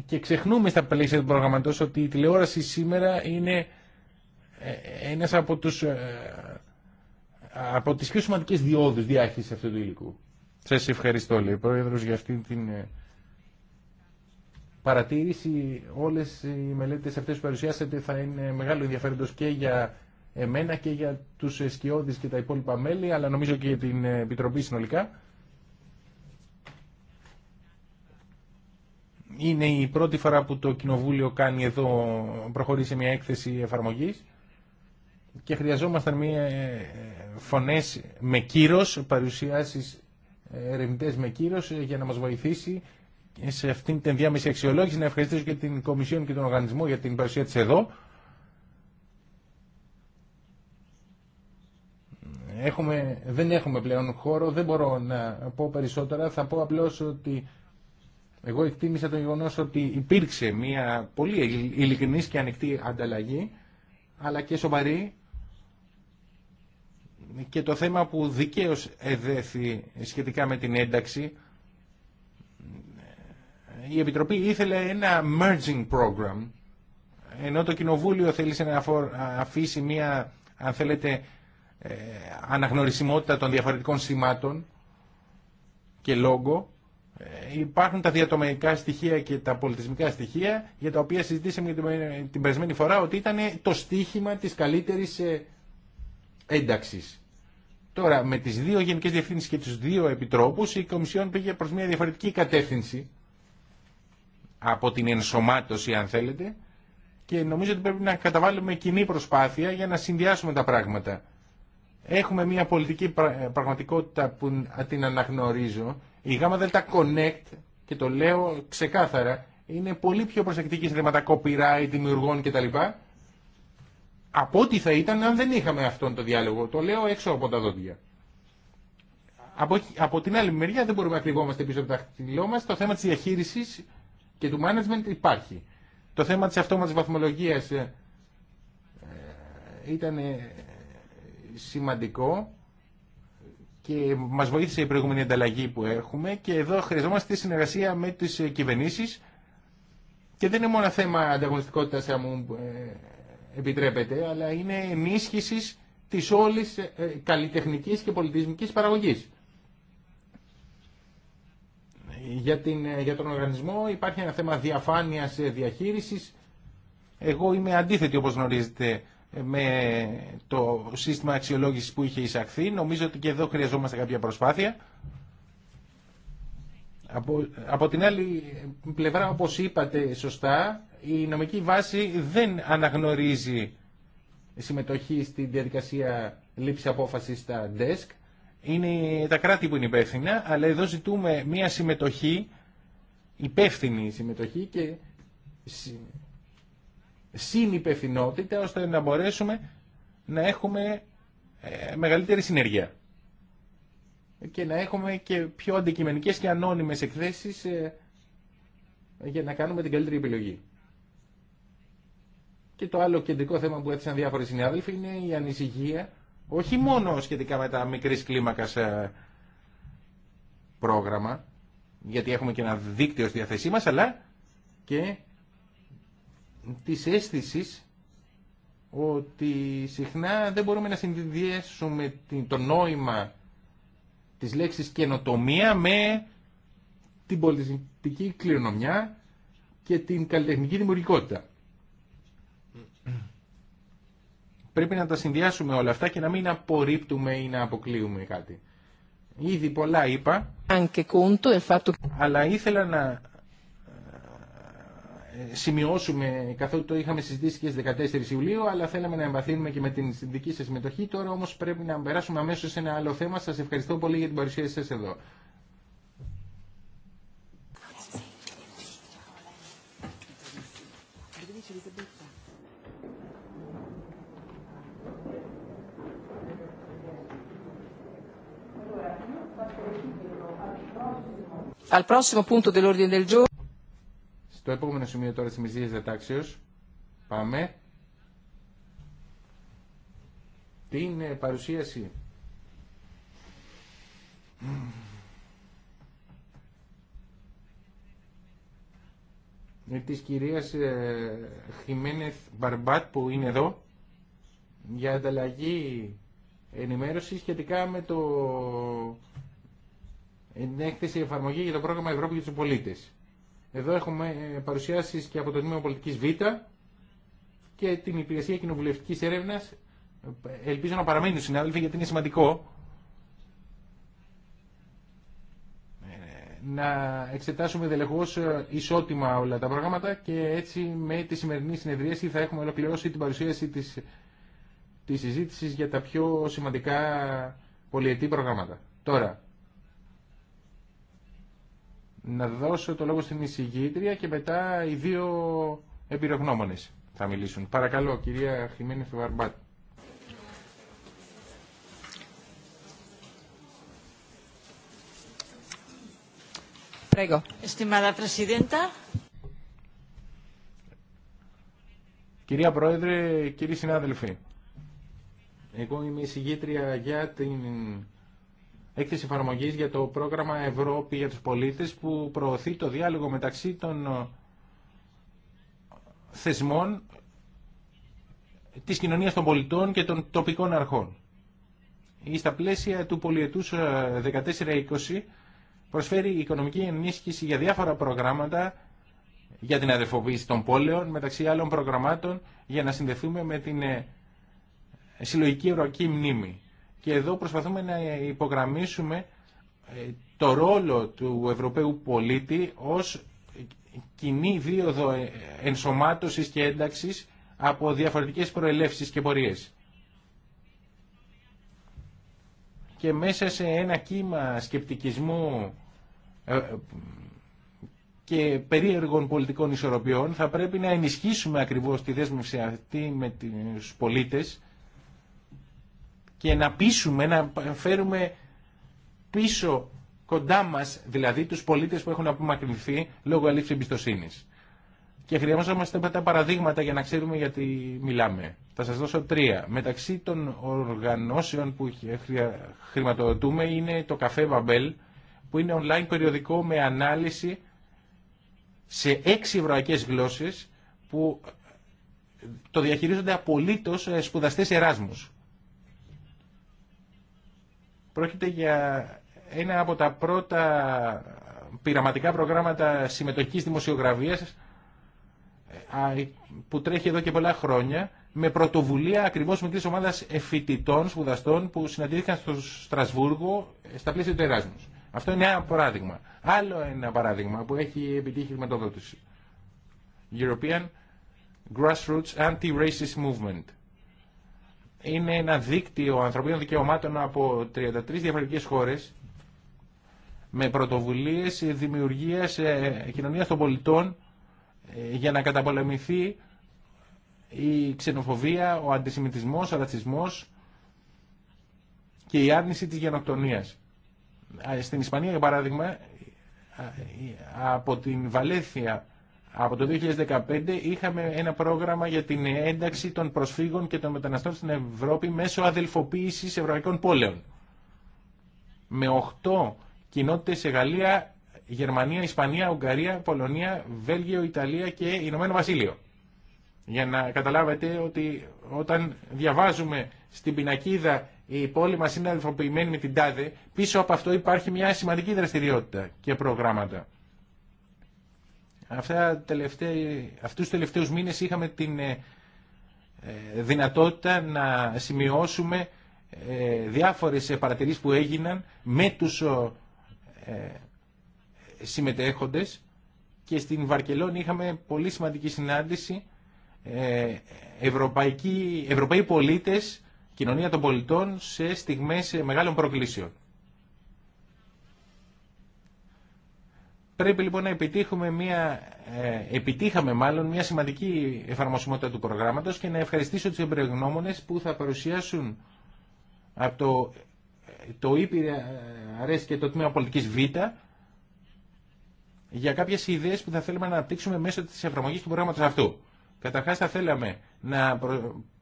Και ξεχνούμε στα πλαίσια του προγραμματό ότι η τηλεόραση σήμερα είναι ε, ένα από, τους, από τις πιο σημαντικέ διόδου διάχυση αυτού του υλικού. Σα ευχαριστώ, λέει Πρόεδρος, για αυτή την παρατήρηση όλες οι μελέτες αυτές που παρουσιάσατε θα είναι μεγάλο ενδιαφέροντος και για εμένα και για τους σκιώδεις και τα υπόλοιπα μέλη αλλά νομίζω και για την Επιτροπή συνολικά. Είναι η πρώτη φορά που το Κοινοβούλιο κάνει εδώ, προχωρεί σε μια έκθεση εφαρμογής και χρειαζόμασταν μια ε, φωνές με κύρος, παρουσιάσεις ε, ερευνητέ με κύρος ε, για να μας βοηθήσει σε αυτήν την διάμεση αξιολόγηση να ευχαριστήσω και την Κομισιόν και τον οργανισμό για την παρουσία της εδώ. Έχουμε, δεν έχουμε πλέον χώρο, δεν μπορώ να πω περισσότερα. Θα πω απλώς ότι εγώ εκτίμησα το γεγονός ότι υπήρξε μια πολύ ειλικρινής και ανοιχτή ανταλλαγή, αλλά και σοβαρή και το θέμα που δικαίως εδέθη σχετικά με την ένταξη η Επιτροπή ήθελε ένα merging program, ενώ το Κοινοβούλιο θέλησε να αφήσει μια, αν θέλετε, ε, αναγνωρισιμότητα των διαφορετικών σημάτων και λόγο. Ε, υπάρχουν τα διατομικά στοιχεία και τα πολιτισμικά στοιχεία για τα οποία συζητήσαμε την προηγουμένη φορά ότι ήταν το στίχημα της καλύτερης ε, ένταξης. Τώρα με τις δύο γενικές διευθύνσεις και τους δύο επιτρόπους η Κομισιόν πήγε προς μια διαφορετική κατεύθυνση από την ενσωμάτωση αν θέλετε και νομίζω ότι πρέπει να καταβάλουμε κοινή προσπάθεια για να συνδυάσουμε τα πράγματα. Έχουμε μια πολιτική πραγματικότητα που την αναγνωρίζω. Η γάμα δελτα connect και το λέω ξεκάθαρα είναι πολύ πιο προσεκτική σε θέματα copyright, δημιουργών κτλ. Από ό,τι θα ήταν αν δεν είχαμε αυτόν τον διάλογο. Το λέω έξω από τα δόντια. Από, την άλλη μεριά δεν μπορούμε να κρυβόμαστε πίσω από τα χτυλό μας. Το θέμα της διαχείριση και του management υπάρχει. Το θέμα της αυτόματης βαθμολογίας ε, ήταν ε, σημαντικό και μας βοήθησε η προηγούμενη ανταλλαγή που έχουμε και εδώ χρειαζόμαστε συνεργασία με τις ε, κυβερνήσεις και δεν είναι μόνο θέμα ανταγωνιστικότητας αν μου επιτρέπετε αλλά είναι ενίσχυσης της όλης καλλιτεχνικής και πολιτισμικής παραγωγής. Για, την, για τον οργανισμό υπάρχει ένα θέμα διαφάνειας διαχείρισης. Εγώ είμαι αντίθετη όπως γνωρίζετε με το σύστημα αξιολόγησης που είχε εισαχθεί. Νομίζω ότι και εδώ χρειαζόμαστε κάποια προσπάθεια. Από, την άλλη πλευρά, όπως είπατε σωστά, η νομική βάση δεν αναγνωρίζει συμμετοχή στην διαδικασία λήψη απόφασης στα desk είναι τα κράτη που είναι υπεύθυνα, αλλά εδώ ζητούμε μια συμμετοχή, υπεύθυνη συμμετοχή και συνυπευθυνότητα, ώστε να μπορέσουμε να έχουμε ε, μεγαλύτερη συνεργεία και να έχουμε και πιο αντικειμενικές και ανώνυμες εκθέσεις ε, για να κάνουμε την καλύτερη επιλογή. Και το άλλο κεντρικό θέμα που έθεσαν διάφοροι συνάδελφοι είναι η ανησυχία όχι μόνο σχετικά με τα μικρής κλίμακας ε, πρόγραμμα, γιατί έχουμε και ένα δίκτυο στη διαθεσή μας, αλλά και της αίσθηση ότι συχνά δεν μπορούμε να συνδυάσουμε το νόημα της λέξης καινοτομία με την πολιτιστική κληρονομιά και την καλλιτεχνική δημιουργικότητα. πρέπει να τα συνδυάσουμε όλα αυτά και να μην απορρίπτουμε ή να αποκλείουμε κάτι. Ήδη πολλά είπα, αλλά ήθελα να ε, σημειώσουμε, καθότι το είχαμε συζητήσει και στις 14 Ιουλίου, αλλά θέλαμε να εμβαθύνουμε και με την δική σας συμμετοχή. Τώρα όμως πρέπει να περάσουμε αμέσως σε ένα άλλο θέμα. Σας ευχαριστώ πολύ για την παρουσία σας εδώ. Στο επόμενο σημείο τώρα της μυστικής διατάξεως πάμε την ε, παρουσίαση ε, της κυρίας ε, Χιμένεθ Μπαρμπάτ που είναι εδώ για ανταλλαγή ενημέρωση σχετικά με το έκθεση εφαρμογή για το πρόγραμμα Ευρώπη για του πολίτε. Εδώ έχουμε ε, παρουσιάσει και από το Τμήμα Πολιτικής Β και την Υπηρεσία κοινοβουλευτική έρευνα. Ελπίζω να παραμείνουν συνάδελφοι γιατί είναι σημαντικό ε, να εξετάσουμε δελεχώς ε, ισότιμα όλα τα προγράμματα και έτσι με τη σημερινή συνεδρίαση θα έχουμε ολοκληρώσει την παρουσίαση της, της συζήτησης για τα πιο σημαντικά πολιετή προγράμματα. Τώρα, να δώσω το λόγο στην εισηγήτρια και μετά οι δύο εμπειρογνώμονες θα μιλήσουν. Παρακαλώ, κυρία Χιμένη Presidenta. Κυρία Πρόεδρε, κύριοι συνάδελφοι, εγώ είμαι η για την έκθεση εφαρμογή για το πρόγραμμα Ευρώπη για τους πολίτες που προωθεί το διάλογο μεταξύ των ε, θεσμών της κοινωνίας των πολιτών και των τοπικών αρχών. Ή στα πλαίσια του πολιετούς 14-20 ε, προσφέρει οικονομική ενίσχυση για διάφορα προγράμματα για την αδερφοποίηση των πόλεων, μεταξύ άλλων προγραμμάτων για να συνδεθούμε με την ε, συλλογική ευρωακή μνήμη και εδώ προσπαθούμε να υπογραμμίσουμε ε, το ρόλο του Ευρωπαίου πολίτη ως κοινή δίωδο ε, ενσωμάτωσης και ένταξης από διαφορετικές προελεύσεις και πορείες. Και μέσα σε ένα κύμα σκεπτικισμού ε, και περίεργων πολιτικών ισορροπιών θα πρέπει να ενισχύσουμε ακριβώς τη δέσμευση αυτή με τους πολίτες και να πείσουμε, να φέρουμε πίσω κοντά μας, δηλαδή τους πολίτες που έχουν απομακρυνθεί λόγω έλλειψη εμπιστοσύνη. Και χρειαζόμαστε μετά παραδείγματα για να ξέρουμε γιατί μιλάμε. Θα σας δώσω τρία. Μεταξύ των οργανώσεων που χρηματοδοτούμε είναι το Καφέ Βαμπέλ, που είναι online περιοδικό με ανάλυση σε έξι ευρωακές γλώσσες που το διαχειρίζονται απολύτως ε, σπουδαστές εράσμους. Πρόκειται για ένα από τα πρώτα πειραματικά προγράμματα συμμετοχής δημοσιογραφίας ε, που τρέχει εδώ και πολλά χρόνια με πρωτοβουλία ακριβώς μικρής ομάδας εφητητών, σπουδαστών που συναντήθηκαν στο Στρασβούργο ε, στα πλαίσια του Αυτό είναι ένα παράδειγμα. Άλλο ένα παράδειγμα που έχει επιτύχει χρηματοδότηση. European Grassroots Anti-Racist Movement είναι ένα δίκτυο ανθρωπίνων δικαιωμάτων από 33 διαφορετικές χώρες με πρωτοβουλίε δημιουργία ε, κοινωνία των πολιτών ε, για να καταπολεμηθεί η ξενοφοβία, ο αντισημιτισμός, ο ρατσισμός και η άρνηση της γενοκτονίας. Στην Ισπανία, για παράδειγμα, ε, από την Βαλέθια από το 2015 είχαμε ένα πρόγραμμα για την ένταξη των προσφύγων και των μεταναστών στην Ευρώπη μέσω αδελφοποίησης ευρωπαϊκών πόλεων. Με 8 κοινότητες σε Γαλλία, Γερμανία, Ισπανία, Ουγγαρία, Πολωνία, Βέλγιο, Ιταλία και Ηνωμένο Βασίλειο. Για να καταλάβετε ότι όταν διαβάζουμε στην πινακίδα η πόλη μας είναι αδελφοποιημένη με την ΤΑΔΕ, πίσω από αυτό υπάρχει μια σημαντική δραστηριότητα και προγράμματα. Αυτά αυτούς τους τελευταίους μήνες είχαμε την ε, ε, δυνατότητα να σημειώσουμε ε, διάφορες παρατηρήσεις που έγιναν με τους συμμετέχοντες και στην Βαρκελόνη είχαμε πολύ σημαντική συνάντηση ευρωπαϊκοί, ευρωπαίοι πολίτες, κοινωνία των πολιτών σε στιγμές μεγάλων προκλήσεων. Πρέπει λοιπόν να επιτύχουμε μια, ε, επιτύχαμε μάλλον μια σημαντική εφαρμοσιμότητα του προγράμματος και να ευχαριστήσω τους εμπρεγνώμονες που θα παρουσιάσουν από το, το Ήπειρα ε, και το Τμήμα Πολιτικής Β για κάποιες ιδέες που θα θέλουμε να αναπτύξουμε μέσω της εφαρμογής του προγράμματος αυτού. Καταρχάς θα θέλαμε να,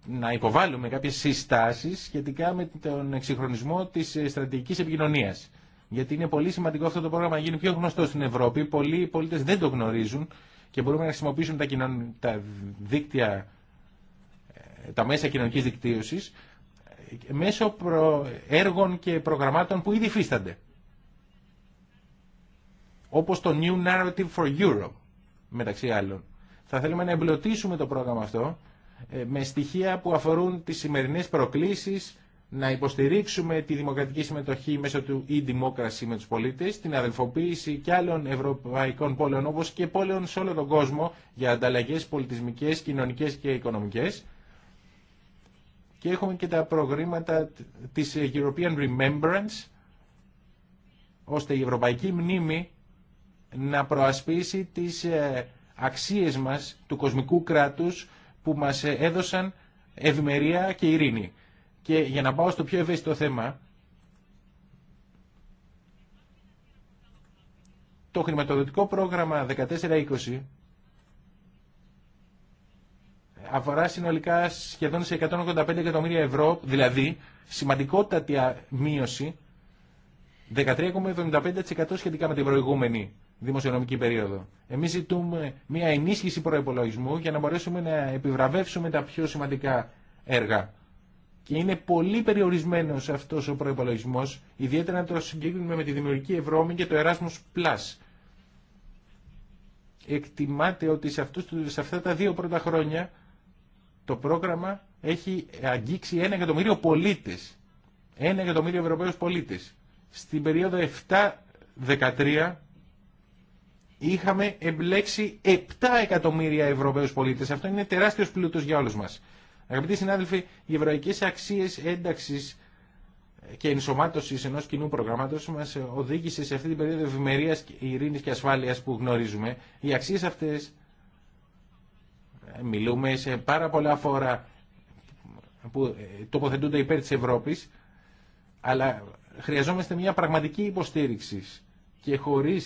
να υποβάλουμε κάποιες συστάσεις σχετικά με τον εξυγχρονισμό της ε, στρατηγικής επικοινωνίας γιατί είναι πολύ σημαντικό αυτό το πρόγραμμα να γίνει πιο γνωστό στην Ευρώπη. Πολλοί πολίτε δεν το γνωρίζουν και μπορούμε να χρησιμοποιήσουμε τα, κοινων... τα δίκτυα, ε, τα μέσα κοινωνική δικτύωση ε, μέσω έργων και προγραμμάτων που ήδη φίστανται. Όπως το New Narrative for Europe, μεταξύ άλλων. Θα θέλουμε να εμπλωτίσουμε το πρόγραμμα αυτό ε, με στοιχεία που αφορούν τις σημερινές προκλήσεις, να υποστηρίξουμε τη δημοκρατική συμμετοχή μέσω του e-democracy με τους πολίτες, την αδελφοποίηση και άλλων ευρωπαϊκών πόλεων όπως και πόλεων σε όλο τον κόσμο για ανταλλαγές πολιτισμικές, κοινωνικές και οικονομικές. Και έχουμε και τα προγράμματα της European Remembrance, ώστε η ευρωπαϊκή μνήμη να προασπίσει τις ε, αξίες μας του κοσμικού κράτους που μας ε, έδωσαν ευημερία και ειρήνη. Και για να πάω στο πιο ευαίσθητο θέμα, το χρηματοδοτικό πρόγραμμα 14-20 αφορά συνολικά σχεδόν σε 185 εκατομμύρια ευρώ, δηλαδή σημαντικότατη μείωση 13,75% σχετικά με την προηγούμενη δημοσιονομική περίοδο. Εμείς ζητούμε μια ενίσχυση προϋπολογισμού για να μπορέσουμε να επιβραβεύσουμε τα πιο σημαντικά έργα. Και είναι πολύ περιορισμένο αυτό ο προπολογισμό, ιδιαίτερα να το συγκρίνουμε με τη δημιουργική Ευρώμη και το Erasmus Plus. Εκτιμάται ότι σε, αυτούς, σε αυτά τα δύο πρώτα χρόνια το πρόγραμμα έχει αγγίξει ένα εκατομμύριο πολίτε. Ένα εκατομμύριο Ευρωπαίου πολίτε. Στην περίοδο 7-13 είχαμε εμπλέξει 7 εκατομμύρια Ευρωπαίου πολίτε. Αυτό είναι τεράστιο πλούτο για όλου μα. Αγαπητοί συνάδελφοι, οι ευρωπαϊκές αξίες ένταξης και ενσωμάτωση ενό κοινού προγράμματο μα οδήγησε σε αυτή την περίοδο ευημερία, ειρήνη και ασφάλεια που γνωρίζουμε. Οι αξίε αυτέ ε, μιλούμε σε πάρα πολλά φόρα που ε, τοποθετούνται υπέρ της Ευρώπης, αλλά χρειαζόμαστε μια πραγματική υποστήριξη και χωρί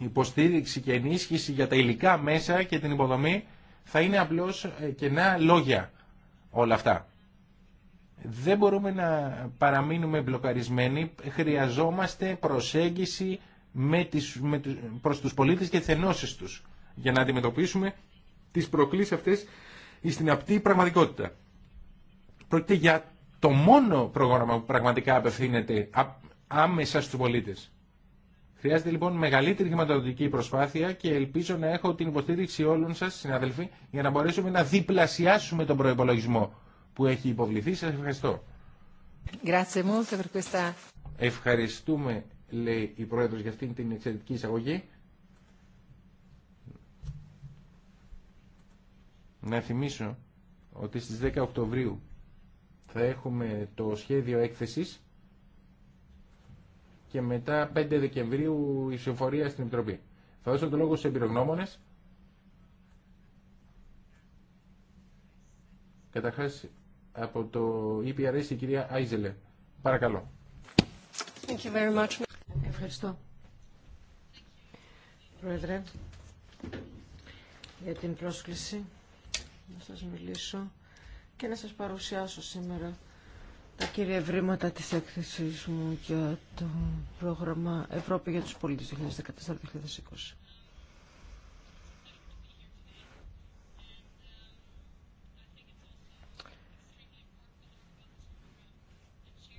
υποστήριξη και ενίσχυση για τα υλικά μέσα και την υποδομή θα είναι απλώς ε, κενά λόγια όλα αυτά. Δεν μπορούμε να παραμείνουμε μπλοκαρισμένοι, χρειαζόμαστε προσέγγιση με τις, με προς τους πολίτες και τις ενώσεις τους για να αντιμετωπίσουμε τις προκλήσεις αυτές στην απτή πραγματικότητα. Πρόκειται για το μόνο πρόγραμμα που πραγματικά απευθύνεται άμεσα στους πολίτες. Χρειάζεται λοιπόν μεγαλύτερη χρηματοδοτική προσπάθεια και ελπίζω να έχω την υποστήριξη όλων σας, συναδελφοί, για να μπορέσουμε να διπλασιάσουμε τον προπολογισμό που έχει υποβληθεί. Σα ευχαριστώ. Ευχαριστούμε, λέει η πρόεδρο για αυτήν την εξαιρετική εισαγωγή. Να θυμίσω ότι στις 10 Οκτωβρίου θα έχουμε το σχέδιο έκθεσης και μετά 5 Δεκεμβρίου η συμφορία στην Επιτροπή. Θα δώσω το λόγο στους εμπειρογνώμονες. Καταρχάς από το EPRS η κυρία Άιζελε. Παρακαλώ. Thank you very much. Ευχαριστώ. Πρόεδρε, για την πρόσκληση να σας μιλήσω και να σας παρουσιάσω σήμερα τα κύρια ευρήματα της έκθεσης μου για το πρόγραμμα Ευρώπη για τους πολίτες 2014-2020.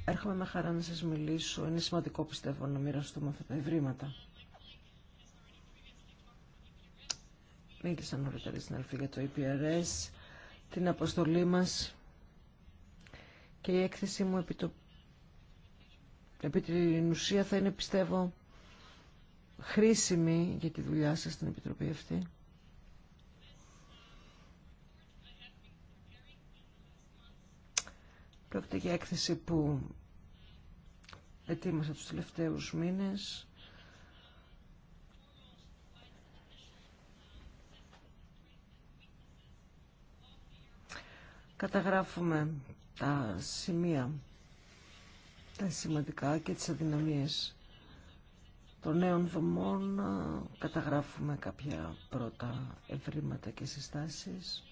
Έρχομαι με χαρά να σας μιλήσω. Είναι σημαντικό πιστεύω να μοιραστούμε αυτά τα ευρήματα. Μίλησα νωρίτερα στην αλφή για το EPRS, την αποστολή μας και η έκθεση μου επί, το... επί την ουσία θα είναι πιστεύω χρήσιμη για τη δουλειά σας στην Επιτροπή αυτή. Πρόκειται για έκθεση που ετοίμασα τους τελευταίους μήνες. Καταγράφουμε τα σημεία, τα σημαντικά και τις αδυναμίες των νέων δομών καταγράφουμε κάποια πρώτα ευρήματα και συστάσεις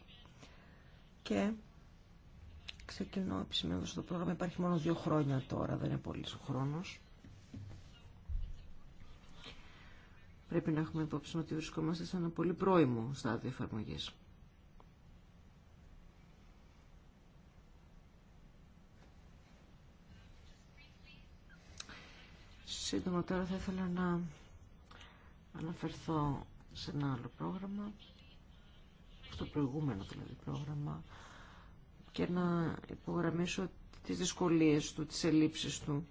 και ξεκινώ επισημένως το πρόγραμμα υπάρχει μόνο δύο χρόνια τώρα δεν είναι πολύ ο χρόνος πρέπει να έχουμε υπόψη ότι βρισκόμαστε σε ένα πολύ πρώιμο στάδιο εφαρμογής Σύντομα τώρα θα ήθελα να αναφερθώ σε ένα άλλο πρόγραμμα, στο προηγούμενο δηλαδή πρόγραμμα, και να υπογραμμίσω τις δυσκολίες του, τις ελλείψεις του.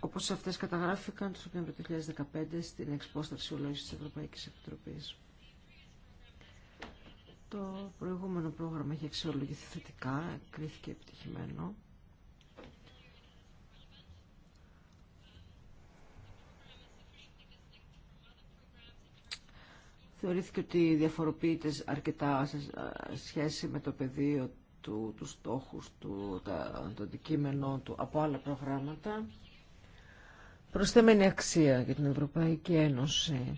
Όπως αυτές καταγράφηκαν το Σεπτέμβριο 2015 στην Εξπόσταση Αξιολόγηση της Ευρωπαϊκής Επιτροπής. Το προηγούμενο πρόγραμμα είχε αξιολογηθεί θετικά, κρίθηκε επιτυχημένο. θεωρήθηκε ότι διαφοροποιείται αρκετά σε σχέση με το πεδίο του, του στόχους του, τα, το αντικείμενό του από άλλα προγράμματα. Προσθέμενη αξία για την Ευρωπαϊκή Ένωση.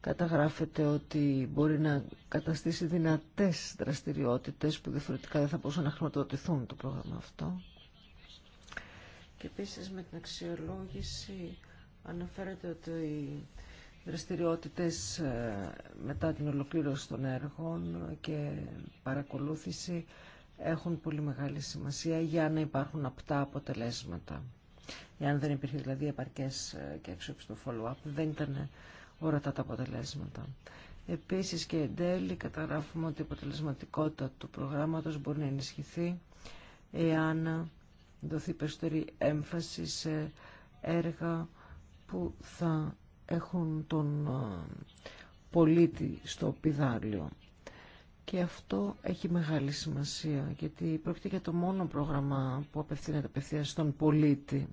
Καταγράφεται ότι μπορεί να καταστήσει δυνατές δραστηριότητες που διαφορετικά δεν θα μπορούσαν να χρηματοδοτηθούν το πρόγραμμα αυτό. Και επίσης με την αξιολόγηση αναφέρεται ότι δραστηριότητες ε, μετά την ολοκλήρωση των έργων και παρακολούθηση έχουν πολύ μεγάλη σημασία για να υπάρχουν απτά αποτελέσματα. Εάν δεν υπήρχε δηλαδή επαρκές ε, και αξιόπιστο follow-up, δεν ήταν ορατά τα αποτελέσματα. Επίσης και εν τέλει καταγράφουμε ότι η αποτελεσματικότητα του προγράμματος μπορεί να ενισχυθεί εάν δοθεί περισσότερη έμφαση σε έργα που θα έχουν τον ε, πολίτη στο πιδάλιο. Και αυτό έχει μεγάλη σημασία, γιατί πρόκειται για το μόνο πρόγραμμα που απευθύνεται απευθείας στον πολίτη.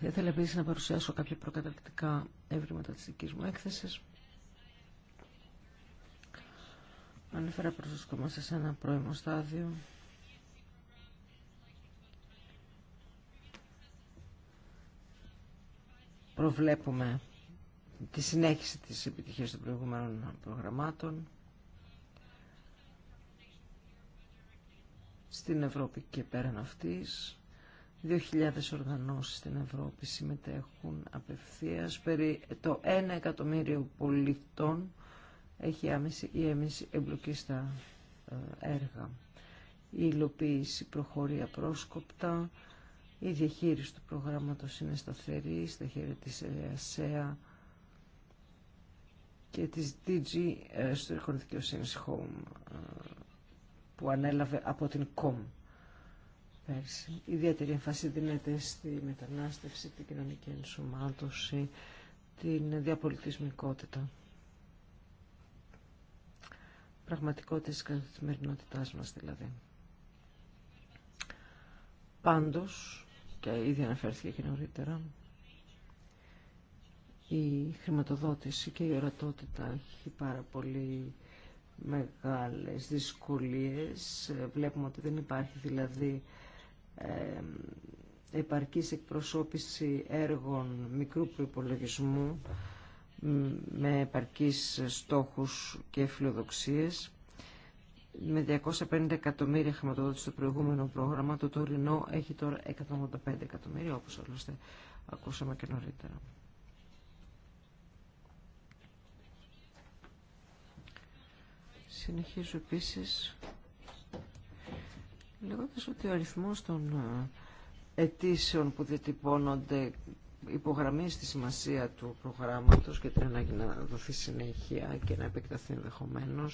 Θα ήθελα επίσης να παρουσιάσω κάποια προκαταρκτικά εύρηματα της δικής μου έκθεσης. Ανέφερα προς βρισκόμαστε σε ένα πρώιμο στάδιο. Προβλέπουμε τη συνέχιση της επιτυχίας των προηγούμενων προγραμμάτων στην Ευρώπη και πέραν αυτής. 2.000 οργανώσεις στην Ευρώπη συμμετέχουν απευθείας περί το 1 εκατομμύριο πολιτών έχει άμεση ή έμεση εμπλοκή στα ε, έργα. Η υλοποίηση προχωρεί απρόσκοπτα, η διαχείριση του προγράμματος είναι σταθερή, στα χέρια της ΕΑΣΕΑ και της DG ε, στο Δικαιοσύνης Home ε, που ανέλαβε από την ΚΟΜ πέρσι. Ιδιαίτερη έμφαση δίνεται στη μετανάστευση, την κοινωνική ενσωμάτωση, την διαπολιτισμικότητα πραγματικότητα της καθημερινότητάς μας δηλαδή. Πάντως, και ήδη αναφέρθηκε και νωρίτερα, η χρηματοδότηση και η ορατότητα έχει πάρα πολύ μεγάλες δυσκολίες. Βλέπουμε ότι δεν υπάρχει δηλαδή ε, επαρκής εκπροσώπηση έργων μικρού προϋπολογισμού με επαρκείς στόχους και φιλοδοξίες με 250 εκατομμύρια χρηματοδότηση το προηγούμενο πρόγραμμα το τωρινό έχει τώρα 185 εκατομμύρια όπως άλλωστε ακούσαμε και νωρίτερα. Συνεχίζω επίσης λέγοντας ότι ο αριθμός των ε, αιτήσεων που διατυπώνονται υπογραμμίζει τη σημασία του προγράμματος και την ανάγκη να δοθεί συνέχεια και να επεκταθεί ενδεχομένω.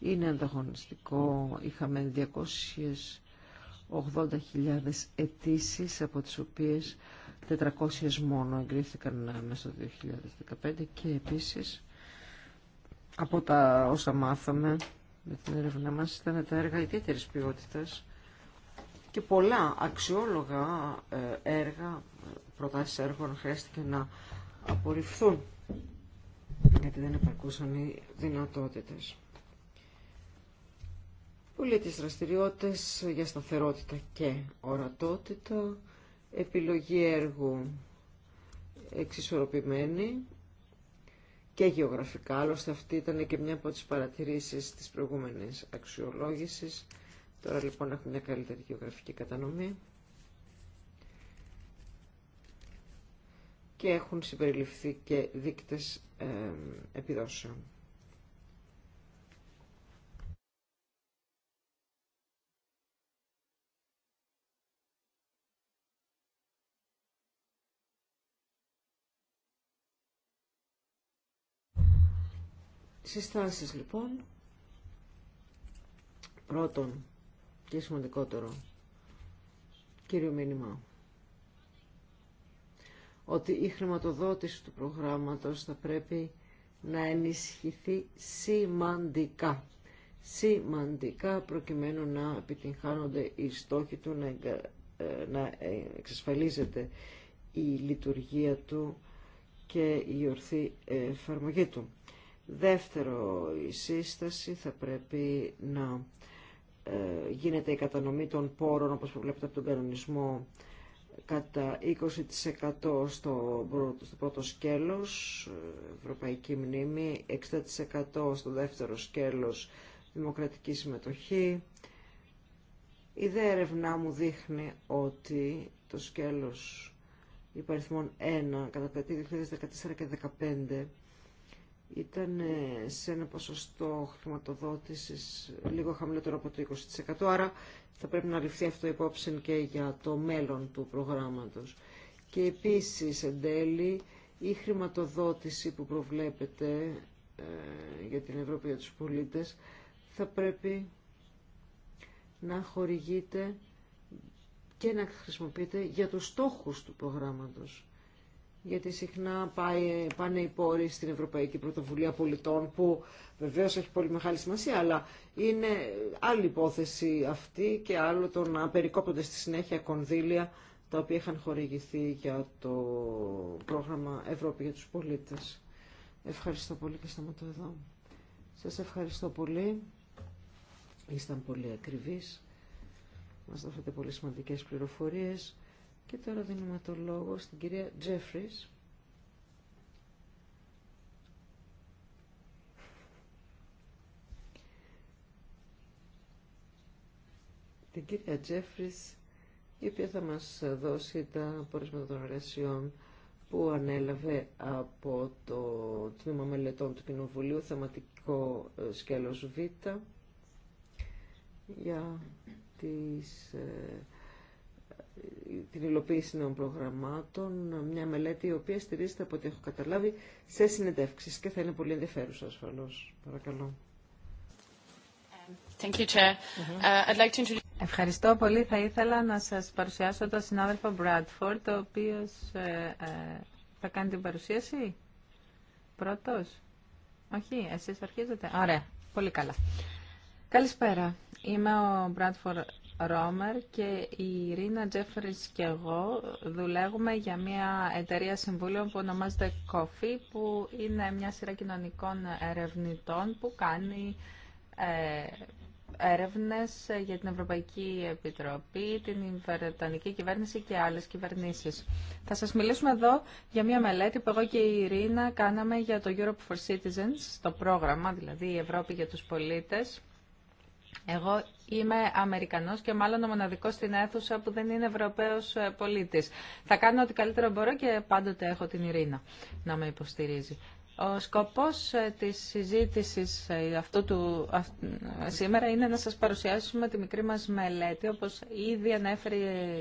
Είναι ανταγωνιστικό. Είχαμε 280.000 αιτήσει από τις οποίες 400 μόνο εγκρίθηκαν μέσα το 2015 και επίσης από τα όσα μάθαμε με την έρευνα μας ήταν τα έργα ιδιαίτερη ποιότητας και πολλά αξιόλογα ε, έργα προτάσεις έργων χρειάστηκε να απορριφθούν γιατί δεν επαρκούσαν οι δυνατότητες. τις δραστηριότητες για σταθερότητα και ορατότητα, επιλογή έργου εξισορροπημένη και γεωγραφικά. Άλλωστε αυτή ήταν και μια από τις παρατηρήσεις της προηγούμενης αξιολόγησης. Τώρα λοιπόν έχουμε μια καλύτερη γεωγραφική κατανομή. και έχουν συμπεριληφθεί και δείκτες ε, επιδόσεων. Συστάσεις λοιπόν. Πρώτον και σημαντικότερο κύριο μήνυμα ότι η χρηματοδότηση του προγράμματος θα πρέπει να ενισχυθεί σημαντικά. Σημαντικά προκειμένου να επιτυγχάνονται οι στόχοι του, να, ε, να εξασφαλίζεται η λειτουργία του και η ορθή εφαρμογή του. Δεύτερο, η σύσταση θα πρέπει να ε, γίνεται η κατανομή των πόρων, όπως προβλέπεται από τον κανονισμό κατά 20% στο πρώτο σκέλος, ευρωπαϊκή μνήμη, 60% στο δεύτερο σκέλος, δημοκρατική συμμετοχή. Η δε έρευνά μου δείχνει ότι το σκέλος υπαριθμών 1 κατά 2014 και 2015 ήταν ε, σε ένα ποσοστό χρηματοδότησης λίγο χαμηλότερο από το 20%, άρα θα πρέπει να ληφθεί αυτό υπόψη και για το μέλλον του προγράμματος. Και επίσης, εν τέλει, η χρηματοδότηση που προβλέπεται ε, για την Ευρώπη για τους πολίτες θα πρέπει να χορηγείται και να χρησιμοποιείται για τους στόχους του προγράμματος γιατί συχνά πάει, πάνε οι πόροι στην Ευρωπαϊκή Πρωτοβουλία Πολιτών, που βεβαίω έχει πολύ μεγάλη σημασία, αλλά είναι άλλη υπόθεση αυτή και άλλο το να περικόπτονται στη συνέχεια κονδύλια τα οποία είχαν χορηγηθεί για το πρόγραμμα Ευρώπη για τους πολίτες. Ευχαριστώ πολύ και σταματώ εδώ. Σας ευχαριστώ πολύ. Ήσταν πολύ ακριβείς. Μας δώσατε πολύ σημαντικές πληροφορίες. Και τώρα δίνουμε το λόγο στην κυρία Τζέφρις. Την κυρία Τζέφρις, η οποία θα μας δώσει τα πορίσματα των εργασιών που ανέλαβε από το Τμήμα Μελετών του Κοινοβουλίου, θεματικό ε, σκέλος Β, για τις ε, την υλοποίηση νέων προγραμμάτων, μια μελέτη η οποία στηρίζεται από ό,τι έχω καταλάβει σε συνεντεύξεις και θα είναι πολύ ενδιαφέρουσα ασφαλώς. Παρακαλώ. Thank you, Chair. Mm-hmm. Uh, I'd like to... Ευχαριστώ πολύ. Θα ήθελα να σας παρουσιάσω τον συνάδελφο Bradford, ο οποίος ε, ε, θα κάνει την παρουσίαση. Πρώτος. Όχι, εσείς αρχίζετε. Ωραία. Πολύ καλά. Καλησπέρα. Είμαι ο Bradford Ρόμερ και η Ρίνα Τζέφρις και εγώ δουλεύουμε για μια εταιρεία συμβούλων που ονομάζεται Coffee που είναι μια σειρά κοινωνικών ερευνητών που κάνει ε, έρευνες για την Ευρωπαϊκή Επιτροπή, την Βρετανική Κυβέρνηση και άλλες κυβερνήσεις. Θα σας μιλήσουμε εδώ για μια μελέτη που εγώ και η Ρίνα κάναμε για το Europe for Citizens, το πρόγραμμα, δηλαδή η Ευρώπη για τους πολίτες, εγώ είμαι Αμερικανός και μάλλον ο μοναδικός στην αίθουσα που δεν είναι Ευρωπαίος ε, πολίτης. Θα κάνω ό,τι καλύτερο μπορώ και πάντοτε έχω την Ειρήνα να με υποστηρίζει. Ο σκοπός ε, της συζήτησης ε, αυτού του, σήμερα είναι να σας παρουσιάσουμε τη μικρή μας μελέτη. Όπως ήδη ανέφερε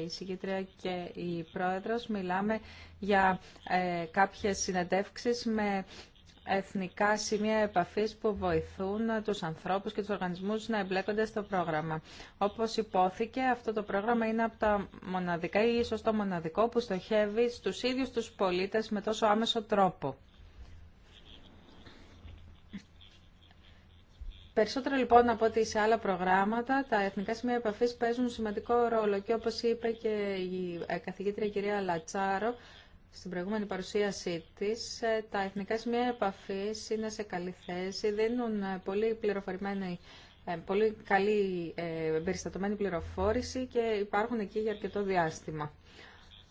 η συγκήτρια και η πρόεδρος, μιλάμε για ε, κάποιες με εθνικά σημεία επαφής που βοηθούν τους ανθρώπους και τους οργανισμούς να εμπλέκονται στο πρόγραμμα. Όπως υπόθηκε, αυτό το πρόγραμμα είναι από τα μοναδικά ή ίσως το μοναδικό που στοχεύει στους ίδιους τους πολίτες με τόσο άμεσο τρόπο. Περισσότερο λοιπόν από ότι σε άλλα προγράμματα, τα εθνικά σημεία επαφής παίζουν σημαντικό ρόλο και όπως είπε και η ε, καθηγήτρια κυρία Λατσάρο, στην προηγούμενη παρουσίασή της, ε, τα εθνικά σημεία επαφής είναι σε καλή θέση, δίνουν ε, πολύ πληροφορημένη ε, πολύ καλή περιστατωμένη πληροφόρηση και υπάρχουν εκεί για αρκετό διάστημα.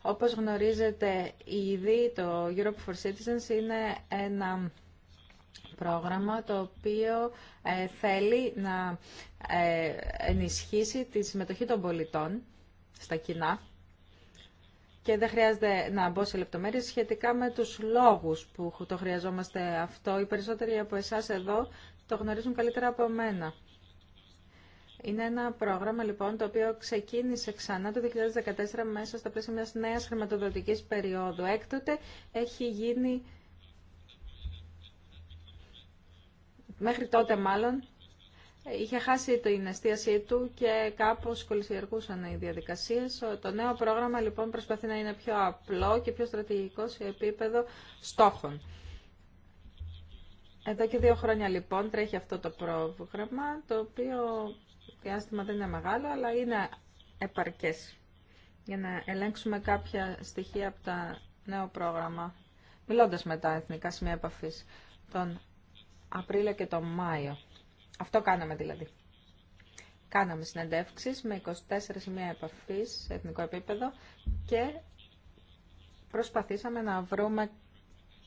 Όπως γνωρίζετε ήδη, το Europe for Citizens είναι ένα πρόγραμμα το οποίο θέλει να ενισχύσει τη συμμετοχή των πολιτών στα κοινά και δεν χρειάζεται να μπω σε λεπτομέρειες σχετικά με τους λόγους που το χρειαζόμαστε αυτό. Οι περισσότεροι από εσάς εδώ το γνωρίζουν καλύτερα από μένα. Είναι ένα πρόγραμμα λοιπόν το οποίο ξεκίνησε ξανά το 2014 μέσα στα πλαίσια μιας νέας χρηματοδοτικής περίοδου. Έκτοτε έχει γίνει, μέχρι τότε μάλλον, είχε χάσει την εστίασή του και κάπως κολυσιακούσαν οι διαδικασίες. Το νέο πρόγραμμα λοιπόν προσπαθεί να είναι πιο απλό και πιο στρατηγικό σε επίπεδο στόχων. Εδώ και δύο χρόνια λοιπόν τρέχει αυτό το πρόγραμμα, το οποίο διάστημα δεν είναι μεγάλο, αλλά είναι επαρκές για να ελέγξουμε κάποια στοιχεία από το νέο πρόγραμμα, μιλώντας με τα εθνικά σημεία επαφής τον Απρίλιο και τον Μάιο. Αυτό κάναμε δηλαδή. Κάναμε συνεντεύξεις με 24 σημεία επαφής σε εθνικό επίπεδο και προσπαθήσαμε να βρούμε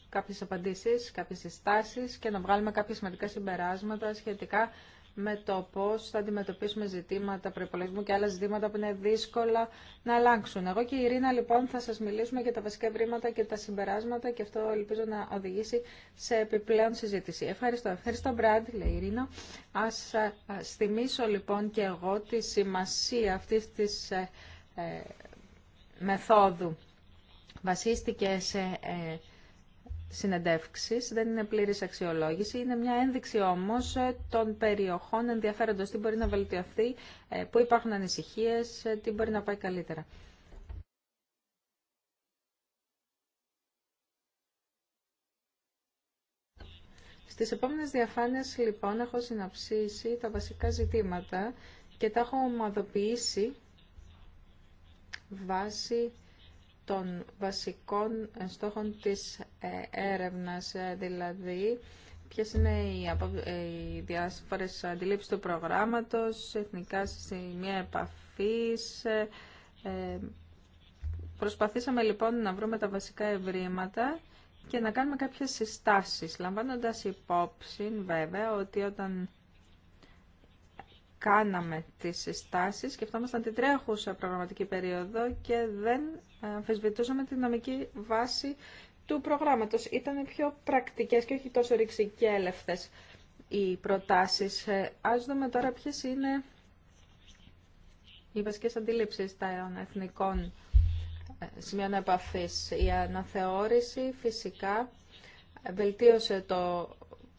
κάποιες απαντήσεις, κάποιες συστάσεις και να βγάλουμε κάποια σημαντικά συμπεράσματα σχετικά με το πώς θα αντιμετωπίσουμε ζητήματα προπολογισμού και άλλα ζητήματα που είναι δύσκολα να αλλάξουν. Εγώ και η Ειρήνα λοιπόν θα σας μιλήσουμε για τα βασικά βρήματα και τα συμπεράσματα και αυτό ελπίζω να οδηγήσει σε επιπλέον συζήτηση. Ευχαριστώ. Ευχαριστώ Μπραντ, λέει η Ειρήνα. Ας, ε, θυμίσω λοιπόν και εγώ τη σημασία αυτή τη ε, ε, μεθόδου. Βασίστηκε σε... Ε, συνεντεύξεις, δεν είναι πλήρης αξιολόγηση, είναι μια ένδειξη όμως ε, των περιοχών ενδιαφέροντος, τι μπορεί να βελτιωθεί, ε, πού υπάρχουν ανησυχίες, ε, τι μπορεί να πάει καλύτερα. Στις επόμενες διαφάνειες λοιπόν έχω συναψίσει τα βασικά ζητήματα και τα έχω ομαδοποιήσει βάσει των βασικών στόχων της ε, έρευνας, ε, δηλαδή ποιες είναι οι, ε, οι διάφορες του προγράμματος, εθνικά σημεία επαφής. Προσπαθήσαμε λοιπόν να βρούμε τα βασικά ευρήματα και να κάνουμε κάποιες συστάσεις, λαμβάνοντας υπόψη βέβαια ότι όταν κάναμε τις συστάσεις, σκεφτόμασταν την τρέχουσα προγραμματική περίοδο και δεν αμφισβητούσαμε τη δυναμική βάση του προγράμματος. Ήταν πιο πρακτικές και όχι τόσο ρηξικέλευτες οι προτάσεις. Ε, ας δούμε τώρα ποιες είναι οι βασικές αντιλήψεις των εθνικών ε, σημείων επαφής. Η αναθεώρηση φυσικά βελτίωσε το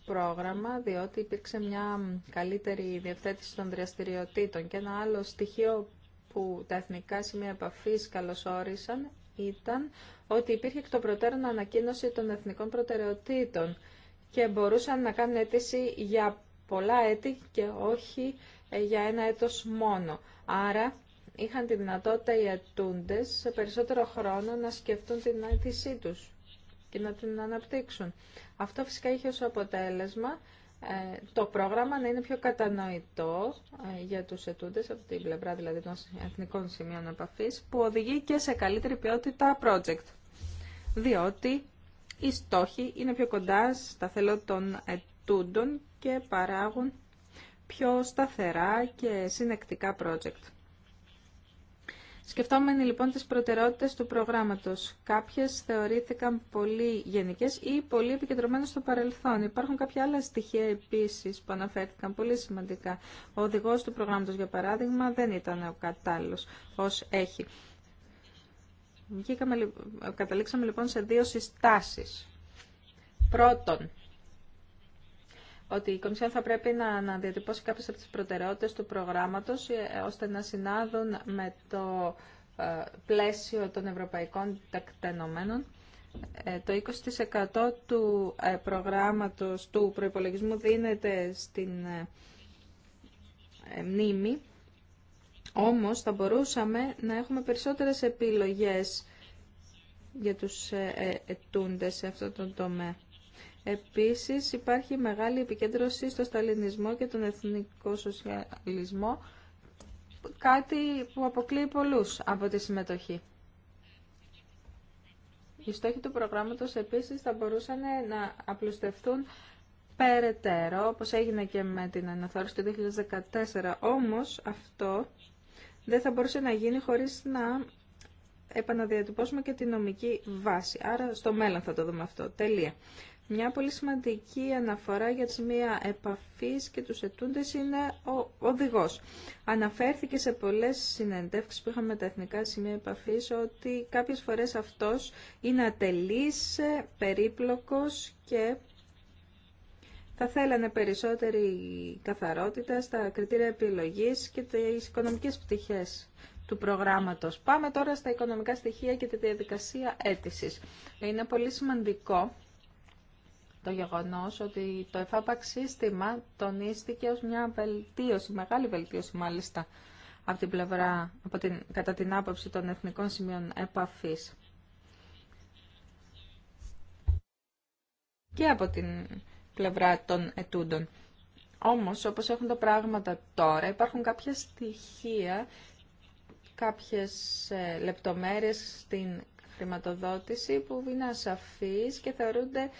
πρόγραμμα, διότι υπήρξε μια καλύτερη διευθέτηση των δραστηριοτήτων. Και ένα άλλο στοιχείο που τα εθνικά σημεία επαφή καλωσόρισαν ήταν ότι υπήρχε εκ των προτέρων ανακοίνωση των εθνικών προτεραιοτήτων και μπορούσαν να κάνουν αίτηση για πολλά έτη και όχι ε, για ένα έτος μόνο. Άρα είχαν τη δυνατότητα οι ετούντες σε περισσότερο χρόνο να σκεφτούν την αίτησή τους και να την αναπτύξουν. Αυτό φυσικά είχε ως αποτέλεσμα ε, το πρόγραμμα να είναι πιο κατανοητό ε, για τους ετούντες από την πλευρά δηλαδή των εθνικών σημείων επαφής που οδηγεί και σε καλύτερη ποιότητα project. Διότι οι στόχοι είναι πιο κοντά στα θέλω των ετούντων και παράγουν πιο σταθερά και συνεκτικά project. Σκεφτόμενοι λοιπόν τις προτεραιότητες του προγράμματος. Κάποιες θεωρήθηκαν πολύ γενικές ή πολύ επικεντρωμένες στο παρελθόν. Υπάρχουν κάποια άλλα στοιχεία επίσης που αναφέρθηκαν πολύ σημαντικά. Ο οδηγός του προγράμματος για παράδειγμα δεν ήταν ο κατάλληλος ως έχει. Καταλήξαμε λοιπόν σε δύο συστάσεις. Πρώτον, ότι η Κομισιόν θα πρέπει να, να διατυπώσει κάποιες από τις προτεραιότητες του προγράμματος ε, ώστε να συνάδουν με το ε, πλαίσιο των ευρωπαϊκών Ε, Το 20% του ε, προγράμματος του προϋπολογισμού δίνεται στην μνήμη, όμως θα μπορούσαμε να έχουμε περισσότερες επιλογές για τους ετούντες σε αυτό το τομέα. Επίσης υπάρχει μεγάλη επικέντρωση στο σταλινισμό και τον εθνικό σοσιαλισμό, κάτι που αποκλείει πολλούς από τη συμμετοχή. Οι στόχοι του προγράμματος επίσης θα μπορούσαν να απλουστευτούν περαιτέρω, όπως έγινε και με την αναθόρυση του 2014, όμως αυτό δεν θα μπορούσε να γίνει χωρίς να επαναδιατυπώσουμε και τη νομική βάση. Άρα στο μέλλον θα το δούμε αυτό. Τελεία. Μια πολύ σημαντική αναφορά για τη σημεία επαφής και τους ετούντες είναι ο οδηγός. Αναφέρθηκε σε πολλές συνεντεύξεις που είχαμε με τα εθνικά σημεία επαφής ότι κάποιες φορές αυτός είναι ατελής, περίπλοκος και θα θέλανε περισσότερη καθαρότητα στα κριτήρια επιλογής και τις οικονομικές πτυχές του προγράμματος. Πάμε τώρα στα οικονομικά στοιχεία και τη διαδικασία αίτησης. Είναι πολύ σημαντικό το γεγονός ότι το εφάπαξ σύστημα τονίστηκε ως μια βελτίωση, μεγάλη βελτίωση μάλιστα, από την πλευρά, από την, κατά την άποψη των εθνικών σημείων επαφής. Και από την πλευρά των ετούντων. Όμως, όπως έχουν τα πράγματα τώρα, υπάρχουν κάποια στοιχεία, κάποιες ε, λεπτομέρειες στην χρηματοδότηση που είναι ασαφείς και θεωρούνται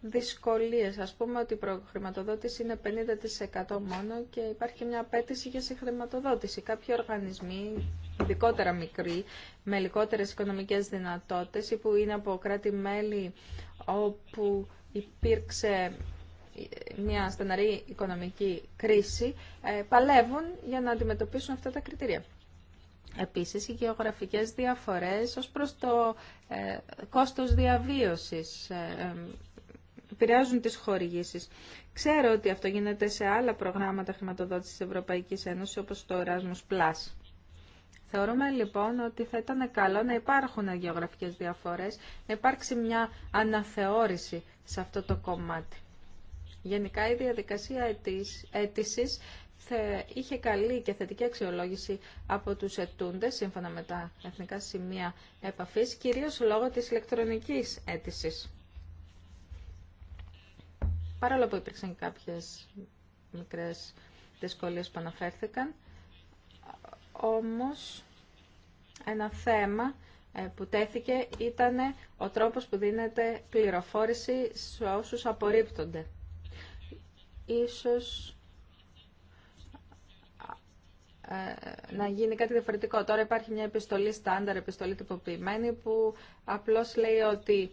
δυσκολίες. Ας πούμε ότι η προχρηματοδότηση είναι 50% μόνο και υπάρχει μια απέτηση για συγχρηματοδότηση. Κάποιοι οργανισμοί, ειδικότερα μικροί, με λιγότερες οικονομικές δυνατότητες ή που είναι από κράτη-μέλη όπου υπήρξε μια στεναρή οικονομική κρίση, ε, παλεύουν για να αντιμετωπίσουν αυτά τα κριτήρια. Επίσης, οι γεωγραφικές διαφορές ως προς το ε, κόστος διαβίωσης ε, επηρεάζουν τις χορηγήσεις. Ξέρω ότι αυτό γίνεται σε άλλα προγράμματα χρηματοδότησης της Ευρωπαϊκής Ένωσης, όπως το Erasmus+. Θεωρούμε λοιπόν ότι θα ήταν καλό να υπάρχουν γεωγραφικές διαφορές, να υπάρξει μια αναθεώρηση σε αυτό το κομμάτι. Γενικά η διαδικασία αίτηση είχε καλή και θετική αξιολόγηση από τους ετούντες, σύμφωνα με τα εθνικά σημεία επαφής, κυρίως λόγω της ηλεκτρονικής αίτησης παρόλο που υπήρξαν κάποιες μικρές δυσκολίες που αναφέρθηκαν, όμως ένα θέμα ε, που τέθηκε ήταν ο τρόπος που δίνεται πληροφόρηση σε όσους απορρίπτονται. Ίσως ε, να γίνει κάτι διαφορετικό. Τώρα υπάρχει μια επιστολή στάνταρ, επιστολή τυποποιημένη, που απλώς λέει ότι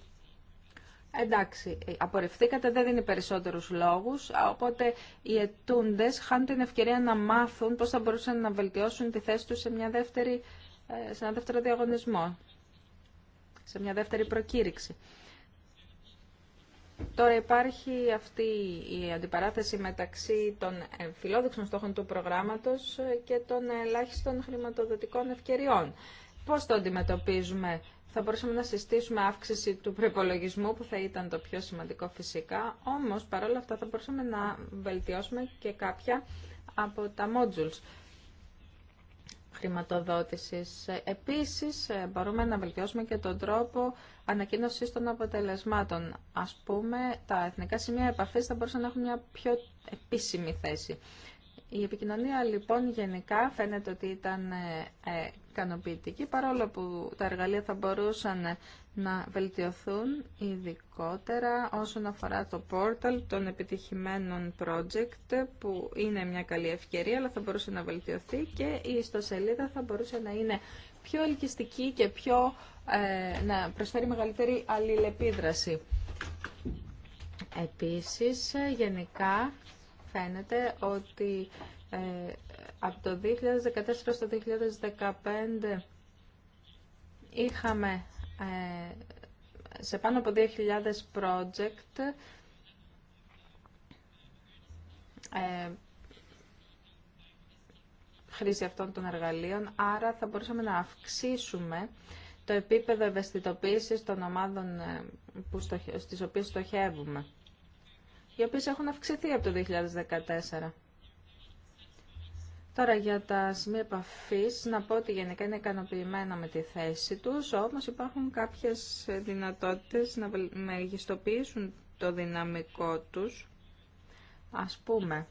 Εντάξει, ε, απορριφθήκατε, δεν δίνει περισσότερους λόγους, οπότε οι ετούντες χάνουν την ευκαιρία να μάθουν πώς θα μπορούσαν να βελτιώσουν τη θέση τους σε, μια δεύτερη, ε, σε ένα δεύτερο διαγωνισμό, σε μια δεύτερη προκήρυξη. Τώρα υπάρχει αυτή η αντιπαράθεση μεταξύ των ε, φιλόδοξων στόχων του προγράμματος και των ελάχιστων χρηματοδοτικών ευκαιριών. Πώς το αντιμετωπίζουμε θα μπορούσαμε να συστήσουμε αύξηση του προπολογισμού που θα ήταν το πιο σημαντικό φυσικά, όμως παρόλα αυτά θα μπορούσαμε να βελτιώσουμε και κάποια από τα modules χρηματοδότησης. Επίσης, μπορούμε να βελτιώσουμε και τον τρόπο ανακοίνωσης των αποτελεσμάτων. Ας πούμε, τα εθνικά σημεία επαφής θα μπορούσαν να έχουν μια πιο επίσημη θέση. Η επικοινωνία λοιπόν γενικά φαίνεται ότι ήταν ε, ε, ικανοποιητική παρόλο που τα εργαλεία θα μπορούσαν να βελτιωθούν ειδικότερα όσον αφορά το πόρταλ των επιτυχημένων project που είναι μια καλή ευκαιρία αλλά θα μπορούσε να βελτιωθεί και η ιστοσελίδα θα μπορούσε να είναι πιο ελκυστική και πιο, ε, να προσφέρει μεγαλύτερη αλληλεπίδραση. Επίσης γενικά φαίνεται ότι ε, από το 2014 στο 2015 είχαμε ε, σε πάνω από 2.000 project ε, χρήση αυτών των εργαλείων, άρα θα μπορούσαμε να αυξήσουμε το επίπεδο ευαισθητοποίησης των ομάδων που στις οποίες στοχεύουμε οι οποίες έχουν αυξηθεί από το 2014. Τώρα για τα σημεία επαφή, να πω ότι γενικά είναι ικανοποιημένα με τη θέση τους, όμως υπάρχουν κάποιες δυνατότητες να μεγιστοποιήσουν το δυναμικό τους. Ας πούμε,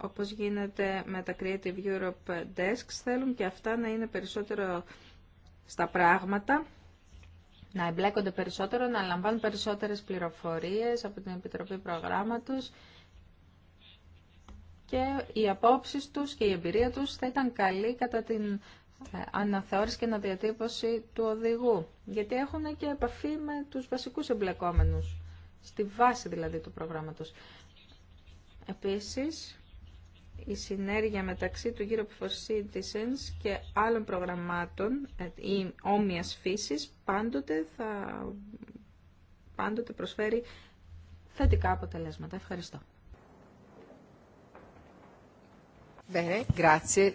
όπως γίνεται με τα Creative Europe Desks, θέλουν και αυτά να είναι περισσότερο στα πράγματα να εμπλέκονται περισσότερο, να λαμβάνουν περισσότερες πληροφορίες από την Επιτροπή Προγράμματος και οι απόψεις τους και η εμπειρία τους θα ήταν καλή κατά την ε, αναθεώρηση και αναδιατύπωση του οδηγού. Γιατί έχουν και επαφή με τους βασικούς εμπλεκόμενους, στη βάση δηλαδή του προγράμματος. Επίσης, η συνέργεια μεταξύ του Europe for Citizens και άλλων προγραμμάτων ε, ή όμοιας φύσης πάντοτε, θα, πάντοτε προσφέρει θετικά αποτελέσματα. Ευχαριστώ. Bene,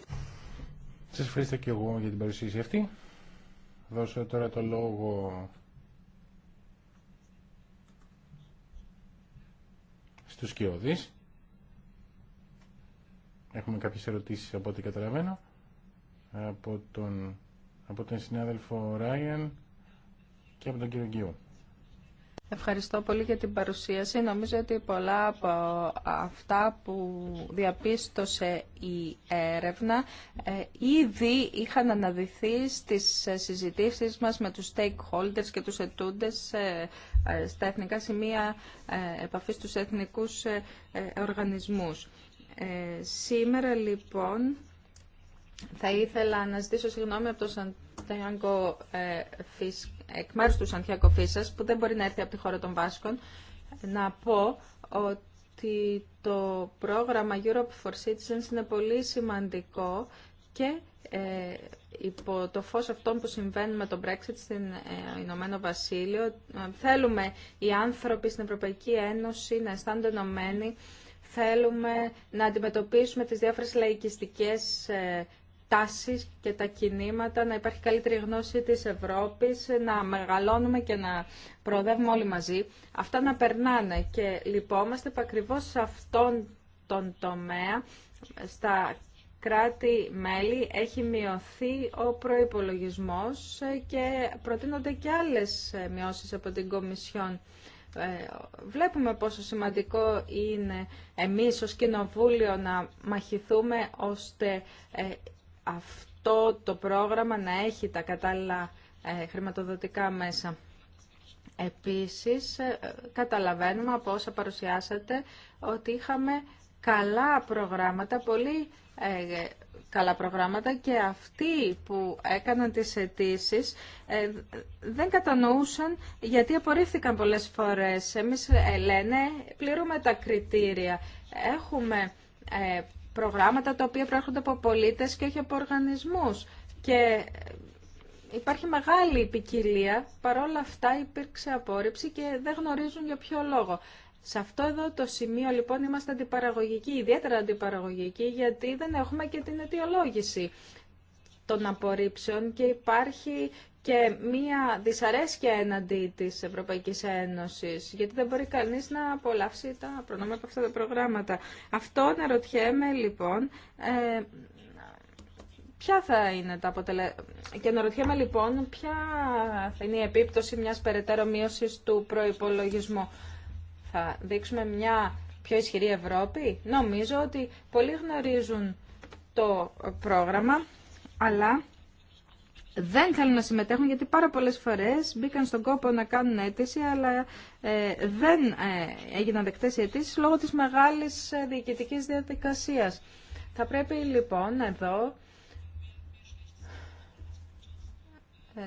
Σας ευχαριστώ και εγώ για την παρουσίαση αυτή. Δώσω τώρα το λόγο στους Κιώδης. Έχουμε κάποιες ερωτήσεις από ό,τι καταλαβαίνω από τον, από τον συνάδελφο Ράιαν και από τον κύριο Γκίου. Ευχαριστώ πολύ για την παρουσίαση. Νομίζω ότι πολλά από αυτά που διαπίστωσε η έρευνα ε, ήδη είχαν αναδυθεί στις συζητήσεις μας με τους stakeholders και τους ετούντες ε, ε, στα εθνικά σημεία επαφής τους εθνικούς οργανισμούς. Ε, σήμερα λοιπόν θα ήθελα να ζητήσω συγγνώμη από το Σαντιάκο ε, Φίσ, εκ μέρους του Φίσας που δεν μπορεί να έρθει από τη χώρα των Βάσκων να πω ότι το πρόγραμμα Europe for Citizens είναι πολύ σημαντικό και ε, υπό το φως αυτών που συμβαίνουν με το Brexit στην ε, Ηνωμένο Βασίλειο ε, θέλουμε οι άνθρωποι στην Ευρωπαϊκή Ένωση να αισθάνονται ενωμένοι θέλουμε να αντιμετωπίσουμε τις διάφορες λαϊκιστικές ε, τάσεις και τα κινήματα, να υπάρχει καλύτερη γνώση της Ευρώπης, να μεγαλώνουμε και να προοδεύουμε όλοι μαζί. Αυτά να περνάνε και λυπόμαστε που ακριβώς σε αυτόν τον τομέα, στα κράτη-μέλη, έχει μειωθεί ο προϋπολογισμός ε, και προτείνονται και άλλες ε, μειώσεις από την Κομισιόν. Ε, βλέπουμε πόσο σημαντικό είναι εμείς ως Κοινοβούλιο να μαχηθούμε ώστε ε, αυτό το πρόγραμμα να έχει τα κατάλληλα ε, χρηματοδοτικά μέσα. Επίσης, καταλαβαίνουμε από όσα παρουσιάσατε ότι είχαμε καλά προγράμματα, πολύ ε, καλά προγράμματα και αυτοί που έκαναν τις αιτήσει ε, δεν κατανοούσαν γιατί απορρίφθηκαν πολλές φορές. Εμείς ε, λένε πληρούμε τα κριτήρια. Έχουμε προγράμματα τα οποία προέρχονται από πολίτες και όχι από οργανισμούς. Και υπάρχει μεγάλη ποικιλία, παρόλα αυτά υπήρξε απόρριψη και δεν γνωρίζουν για ποιο λόγο. Σε αυτό εδώ το σημείο λοιπόν είμαστε αντιπαραγωγικοί, ιδιαίτερα αντιπαραγωγικοί, γιατί δεν έχουμε και την αιτιολόγηση των απορρίψεων και υπάρχει και μία δυσαρέσκεια εναντί της Ευρωπαϊκής Ένωσης, γιατί δεν μπορεί κανείς να απολαύσει τα προνόμια από αυτά τα προγράμματα. Αυτό να ρωτιέμαι λοιπόν, ε, ποια θα είναι τα αποτελέσματα. Και να ρωτιέμαι λοιπόν, ποια θα είναι η επίπτωση μιας περαιτέρω μείωσης του προϋπολογισμού θα δείξουμε μια πιο ισχυρή Ευρώπη. Νομίζω ότι πολλοί γνωρίζουν το πρόγραμμα, αλλά δεν θέλουν να συμμετέχουν γιατί πάρα πολλές φορές μπήκαν στον κόπο να κάνουν αίτηση αλλά ε, δεν ε, έγιναν δεκτές οι αιτήσεις λόγω της μεγάλης ε, διοικητικής διαδικασίας. Θα πρέπει λοιπόν εδώ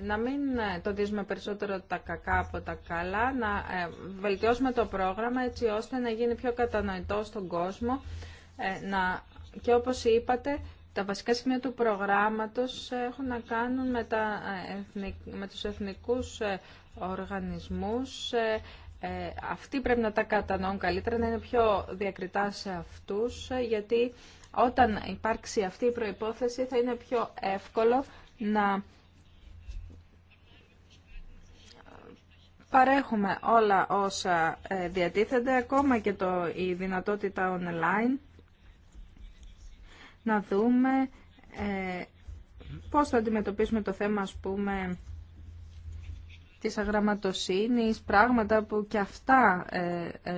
να μην ε, τοντίζουμε περισσότερο τα κακά από τα καλά, να ε, βελτιώσουμε το πρόγραμμα έτσι ώστε να γίνει πιο κατανοητό στον κόσμο ε, να, και όπως είπατε τα βασικά σημεία του προγράμματος έχουν να κάνουν με, τα, με τους εθνικούς οργανισμούς. Αυτοί πρέπει να τα κατανοούν καλύτερα, να είναι πιο διακριτά σε αυτούς, γιατί όταν υπάρξει αυτή η προϋπόθεση θα είναι πιο εύκολο να Παρέχουμε όλα όσα ε, διατίθενται, ακόμα και το, η δυνατότητα online. Να δούμε ε, πώς θα αντιμετωπίσουμε το θέμα, ας πούμε, της αγραμματοσύνης, πράγματα που και αυτά ε, ε,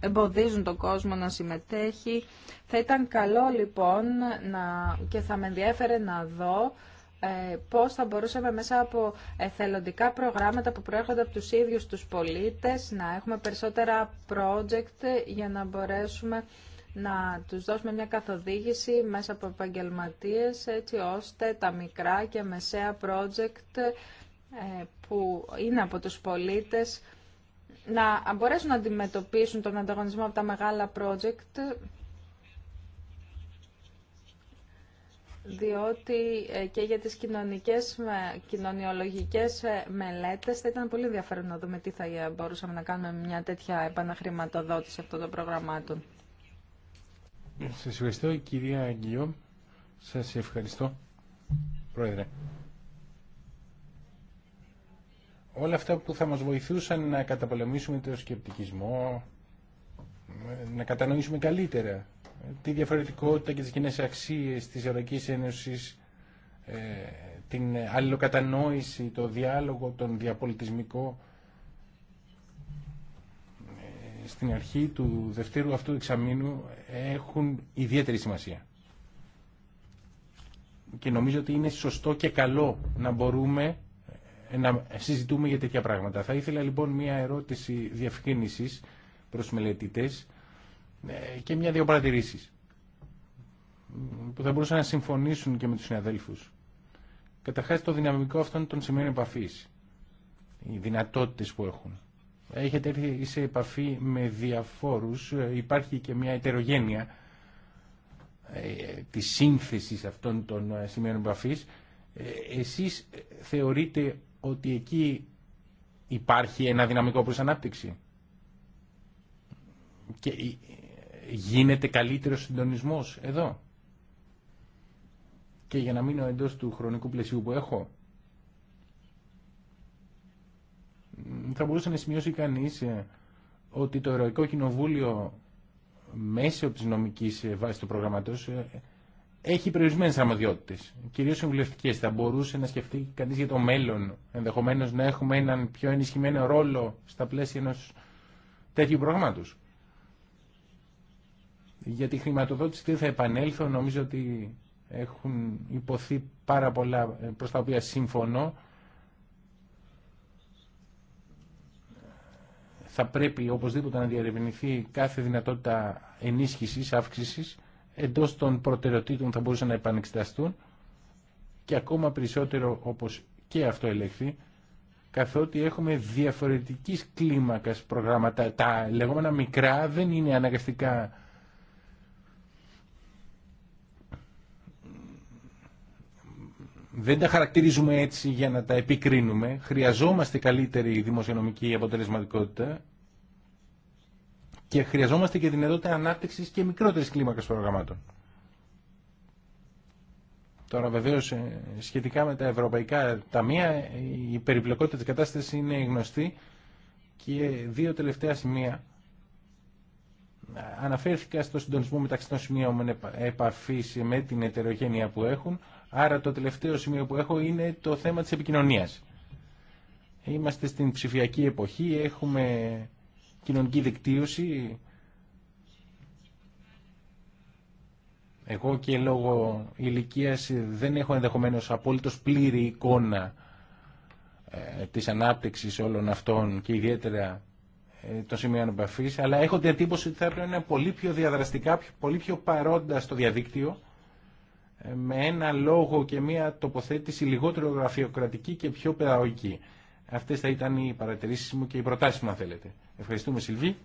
εμποδίζουν τον κόσμο να συμμετέχει. Θα ήταν καλό λοιπόν να, και θα με ενδιέφερε να δω ε, πώς θα μπορούσαμε μέσα από εθελοντικά προγράμματα που προέρχονται από τους ίδιους τους πολίτες να έχουμε περισσότερα project για να μπορέσουμε να τους δώσουμε μια καθοδήγηση μέσα από επαγγελματίε, έτσι ώστε τα μικρά και μεσαία project ε, που είναι από τους πολίτες να μπορέσουν να αντιμετωπίσουν τον ανταγωνισμό από τα μεγάλα project διότι ε, και για τις κοινωνικές, ε, κοινωνιολογικές ε, μελέτες θα ήταν πολύ ενδιαφέρον να δούμε τι θα μπορούσαμε να κάνουμε μια τέτοια επαναχρηματοδότηση αυτών των προγραμμάτων. Σας ευχαριστώ κυρία Αγγιό. Σας ευχαριστώ πρόεδρε. Όλα αυτά που θα μας βοηθούσαν να καταπολεμήσουμε το σκεπτικισμό, να κατανοήσουμε καλύτερα τη διαφορετικότητα και τις κοινέ αξίες της Ευρωπαϊκής Ένωσης, ε, την αλληλοκατανόηση, το διάλογο, τον διαπολιτισμικό ε, στην αρχή του δευτέρου αυτού εξαμήνου έχουν ιδιαίτερη σημασία. Και νομίζω ότι είναι σωστό και καλό να μπορούμε ε, να συζητούμε για τέτοια πράγματα. Θα ήθελα λοιπόν μια ερώτηση διευκρίνησης προς μελετητές ε, και μια-δύο παρατηρήσει που θα μπορούσαν να συμφωνήσουν και με τους συναδέλφου. Καταρχάς το δυναμικό αυτών των σημείων επαφή. οι δυνατότητες που έχουν. Έχετε έρθει σε επαφή με διαφόρους, ε, υπάρχει και μια ετερογένεια ε, της σύνθεσης αυτών των σημείων επαφή. Εσείς θεωρείτε ότι εκεί υπάρχει ένα δυναμικό προς ανάπτυξη. Και γίνεται καλύτερος συντονισμός εδώ. Και για να μείνω εντός του χρονικού πλαισίου που έχω, θα μπορούσε να σημειώσει κανείς ε, ότι το Ευρωπαϊκό Κοινοβούλιο μέσω της νομικής ε, βάσης του προγραμματός ε, έχει περιορισμένε αρμοδιότητες κυρίως συμβουλευτικέ. Θα μπορούσε να σκεφτεί κανείς για το μέλλον, ενδεχομένως να έχουμε έναν πιο ενισχυμένο ρόλο στα πλαίσια ενό τέτοιου προγράμματος για τη χρηματοδότηση τι θα επανέλθω, νομίζω ότι έχουν υποθεί πάρα πολλά προς τα οποία συμφωνώ. Θα πρέπει οπωσδήποτε να διαρευνηθεί κάθε δυνατότητα ενίσχυσης, αύξησης, εντός των προτεραιοτήτων θα μπορούσαν να επανεξεταστούν και ακόμα περισσότερο όπως και αυτό ελεγχθεί, καθότι έχουμε διαφορετικής κλίμακας προγράμματα. Τα λεγόμενα μικρά δεν είναι αναγκαστικά δεν τα χαρακτηρίζουμε έτσι για να τα επικρίνουμε. Χρειαζόμαστε καλύτερη δημοσιονομική αποτελεσματικότητα και χρειαζόμαστε και δυνατότητα ανάπτυξη και μικρότερη κλίμακα προγραμμάτων. Τώρα βεβαίω ε, σχετικά με τα ευρωπαϊκά ταμεία η περιπλοκότητα της κατάστασης είναι γνωστή και δύο τελευταία σημεία αναφέρθηκα στο συντονισμό μεταξύ των σημείων επαφής με την ετερογένεια που έχουν Άρα το τελευταίο σημείο που έχω είναι το θέμα της επικοινωνίας. Είμαστε στην ψηφιακή εποχή, έχουμε κοινωνική δικτύωση. Εγώ και λόγω ηλικίας δεν έχω ενδεχομένως απόλυτος πλήρη εικόνα ε, της ανάπτυξης όλων αυτών και ιδιαίτερα ε, των σημείων επαφή, αλλά έχω την εντύπωση ότι θα έπρεπε να είναι πολύ πιο διαδραστικά, πολύ πιο παρόντα στο διαδίκτυο με ένα λόγο και μια τοποθέτηση λιγότερο γραφειοκρατική και πιο παιδαγωγική. Αυτές θα ήταν οι παρατηρήσει μου και οι προτάσει μου αν θέλετε. Ευχαριστούμε Σιλβί.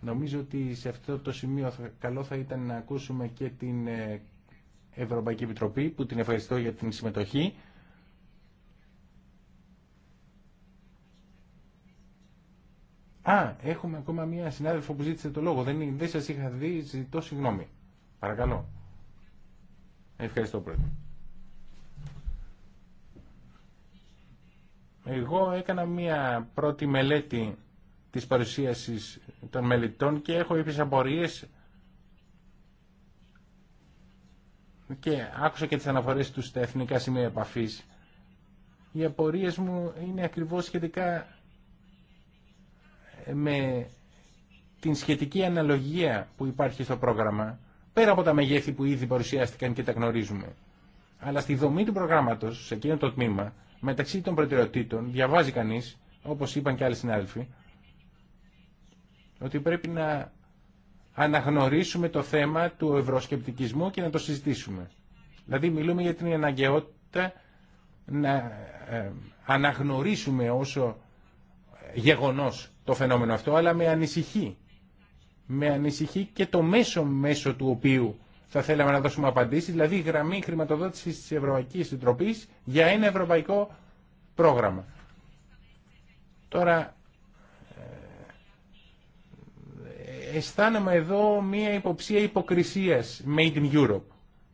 Νομίζω ότι σε αυτό το σημείο καλό θα ήταν να ακούσουμε και την ε, Ευρωπαϊκή Επιτροπή που την ευχαριστώ για την συμμετοχή. Α, έχουμε ακόμα μία συνάδελφο που ζήτησε το λόγο. Δεν, δεν σας είχα δει, ζητώ συγγνώμη. Παρακαλώ. Ευχαριστώ πρόεδρε. Εγώ έκανα μία πρώτη μελέτη της παρουσίασης των μελητών και έχω ήπιες απορίες και άκουσα και τις αναφορές του στα εθνικά σημεία επαφής. Οι απορίες μου είναι ακριβώς σχετικά με την σχετική αναλογία που υπάρχει στο πρόγραμμα πέρα από τα μεγέθη που ήδη παρουσιάστηκαν και τα γνωρίζουμε. Αλλά στη δομή του προγράμματο, σε εκείνο το τμήμα, μεταξύ των προτεραιοτήτων, διαβάζει κανεί, όπω είπαν και άλλοι συνάδελφοι, ότι πρέπει να αναγνωρίσουμε το θέμα του ευρωσκεπτικισμού και να το συζητήσουμε. Δηλαδή μιλούμε για την αναγκαιότητα να ε, αναγνωρίσουμε όσο γεγονός το φαινόμενο αυτό, αλλά με ανησυχεί με ανησυχεί και το μέσο μέσο του οποίου θα θέλαμε να δώσουμε απαντήσει, δηλαδή η γραμμή χρηματοδότησης τη Ευρωπαϊκής Συντροπή για ένα ευρωπαϊκό πρόγραμμα. Τώρα, ε, αισθάνομαι εδώ μία υποψία υποκρισίας made in Europe.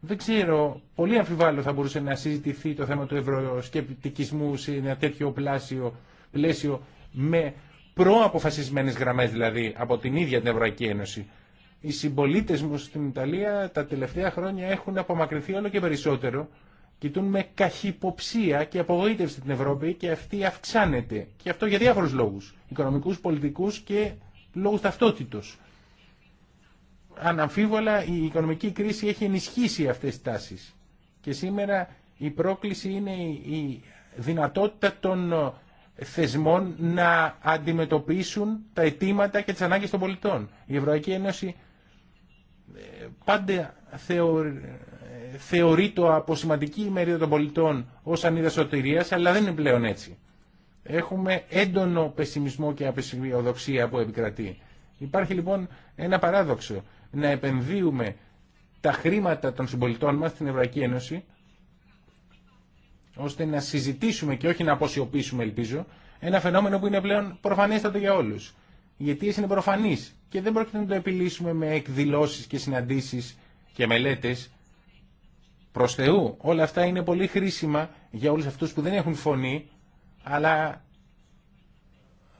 Δεν ξέρω, πολύ αμφιβάλλω θα μπορούσε να συζητηθεί το θέμα του ευρωσκεπτικισμού σε ένα τέτοιο πλάσιο, πλαίσιο με προαποφασισμένες γραμμές δηλαδή από την ίδια την Ευρωπαϊκή Ένωση. Οι συμπολίτε μου στην Ιταλία τα τελευταία χρόνια έχουν απομακρυνθεί όλο και περισσότερο. Κοιτούν με καχυποψία και απογοήτευση την Ευρώπη και αυτή αυξάνεται. Και αυτό για διάφορους λόγους. Οικονομικούς, πολιτικούς και λόγου ταυτότητο Αναμφίβολα η οικονομική κρίση έχει ενισχύσει αυτέ τι τάσει. Και σήμερα η πρόκληση είναι η δυνατότητα των θεσμών να αντιμετωπίσουν τα αιτήματα και τις ανάγκες των πολιτών. Η Ευρωπαϊκή Ένωση ε, πάντα θεωρεί το από σημαντική των πολιτών ως ανίδα σωτηρίας, αλλά δεν είναι πλέον έτσι. Έχουμε έντονο πεσιμισμό και απεσιοδοξία που επικρατεί. Υπάρχει λοιπόν ένα παράδοξο να επενδύουμε τα χρήματα των συμπολιτών μας στην Ευρωπαϊκή Ένωση ώστε να συζητήσουμε και όχι να αποσιωπήσουμε, ελπίζω, ένα φαινόμενο που είναι πλέον προφανέστατο για όλου. Οι αιτίε είναι προφανεί και δεν πρόκειται να το επιλύσουμε με εκδηλώσει και συναντήσει και μελέτε. Προ Θεού, όλα αυτά είναι πολύ χρήσιμα για όλου αυτού που δεν έχουν φωνή, αλλά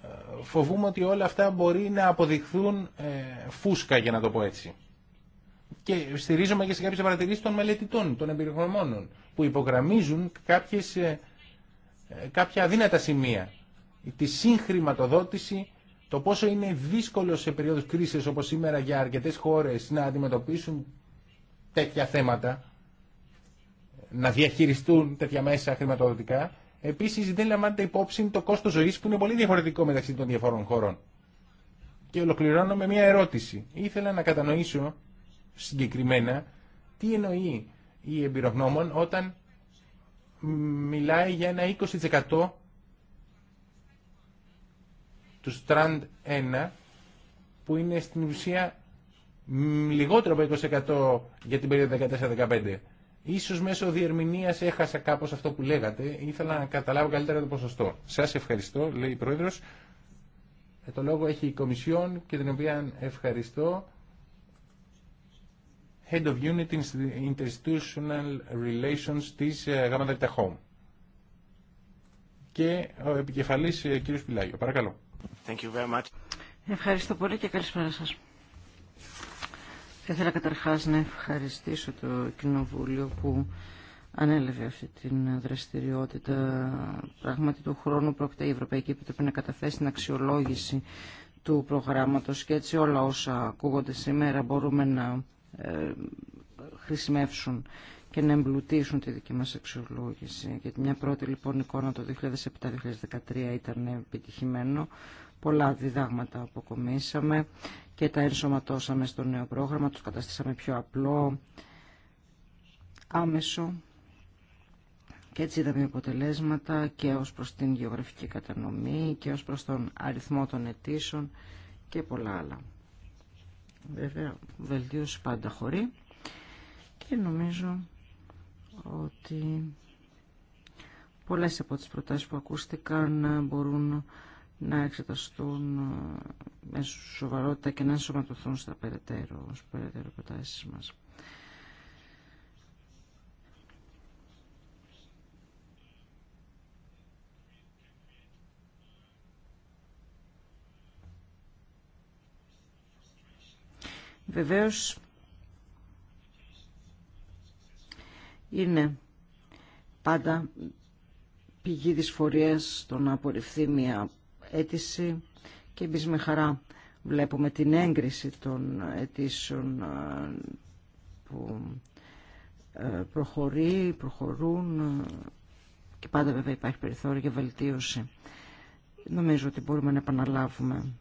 ε, φοβούμαι ότι όλα αυτά μπορεί να αποδειχθούν ε, φούσκα, για να το πω έτσι και στηρίζομαι και σε κάποιε παρατηρήσει των μελετητών, των εμπειρογνωμόνων που υπογραμμίζουν κάποιες, ε, ε, κάποια αδύνατα σημεία. Τη συγχρηματοδότηση, το πόσο είναι δύσκολο σε περίοδους κρίσης όπω σήμερα για αρκετέ χώρε να αντιμετωπίσουν τέτοια θέματα, να διαχειριστούν τέτοια μέσα χρηματοδοτικά. Επίση δεν λαμβάνεται υπόψη το κόστο ζωή, που είναι πολύ διαφορετικό μεταξύ των διαφόρων χωρών. Και ολοκληρώνω με μια ερώτηση. Ήθελα να κατανοήσω συγκεκριμένα τι εννοεί η εμπειρογνώμων όταν μιλάει για ένα 20% του Strand 1 που είναι στην ουσία λιγότερο από 20% για την περίοδο 14-15. Ίσως μέσω διερμηνίας έχασα κάπως αυτό που λέγατε. Ήθελα να καταλάβω καλύτερα το ποσοστό. Σας ευχαριστώ, λέει η Πρόεδρος. Ε, το λόγο έχει η Κομισιόν και την οποία ευχαριστώ. Head of Unit Institutional Relations της Delta ε, Home. Και ο επικεφαλής ε, κύριος Πιλάγιο. Παρακαλώ. Thank you very much. Ευχαριστώ πολύ και καλησπέρα σας. Θα ήθελα καταρχάς να ευχαριστήσω το Κοινοβούλιο που ανέλευε αυτή την δραστηριότητα. Πράγματι του χρόνου πρόκειται η Ευρωπαϊκή Επιτροπή να καταθέσει την αξιολόγηση του προγράμματος και έτσι όλα όσα ακούγονται σήμερα μπορούμε να ε, χρησιμεύσουν και να εμπλουτίσουν τη δική μας αξιολόγηση. Γιατί μια πρώτη λοιπόν εικόνα το 2007-2013 ήταν επιτυχημένο. Πολλά διδάγματα αποκομίσαμε και τα ενσωματώσαμε στο νέο πρόγραμμα, τους καταστήσαμε πιο απλό, άμεσο και έτσι είδαμε αποτελέσματα και ως προς την γεωγραφική κατανομή και ως προς τον αριθμό των αιτήσεων και πολλά άλλα. Βέβαια, βελτίωση πάντα χωρί. Και νομίζω ότι πολλές από τις προτάσεις που ακούστηκαν μπορούν να εξεταστούν με σοβαρότητα και να ενσωματωθούν στα περαιτέρω, στα περαιτέρω προτάσεις μας. Βεβαίως είναι πάντα πηγή δυσφορίας το να απορριφθεί μια αίτηση και εμείς με χαρά βλέπουμε την έγκριση των αιτήσεων που ε, προχωρεί, προχωρούν και πάντα βέβαια υπάρχει περιθώριο για βελτίωση. Νομίζω ότι μπορούμε να επαναλάβουμε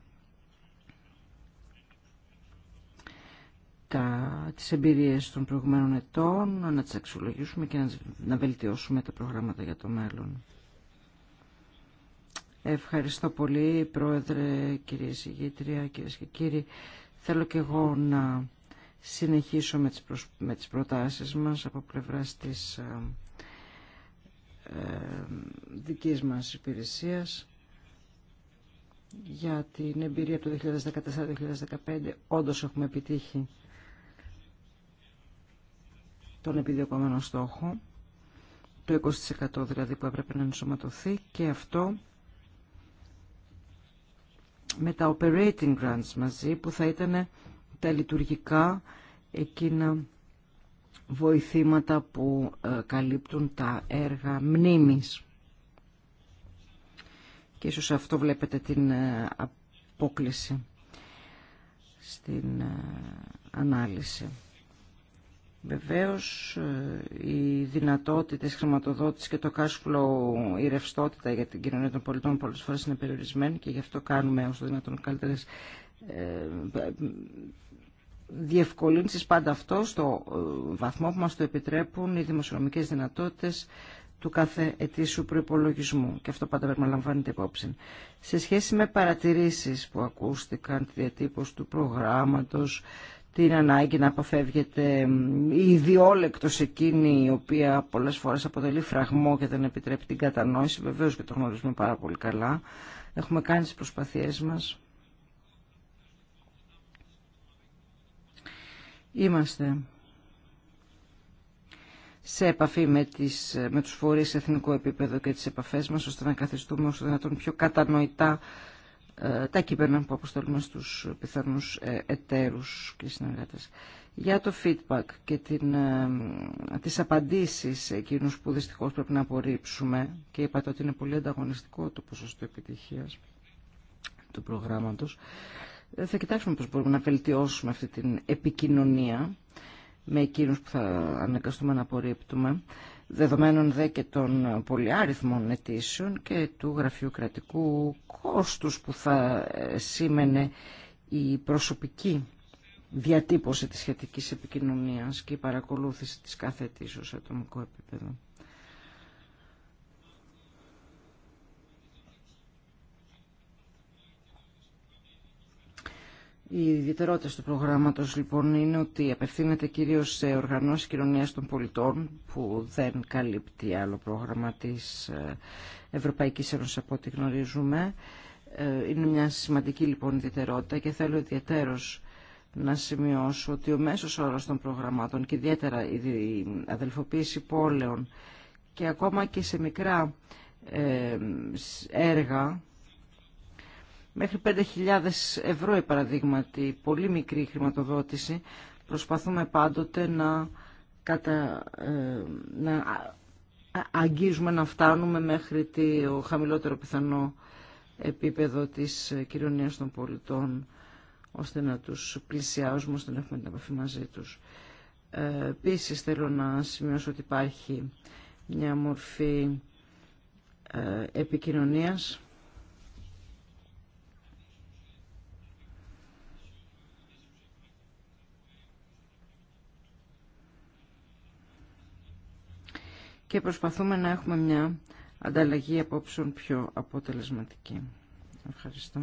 τα, τις εμπειρίες των προηγουμένων ετών, να τις αξιολογήσουμε και να, να βελτιώσουμε τα προγράμματα για το μέλλον. Ευχαριστώ πολύ, Πρόεδρε, κυρία ηγήτρια, κυρίες και κύριοι. Θέλω και εγώ να συνεχίσω με τις, προσ... με τις προτάσεις μας από πλευράς της ε, ε, δικής μας υπηρεσίας για την εμπειρία του 2014-2015. Όντως έχουμε επιτύχει τον επιδιωκόμενο στόχο, το 20% δηλαδή που έπρεπε να ενσωματωθεί και αυτό με τα operating grants μαζί που θα ήταν τα λειτουργικά εκείνα βοηθήματα που ε, καλύπτουν τα έργα μνήμης. Και ίσως αυτό βλέπετε την ε, απόκληση στην ε, ανάλυση. Βεβαίως ε, οι δυνατότητες χρηματοδότησης και το cash flow, η ρευστότητα για την κοινωνία των πολιτών πολλές φορές είναι περιορισμένη και γι' αυτό κάνουμε όσο δυνατόν καλύτερες ε, διευκολύνσεις πάντα αυτό στο ε, βαθμό που μας το επιτρέπουν οι δημοσιονομικές δυνατότητες του κάθε ετήσιου προϋπολογισμού και αυτό πάντα πρέπει να λαμβάνεται υπόψη. Σε σχέση με παρατηρήσεις που ακούστηκαν, τη διατύπωση του προγράμματος, την ανάγκη να αποφεύγεται η ιδιόλεκτος εκείνη η οποία πολλές φορές αποτελεί φραγμό και δεν επιτρέπει την κατανόηση, βεβαίως και το γνωρίζουμε πάρα πολύ καλά. Έχουμε κάνει τις προσπαθίες μας. Είμαστε σε επαφή με, τις, με τους φορείς σε εθνικό επίπεδο και τις επαφές μας, ώστε να καθιστούμε όσο δυνατόν πιο κατανοητά τα κύβερνα που αποστολούμε στους πιθανούς ε, εταίρους και συνεργάτες. Για το feedback και την, ε, τις απαντήσεις εκείνους που δυστυχώς πρέπει να απορρίψουμε και είπατε ότι είναι πολύ ανταγωνιστικό το ποσοστό επιτυχίας του προγράμματος. Ε, θα κοιτάξουμε πώς μπορούμε να βελτιώσουμε αυτή την επικοινωνία με εκείνους που θα αναγκαστούμε να απορρίπτουμε δεδομένων δε και των πολυάριθμων αιτήσεων και του γραφειοκρατικού κρατικού κόστους που θα ε, σήμαινε η προσωπική διατύπωση της σχετικής επικοινωνίας και η παρακολούθηση της κάθε αιτήσεως σε ατομικό επίπεδο. Η ιδιαιτερότητα του προγράμματο λοιπόν είναι ότι απευθύνεται κυρίω σε οργανώσεις Κοινωνία των πολιτών που δεν καλύπτει άλλο πρόγραμμα τη ε, Ευρωπαϊκής Ένωση, από ό,τι γνωρίζουμε. Ε, είναι μια σημαντική λοιπόν ιδιαιτερότητα και θέλω ιδιαίτερω να σημειώσω ότι ο μέσος όρος των προγραμμάτων και ιδιαίτερα η αδελφοποίηση πόλεων και ακόμα και σε μικρά ε, έργα μέχρι 5.000 ευρώ η παραδείγματη, πολύ μικρή χρηματοδότηση, προσπαθούμε πάντοτε να, κατα, ε, να αγγίζουμε να φτάνουμε μέχρι το χαμηλότερο πιθανό επίπεδο της κοινωνίας των πολιτών ώστε να τους πλησιάζουμε, ώστε να έχουμε την επαφή μαζί τους. Ε, Επίση θέλω να σημειώσω ότι υπάρχει μια μορφή ε, επικοινωνίας και προσπαθούμε να έχουμε μια ανταλλαγή απόψεων πιο αποτελεσματική. Ευχαριστώ.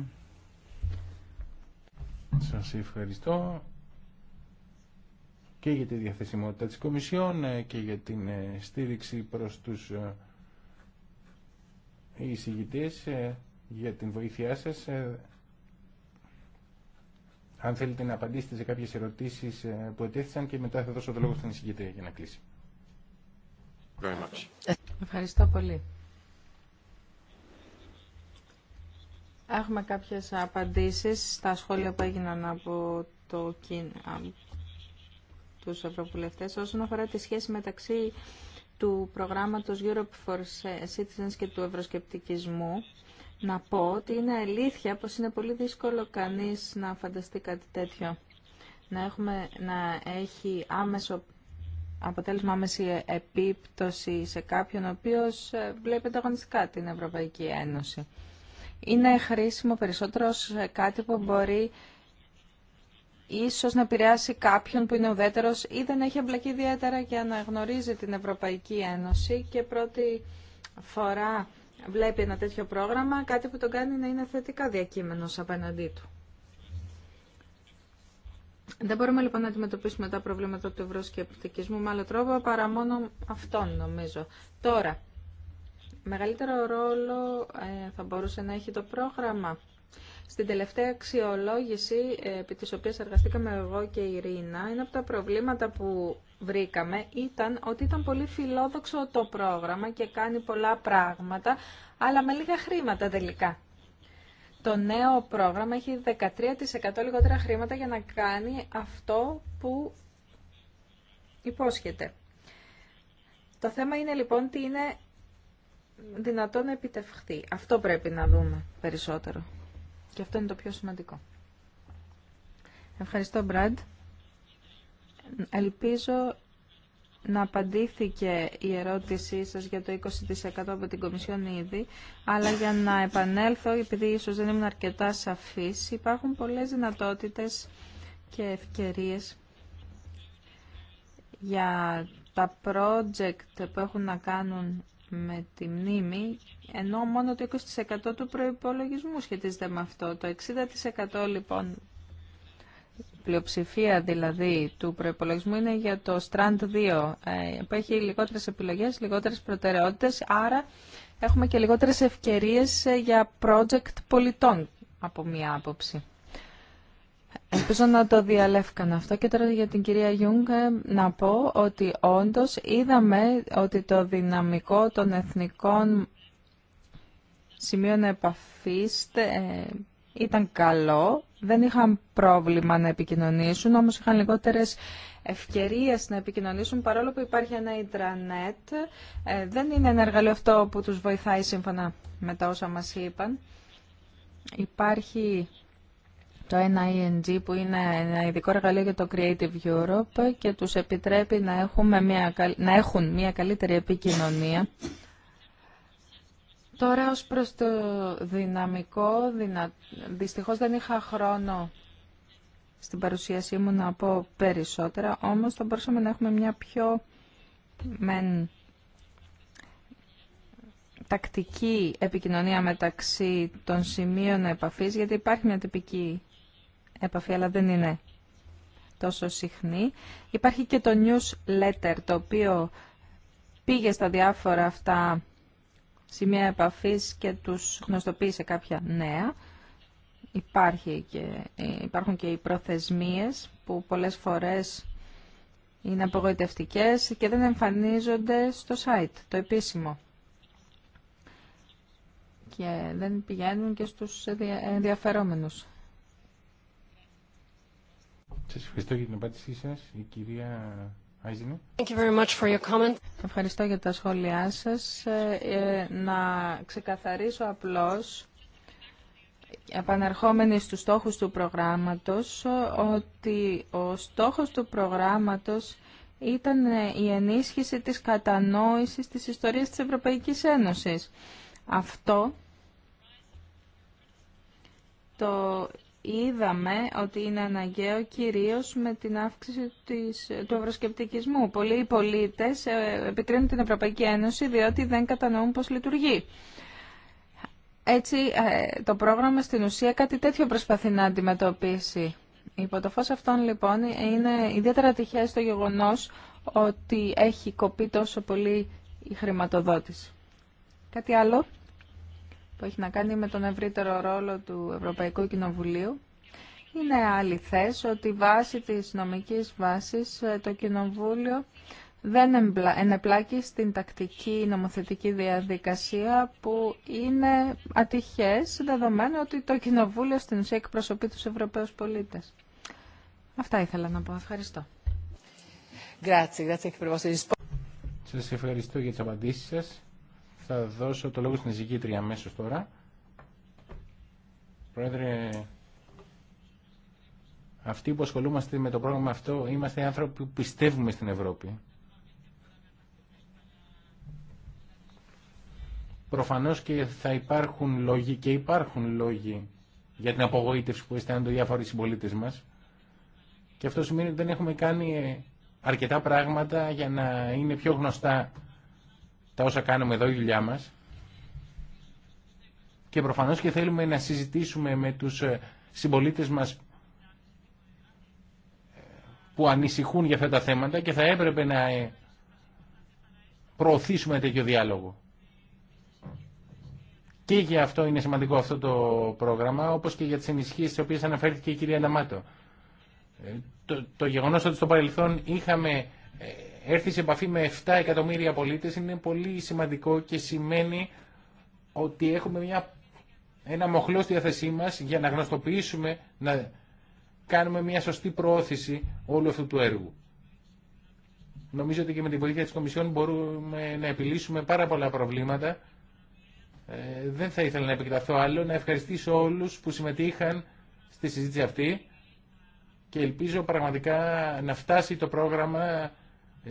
Σας ευχαριστώ και για τη διαθεσιμότητα της Κομισιόν ε, και για την ε, στήριξη προς τους ε, εισηγητές για την βοήθειά σας. Αν θέλετε να απαντήσετε σε κάποιες ερωτήσεις που ετέθησαν και μετά θα δώσω το λόγο στον εισηγητή για να κλείσει. Ευχαριστώ πολύ. Έχουμε κάποιες απαντήσεις στα σχόλια που έγιναν από, το, κίν τους Ευρωβουλευτές όσον αφορά τη σχέση μεταξύ του προγράμματος Europe for Citizens και του ευρωσκεπτικισμού. Να πω ότι είναι αλήθεια πως είναι πολύ δύσκολο κανείς να φανταστεί κάτι τέτοιο. Να, έχουμε, να έχει άμεσο αποτέλεσμα άμεση επίπτωση σε κάποιον ο οποίος ε, βλέπει ανταγωνιστικά την Ευρωπαϊκή Ένωση. Είναι χρήσιμο περισσότερο κάτι που μπορεί ίσως να επηρεάσει κάποιον που είναι ουδέτερος ή δεν έχει εμπλακεί ιδιαίτερα να γνωρίζει την Ευρωπαϊκή Ένωση και πρώτη φορά βλέπει ένα τέτοιο πρόγραμμα, κάτι που τον κάνει να είναι θετικά διακείμενος απέναντί του. Δεν μπορούμε λοιπόν να αντιμετωπίσουμε τα προβλήματα του ευρωσκεπτικισμού με άλλο τρόπο παρά μόνο αυτόν νομίζω. Τώρα, μεγαλύτερο ρόλο ε, θα μπορούσε να έχει το πρόγραμμα. Στην τελευταία αξιολόγηση, ε, επί της οποίας εργαστήκαμε εγώ και η Ρίνα, ένα από τα προβλήματα που βρήκαμε ήταν ότι ήταν πολύ φιλόδοξο το πρόγραμμα και κάνει πολλά πράγματα, αλλά με λίγα χρήματα τελικά το νέο πρόγραμμα έχει 13% λιγότερα χρήματα για να κάνει αυτό που υπόσχεται. Το θέμα είναι λοιπόν τι είναι δυνατόν να επιτευχθεί. Αυτό πρέπει να δούμε περισσότερο. Και αυτό είναι το πιο σημαντικό. Ευχαριστώ, Μπραντ. Ελπίζω να απαντήθηκε η ερώτησή σας για το 20% από την Κομισιόν ήδη, αλλά για να επανέλθω, επειδή ίσως δεν ήμουν αρκετά σαφής, υπάρχουν πολλές δυνατότητες και ευκαιρίες για τα project που έχουν να κάνουν με τη μνήμη, ενώ μόνο το 20% του προϋπολογισμού σχετίζεται με αυτό. Το 60% λοιπόν η πλειοψηφία δηλαδή του προπολογισμού είναι για το Strand 2 ε, που έχει λιγότερες επιλογές, λιγότερες προτεραιότητες, άρα έχουμε και λιγότερες ευκαιρίε ε, για project πολιτών από μία άποψη. Ελπίζω να το διαλεύκανα αυτό και τώρα για την κυρία Γιούγκ ε, να πω ότι όντως είδαμε ότι το δυναμικό των εθνικών σημείων επαφής ήταν καλό, δεν είχαν πρόβλημα να επικοινωνήσουν, όμως είχαν λιγότερες ευκαιρίες να επικοινωνήσουν, παρόλο που υπάρχει ένα ιντρανέτ. Ε, δεν είναι ένα εργαλείο αυτό που τους βοηθάει σύμφωνα με τα όσα μας είπαν. Υπάρχει το NING που είναι ένα ειδικό εργαλείο για το Creative Europe και τους επιτρέπει να, μια, να έχουν μια καλύτερη επικοινωνία Τώρα ως προς το δυναμικό, δυνα... δυστυχώς δεν είχα χρόνο στην παρουσίασή μου να πω περισσότερα, όμως θα μπορούσαμε να έχουμε μια πιο τακτική επικοινωνία μεταξύ των σημείων επαφής, γιατί υπάρχει μια τυπική επαφή, αλλά δεν είναι τόσο συχνή. Υπάρχει και το newsletter, το οποίο πήγε στα διάφορα αυτά σημεία επαφής και τους γνωστοποίησε κάποια νέα. Υπάρχει και, ε, υπάρχουν και οι προθεσμίες που πολλές φορές είναι απογοητευτικές και δεν εμφανίζονται στο site, το επίσημο. Και δεν πηγαίνουν και στους ενδιαφερόμενους. Σας ευχαριστώ για την απάντησή σας, η κυρία Ευχαριστώ για τα σχόλιά σας. Ε, ε, να ξεκαθαρίσω απλώς, επαναρχόμενοι στους στόχους του προγράμματος, ότι ο στόχος του προγράμματος ήταν ε, η ενίσχυση της κατανόησης της ιστορίας της Ευρωπαϊκής Ένωσης. Αυτό το είδαμε ότι είναι αναγκαίο κυρίως με την αύξηση της, του ευρωσκεπτικισμού. Πολλοί πολίτες ε, επικρίνουν την Ευρωπαϊκή Ένωση διότι δεν κατανοούν πώς λειτουργεί. Έτσι, ε, το πρόγραμμα στην ουσία κάτι τέτοιο προσπαθεί να αντιμετωπίσει. Υπό το φως αυτών, λοιπόν, είναι ιδιαίτερα τυχαίο το γεγονός ότι έχει κοπεί τόσο πολύ η χρηματοδότηση. Κάτι άλλο που έχει να κάνει με τον ευρύτερο ρόλο του Ευρωπαϊκού Κοινοβουλίου. Είναι αληθές ότι βάσει της νομικής βάσης ε, το Κοινοβούλιο δεν ενεπλάκει στην τακτική νομοθετική διαδικασία που είναι ατυχές δεδομένου ότι το Κοινοβούλιο στην ουσία εκπροσωπεί τους Ευρωπαίους πολίτες. Αυτά ήθελα να πω. Ευχαριστώ. Σας ευχαριστώ για τις απαντήσεις σας. Θα δώσω το λόγο στην εισηγήτρια αμέσως τώρα. Πρόεδρε, αυτοί που ασχολούμαστε με το πρόγραμμα αυτό είμαστε άνθρωποι που πιστεύουμε στην Ευρώπη. Προφανώς και θα υπάρχουν λόγοι και υπάρχουν λόγοι για την απογοήτευση που αισθάνονται διάφοροι συμπολίτε μας. Και αυτό σημαίνει ότι δεν έχουμε κάνει αρκετά πράγματα για να είναι πιο γνωστά τα όσα κάνουμε εδώ η δουλειά μας και προφανώς και θέλουμε να συζητήσουμε με τους ε, συμπολίτες μας που ανησυχούν για αυτά τα θέματα και θα έπρεπε να ε, προωθήσουμε τέτοιο διάλογο. Και για αυτό είναι σημαντικό αυτό το πρόγραμμα, όπως και για τις ενισχύσεις στις οποίες αναφέρθηκε η κυρία Ναμάτο. Ε, το, το γεγονός ότι στο παρελθόν είχαμε έρθει σε επαφή με 7 εκατομμύρια πολίτες είναι πολύ σημαντικό και σημαίνει ότι έχουμε μια, ένα μοχλό στη διάθεσή μας για να γνωστοποιήσουμε, να κάνουμε μια σωστή προώθηση όλου αυτού του έργου. Νομίζω ότι και με την βοήθεια της Κομισιόν μπορούμε να επιλύσουμε πάρα πολλά προβλήματα. Ε, δεν θα ήθελα να επεκταθώ άλλο. Να ευχαριστήσω όλους που συμμετείχαν στη συζήτηση αυτή και ελπίζω πραγματικά να φτάσει το πρόγραμμα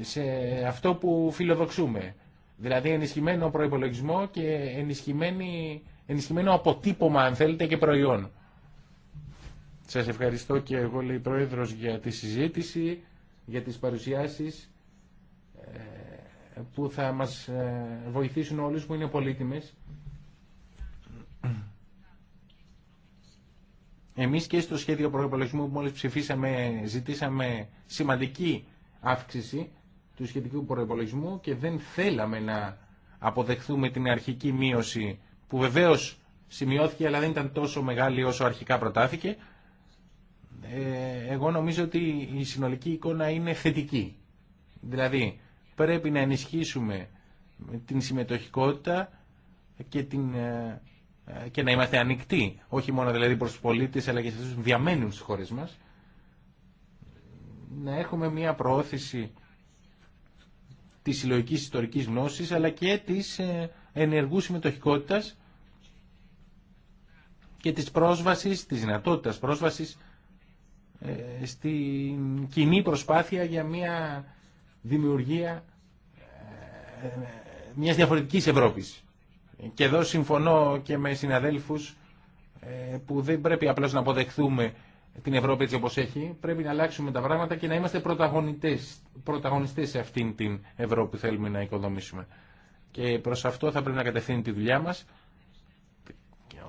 σε αυτό που φιλοδοξούμε. Δηλαδή ενισχυμένο προϋπολογισμό και ενισχυμένο αποτύπωμα αν θέλετε και προϊόν. Σας ευχαριστώ και εγώ λέει Πρόεδρος για τη συζήτηση, για τις παρουσιάσεις ε, που θα μας ε, βοηθήσουν όλους που είναι πολύτιμες. Εμείς και στο σχέδιο προϋπολογισμού που μόλις ψηφίσαμε ζητήσαμε σημαντική αύξηση του σχετικού προπολογισμού και δεν θέλαμε να αποδεχθούμε την αρχική μείωση που βεβαίως σημειώθηκε αλλά δεν ήταν τόσο μεγάλη όσο αρχικά προτάθηκε. Ε, εγώ νομίζω ότι η συνολική εικόνα είναι θετική. Δηλαδή πρέπει να ενισχύσουμε την συμμετοχικότητα και, την, ε, ε, και να είμαστε ανοιχτοί, όχι μόνο δηλαδή προς τους πολίτες αλλά και σε διαμένους χώρες μας, να έχουμε μια προώθηση τη συλλογική ιστορική γνώση, αλλά και της ε, ενεργού συμμετοχικότητα και της πρόσβαση, της δυνατότητας πρόσβασης ε, στην κοινή προσπάθεια για μια δημιουργία ε, μια διαφορετικής Ευρώπης. Και εδώ συμφωνώ και με συναδέλφους που δεν πρέπει απλώς να αποδεχθούμε την Ευρώπη έτσι όπως έχει, πρέπει να αλλάξουμε τα πράγματα και να είμαστε πρωταγωνιστές, πρωταγωνιστές σε αυτήν την Ευρώπη που θέλουμε να οικοδομήσουμε. Και προς αυτό θα πρέπει να κατευθύνει τη δουλειά μας,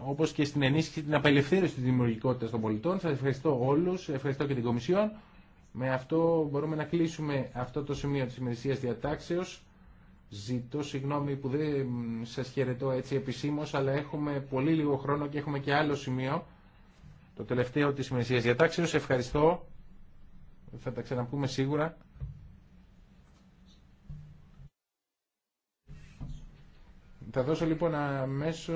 όπως και στην ενίσχυση, την απελευθέρωση της δημιουργικότητας των πολιτών. Σας ευχαριστώ όλους, ευχαριστώ και την Κομισιόν. Με αυτό μπορούμε να κλείσουμε αυτό το σημείο της ημερησίας διατάξεως. Ζητώ συγγνώμη που δεν σας χαιρετώ έτσι επισήμως, αλλά έχουμε πολύ λίγο χρόνο και έχουμε και άλλο σημείο το τελευταίο της ημερησίας διατάξεως. Ευχαριστώ. Θα τα ξαναπούμε σίγουρα. Θα δώσω λοιπόν αμέσω.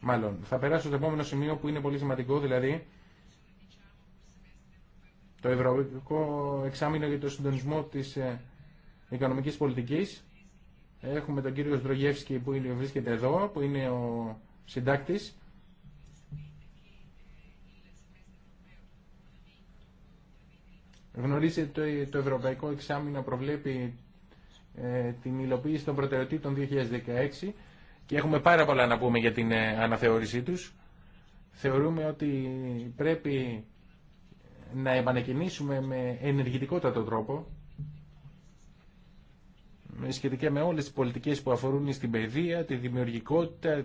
μάλλον, θα περάσω στο επόμενο σημείο που είναι πολύ σημαντικό, δηλαδή το Ευρωπαϊκό Εξάμεινο για το Συντονισμό της ε, Οικονομικής Πολιτικής. Έχουμε τον κύριο Σδρογεύσκη που βρίσκεται εδώ, που είναι ο συντάκτης. Γνωρίζετε ότι το Ευρωπαϊκό Εξάμεινο προβλέπει ε, την υλοποίηση των προτεραιοτήτων 2016 και έχουμε πάρα πολλά να πούμε για την ε, αναθεώρησή τους. Θεωρούμε ότι πρέπει να επανακινήσουμε με ενεργητικότατο τρόπο σχετικά με όλες τις πολιτικές που αφορούν στην παιδεία, τη δημιουργικότητα,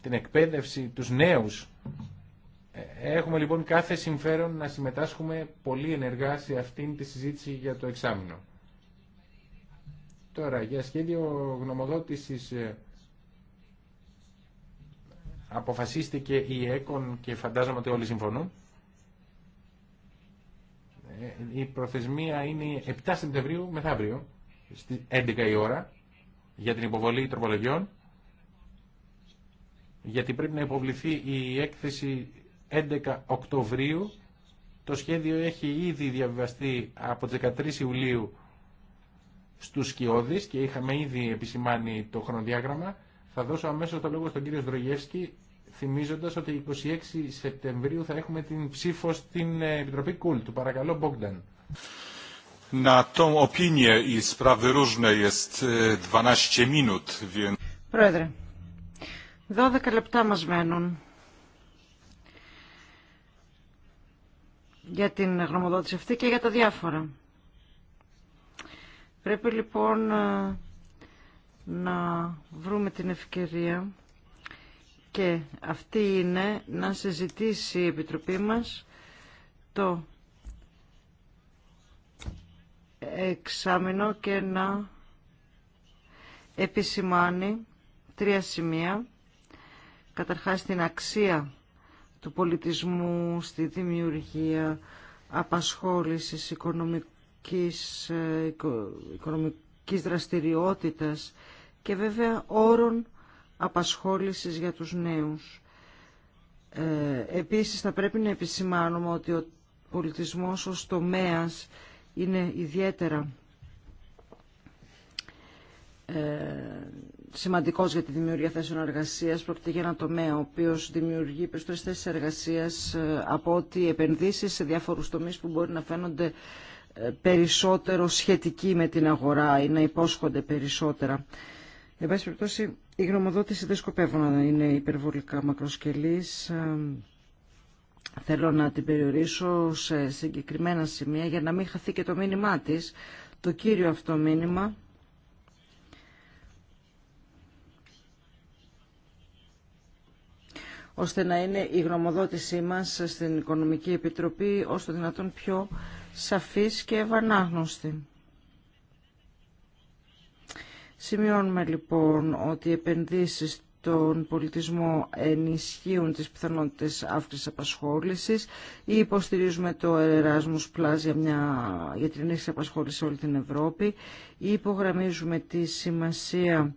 την εκπαίδευση, τους νέους ε, έχουμε λοιπόν κάθε συμφέρον να συμμετάσχουμε πολύ ενεργά σε αυτήν τη συζήτηση για το εξάμεινο. Τώρα, για σχέδιο γνωμοδότησης ε, αποφασίστηκε η ΕΚΟΝ και φαντάζομαι ότι όλοι συμφωνούν. Ε, η προθεσμία είναι 7 Σεπτεμβρίου μεθαύριο, στις 11 η ώρα, για την υποβολή τροπολογιών, γιατί πρέπει να υποβληθεί η έκθεση 11 Οκτωβρίου. Το σχέδιο έχει ήδη διαβιβαστεί από τις 13 Ιουλίου στους Σκιώδης και είχαμε ήδη επισημάνει το χρονοδιάγραμμα. Θα δώσω αμέσως το λόγο στον κύριο Σδρογεύσκη, θυμίζοντας ότι 26 Σεπτεμβρίου θα έχουμε την ψήφο στην ε, Επιτροπή Κουλ. Του παρακαλώ, Μπόγκταν. Να 12 e, Πρόεδρε, 12 λεπτά μας μένουν. για την γνωμοδότηση αυτή και για τα διάφορα. Πρέπει λοιπόν ε, να βρούμε την ευκαιρία και αυτή είναι να συζητήσει η Επιτροπή μας το εξάμεινο και να επισημάνει τρία σημεία. Καταρχάς την αξία του πολιτισμού, στη δημιουργία, απασχόλησης, οικονομικής, ε, οικονομικής δραστηριότητας και βέβαια όρων απασχόλησης για τους νέους. Ε, επίσης θα πρέπει να επισημάνουμε ότι ο πολιτισμός ως τομέας είναι ιδιαίτερα ε, Σημαντικό για τη δημιουργία θέσεων εργασία, Πρόκειται για ένα τομέα ο οποίο δημιουργεί περισσότερε θέσει εργασία ε, από ότι επενδύσει σε διαφορου τομεί που μπορεί να φαίνονται ε, περισσότερο σχετικοί με την αγορά ή να υπόσχονται περισσότερα. Εν πάση περιπτώσει, η γνωμοδότηση δεν σκοπεύω να είναι υπερβολικά μακροσκελής. Ε, θέλω να την περιορίσω σε συγκεκριμένα σημεία για να μην χαθεί και το μήνυμά της. Το κύριο αυτό μήνυμα ώστε να είναι η γνωμοδότησή μας στην Οικονομική Επιτροπή όσο το δυνατόν πιο σαφής και ευανάγνωστη. Σημειώνουμε λοιπόν ότι οι επενδύσεις τον πολιτισμό ενισχύουν τις πιθανότητες αύξησης απασχόλησης ή υποστηρίζουμε το Erasmus Plus για, μια, για την ενίσχυση απασχόληση σε όλη την Ευρώπη ή υπογραμμίζουμε τη σημασία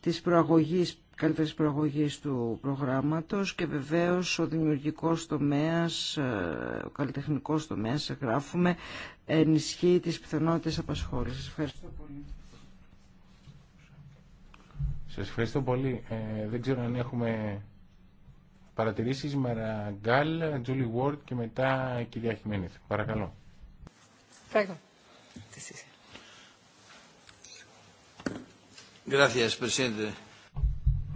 της προαγωγής καλύτερης προαγωγής του προγράμματος και βεβαίως ο δημιουργικός τομέας, ε, ο καλλιτεχνικός τομέας, γράφουμε, ενισχύει τις πιθανότητες απασχόλησης. Ευχαριστώ πολύ. Σας ευχαριστώ πολύ. Ε, δεν ξέρω αν έχουμε παρατηρήσεις Μαραγκάλ, Τζούλι Βόρτ και μετά η κυρία Χιμένηθ. Παρακαλώ. Ευχαριστώ. Gracias,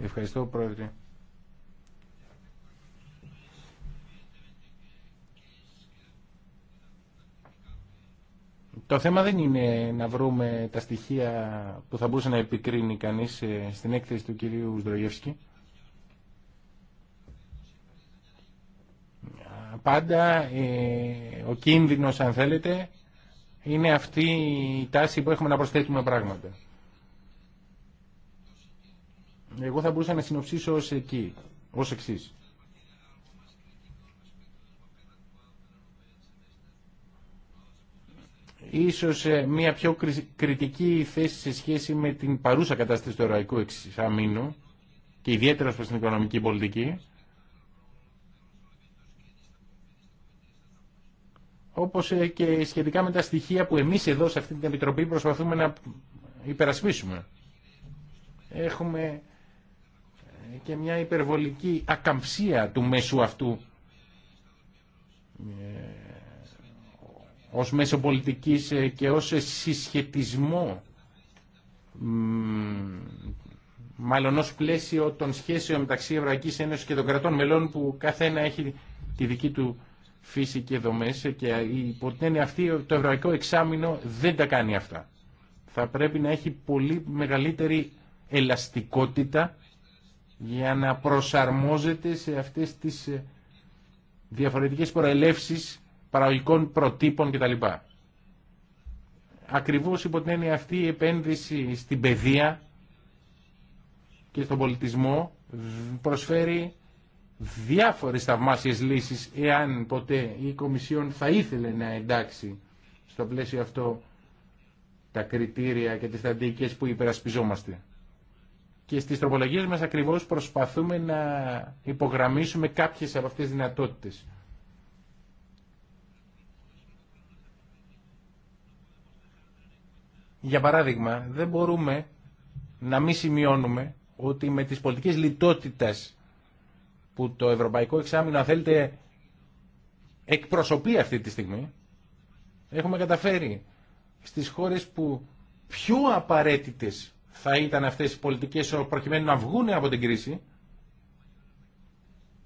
Ευχαριστώ πρόεδρε. Το θέμα δεν είναι να βρούμε τα στοιχεία που θα μπορούσε να επικρίνει κανείς ε, στην έκθεση του κυρίου Σδρογεύσκη. Πάντα ε, ο κίνδυνος, αν θέλετε, είναι αυτή η τάση που έχουμε να προσθέτουμε πράγματα. Εγώ θα μπορούσα να συνοψίσω ως εκεί, ως εξής. ίσως ε, μια πιο κριτική θέση σε σχέση με την παρούσα κατάσταση του ευρωπαϊκού εξαμήνου και ιδιαίτερα προς την οικονομική πολιτική. Όπως ε, και σχετικά με τα στοιχεία που εμείς εδώ σε αυτή την Επιτροπή προσπαθούμε να υπερασπίσουμε. Έχουμε και μια υπερβολική ακαμψία του μέσου αυτού ε, ως μέσο πολιτικής ε, και ως συσχετισμό μάλλον ως πλαίσιο των σχέσεων μεταξύ Ευρωπαϊκής Ένωσης και των κρατών μελών που καθένα έχει τη δική του φύση και δομές ε, και υπό την αυτή το ευρωπαϊκό εξάμεινο δεν τα κάνει αυτά. Θα πρέπει να έχει πολύ μεγαλύτερη ελαστικότητα για να προσαρμόζεται σε αυτές τις ε, διαφορετικές προελεύσεις παραγωγικών προτύπων κτλ. Ακριβώς υπό την έννοια αυτή η επένδυση στην παιδεία και στον πολιτισμό προσφέρει διάφορες θαυμάσιες λύσεις εάν ποτέ η Κομισιόν θα ήθελε να εντάξει στο πλαίσιο αυτό τα κριτήρια και τις στρατηγικές που υπερασπιζόμαστε. Και στις τροπολογίες μας ακριβώς προσπαθούμε να υπογραμμίσουμε κάποιες από αυτές τις δυνατότητες. Για παράδειγμα, δεν μπορούμε να μην σημειώνουμε ότι με τις πολιτικές λιτότητες που το Ευρωπαϊκό Εξάμεινο, αν θέλετε, εκπροσωπεί αυτή τη στιγμή, έχουμε καταφέρει στις χώρες που πιο απαραίτητες θα ήταν αυτές οι πολιτικές προκειμένου να βγούνε από την κρίση,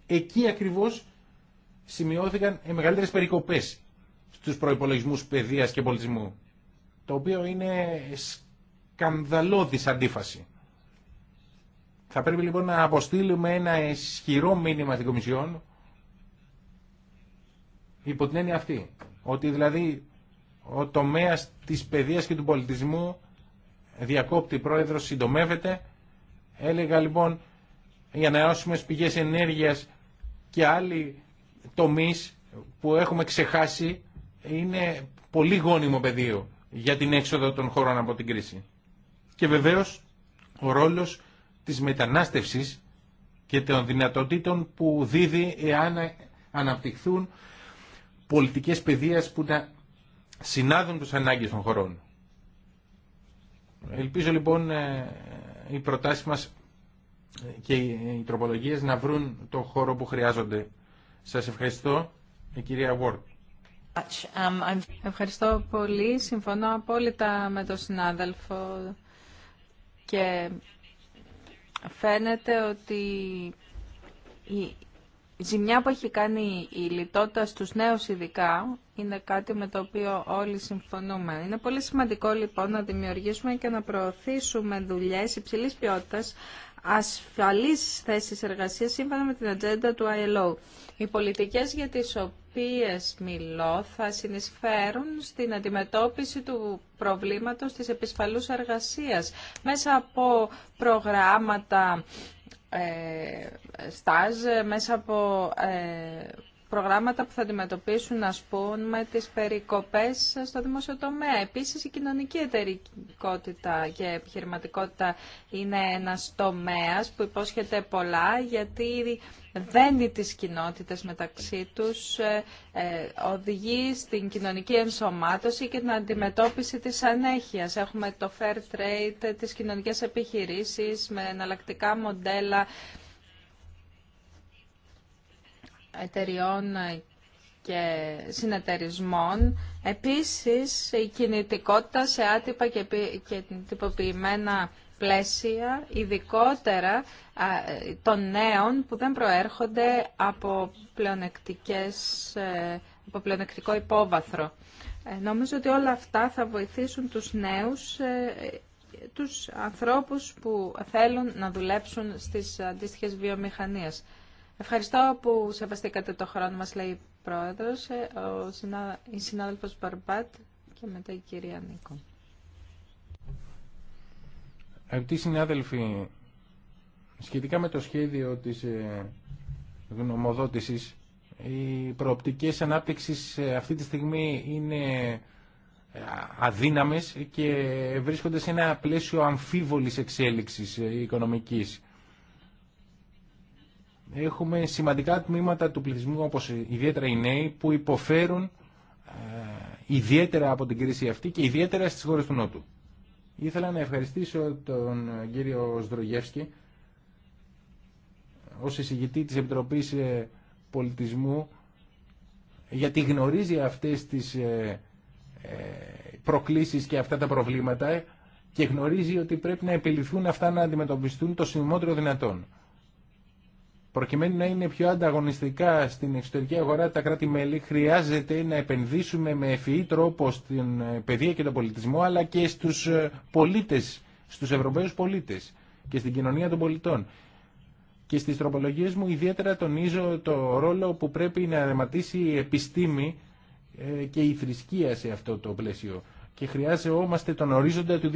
εκεί ακριβώς σημειώθηκαν οι μεγαλύτερες περικοπές στους προϋπολογισμούς παιδείας και πολιτισμού, το οποίο είναι σκανδαλώδης αντίφαση. Θα πρέπει λοιπόν να αποστείλουμε ένα ισχυρό μήνυμα στην Κομισιόν υπό την έννοια αυτή, ότι δηλαδή ο τομέας της παιδείας και του πολιτισμού Διακόπτη πρόεδρος, συντομεύεται. Έλεγα λοιπόν για να ανανεώσιμες πηγές ενέργειας και άλλοι τομείς που έχουμε ξεχάσει είναι πολύ γόνιμο πεδίο για την έξοδο των χωρών από την κρίση. Και βεβαίως ο ρόλος της μετανάστευσης και των δυνατοτήτων που δίδει εάν αναπτυχθούν πολιτικές παιδείας που να συνάδουν τους ανάγκες των χωρών. Ελπίζω λοιπόν ε, οι προτάσεις μας και ε, οι τροπολογίες να βρουν το χώρο που χρειάζονται. Σας ευχαριστώ, η ε, κυρία Ward. Ευχαριστώ πολύ. Συμφωνώ απόλυτα με τον συνάδελφο και φαίνεται ότι η ζημιά που έχει κάνει η λιτότητα στους νέους ειδικά είναι κάτι με το οποίο όλοι συμφωνούμε. Είναι πολύ σημαντικό λοιπόν να δημιουργήσουμε και να προωθήσουμε δουλειές υψηλής ποιότητας ασφαλής θέσεις εργασίας σύμφωνα με την ατζέντα του ILO. Οι πολιτικές για τις οποίες μιλώ θα συνεισφέρουν στην αντιμετώπιση του προβλήματος της επισφαλούς εργασίας μέσα από προγράμματα ε, στάζ, μέσα από ε, προγράμματα που θα αντιμετωπίσουν, ας πούμε, τις περικοπές στο δημόσιο τομέα. Επίσης, η κοινωνική εταιρικότητα και επιχειρηματικότητα είναι ένας τομέας που υπόσχεται πολλά, γιατί δένει τις κοινότητες μεταξύ τους, ε, ε, οδηγεί στην κοινωνική ενσωμάτωση και την αντιμετώπιση της ανέχειας. Έχουμε το fair trade, ε, τις κοινωνικές επιχειρήσεις με εναλλακτικά μοντέλα, εταιριών και συνεταιρισμών. Επίσης, η κινητικότητα σε άτυπα και τυποποιημένα πλαίσια, ειδικότερα των νέων που δεν προέρχονται από, πλεονεκτικές, ε, από πλεονεκτικό υπόβαθρο. Ε, νομίζω ότι όλα αυτά θα βοηθήσουν τους νέους, ε, τους ανθρώπους που θέλουν να δουλέψουν στις αντίστοιχες βιομηχανίες. Ευχαριστώ που σεβαστήκατε το χρόνο μας, λέει η Πρόεδρος, ε, ο συνάδελφος, η Μπαρμπάτ και μετά η κυρία Νίκο. Αγαπητοί συνάδελφοι, σχετικά με το σχέδιο της ε, γνωμοδότησης, οι προοπτικές ανάπτυξης ε, αυτή τη στιγμή είναι αδύναμες και βρίσκονται σε ένα πλαίσιο αμφίβολης εξέλιξης οικονομικής έχουμε σημαντικά τμήματα του πληθυσμού, όπως ιδιαίτερα οι νέοι, που υποφέρουν ε, ιδιαίτερα από την κρίση αυτή και ιδιαίτερα στις χώρες του Νότου. Ήθελα να ευχαριστήσω τον κύριο Σδρογεύσκη ως εισηγητή της Επιτροπής ε, Πολιτισμού γιατί γνωρίζει αυτές τις ε, προκλήσεις και αυτά τα προβλήματα και γνωρίζει ότι πρέπει να επιληθούν αυτά να αντιμετωπιστούν το συνημότερο δυνατόν προκειμένου να είναι πιο ανταγωνιστικά στην εξωτερική αγορά τα κράτη-μέλη, χρειάζεται να επενδύσουμε με ευφυή τρόπο στην ε, παιδεία και τον πολιτισμό, αλλά και στους ε, πολίτες, στους Ευρωπαίους πολίτες και στην κοινωνία των πολιτών. Και στις τροπολογίες μου ιδιαίτερα τονίζω το ρόλο που πρέπει να ρεματίσει η επιστήμη ε, και η θρησκεία σε αυτό το πλαίσιο. Και χρειάζομαστε τον ορίζοντα του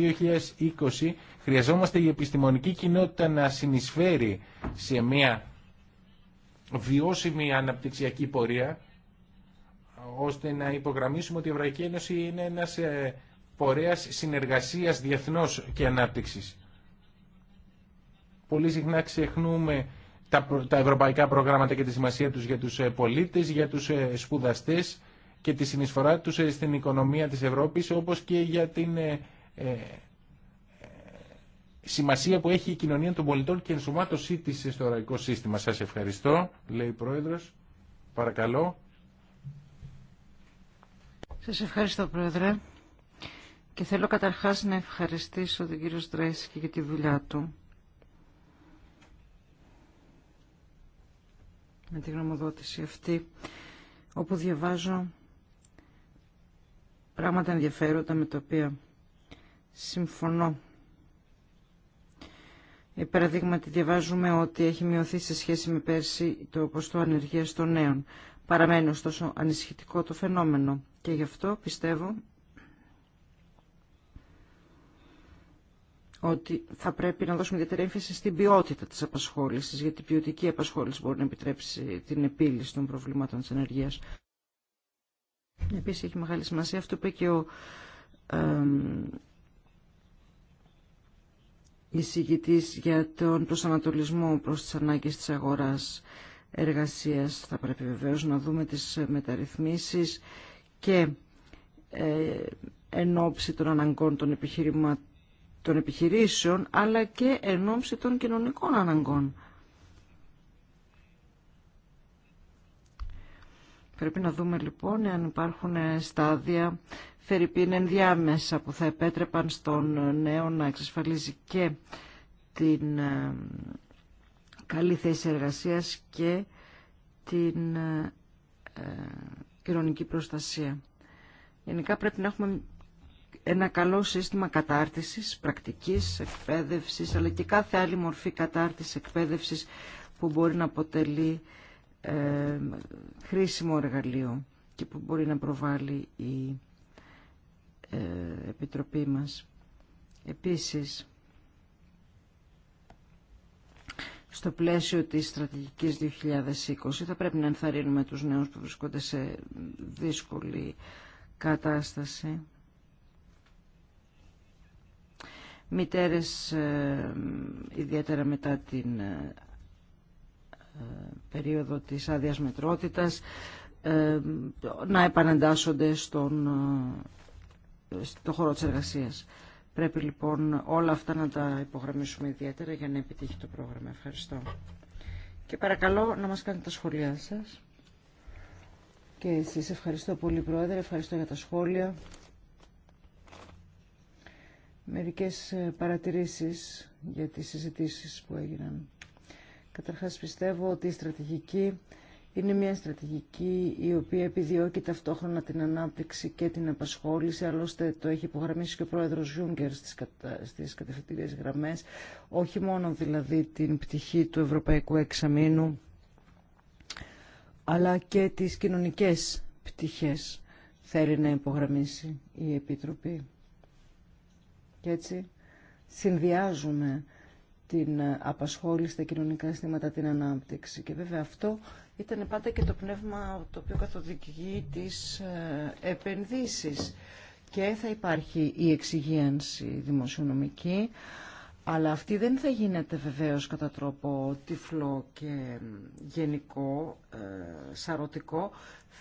2020, χρειαζόμαστε η επιστημονική κοινότητα να συνεισφέρει σε μια βιώσιμη αναπτυξιακή πορεία, ώστε να υπογραμμίσουμε ότι η Ευρωπαϊκή Ένωση είναι ένας πορείας ε, συνεργασίας διεθνώς και ανάπτυξης. Πολύ συχνά ξεχνούμε τα, τα ευρωπαϊκά προγράμματα και τη σημασία τους για τους ε, πολίτες, για τους ε, σπουδαστές και τη συνεισφορά τους στην οικονομία της Ευρώπης, όπως και για την σημασία που έχει η κοινωνία των πολιτών και ενσωμάτωσή της στο ραϊκό σύστημα. Σας ευχαριστώ, λέει η Πρόεδρος. Παρακαλώ. Σας ευχαριστώ, Πρόεδρε. Και θέλω καταρχάς να ευχαριστήσω τον κύριο Στρέσκη για τη δουλειά του. Με τη γνωμοδότηση αυτή, όπου διαβάζω πράγματα ενδιαφέροντα με τα οποία συμφωνώ ε, παραδείγματι διαβάζουμε ότι έχει μειωθεί σε σχέση με πέρσι το ποστό ανεργίας των νέων. Παραμένει ωστόσο ανησυχητικό το φαινόμενο και γι' αυτό πιστεύω ότι θα πρέπει να δώσουμε ιδιαίτερη έμφαση στην ποιότητα της απασχόλησης, γιατί η ποιοτική απασχόληση μπορεί να επιτρέψει την επίλυση των προβλημάτων της ενεργείας. Επίσης έχει μεγάλη σημασία αυτό που είπε και ο εισηγητής για τον προσανατολισμό προς τις ανάγκες της αγοράς εργασίας. Θα πρέπει βεβαίως να δούμε τις μεταρρυθμίσεις και ε, εν των αναγκών των, των επιχειρήσεων, αλλά και εν ώψη των κοινωνικών αναγκών. Πρέπει να δούμε λοιπόν αν υπάρχουν ε, στάδια Φερρυπίν ενδιάμεσα που θα επέτρεπαν στον νέο να εξασφαλίζει και την ε, καλή θέση εργασίας και την ε, κοινωνική προστασία. Γενικά πρέπει να έχουμε ένα καλό σύστημα κατάρτισης, πρακτικής, εκπαίδευσης, αλλά και κάθε άλλη μορφή κατάρτισης, εκπαίδευσης που μπορεί να αποτελεί ε, χρήσιμο εργαλείο και που μπορεί να προβάλλει η ε, Επιτροπή μας. Επίσης, στο πλαίσιο της στρατηγικής 2020 θα πρέπει να ενθαρρύνουμε τους νέους που βρισκόνται σε δύσκολη κατάσταση. Μητέρες, ε, ιδιαίτερα μετά την ε, περίοδο της άδειας μετρότητας, να επανεντάσσονται στον στο χώρο της εργασίας. Πρέπει λοιπόν όλα αυτά να τα υπογραμμίσουμε ιδιαίτερα για να επιτύχει το πρόγραμμα. Ευχαριστώ. Και παρακαλώ να μας κάνετε τα σχόλιά σας. Και εσείς ευχαριστώ πολύ Πρόεδρε, ευχαριστώ για τα σχόλια. Μερικές ε, παρατηρήσεις για τις συζητήσεις που έγιναν. Καταρχάς πιστεύω ότι η στρατηγική είναι μια στρατηγική η οποία επιδιώκει ταυτόχρονα την ανάπτυξη και την απασχόληση. Άλλωστε το έχει υπογραμμίσει και ο πρόεδρος Γιούγκερ στις, κατα... στις γραμμές. Όχι μόνο δηλαδή την πτυχή του Ευρωπαϊκού Εξαμήνου, αλλά και τις κοινωνικές πτυχές θέλει να υπογραμμίσει η Επιτροπή. Και έτσι συνδυάζουμε την απασχόληση, στα κοινωνικά αισθήματα, την ανάπτυξη. Και βέβαια αυτό ήταν πάντα και το πνεύμα το οποίο καθοδηγεί τις ε, επενδύσεις και θα υπάρχει η εξυγίανση δημοσιονομική αλλά αυτή δεν θα γίνεται βεβαίως κατά τρόπο τυφλό και γενικό, ε, σαρωτικό.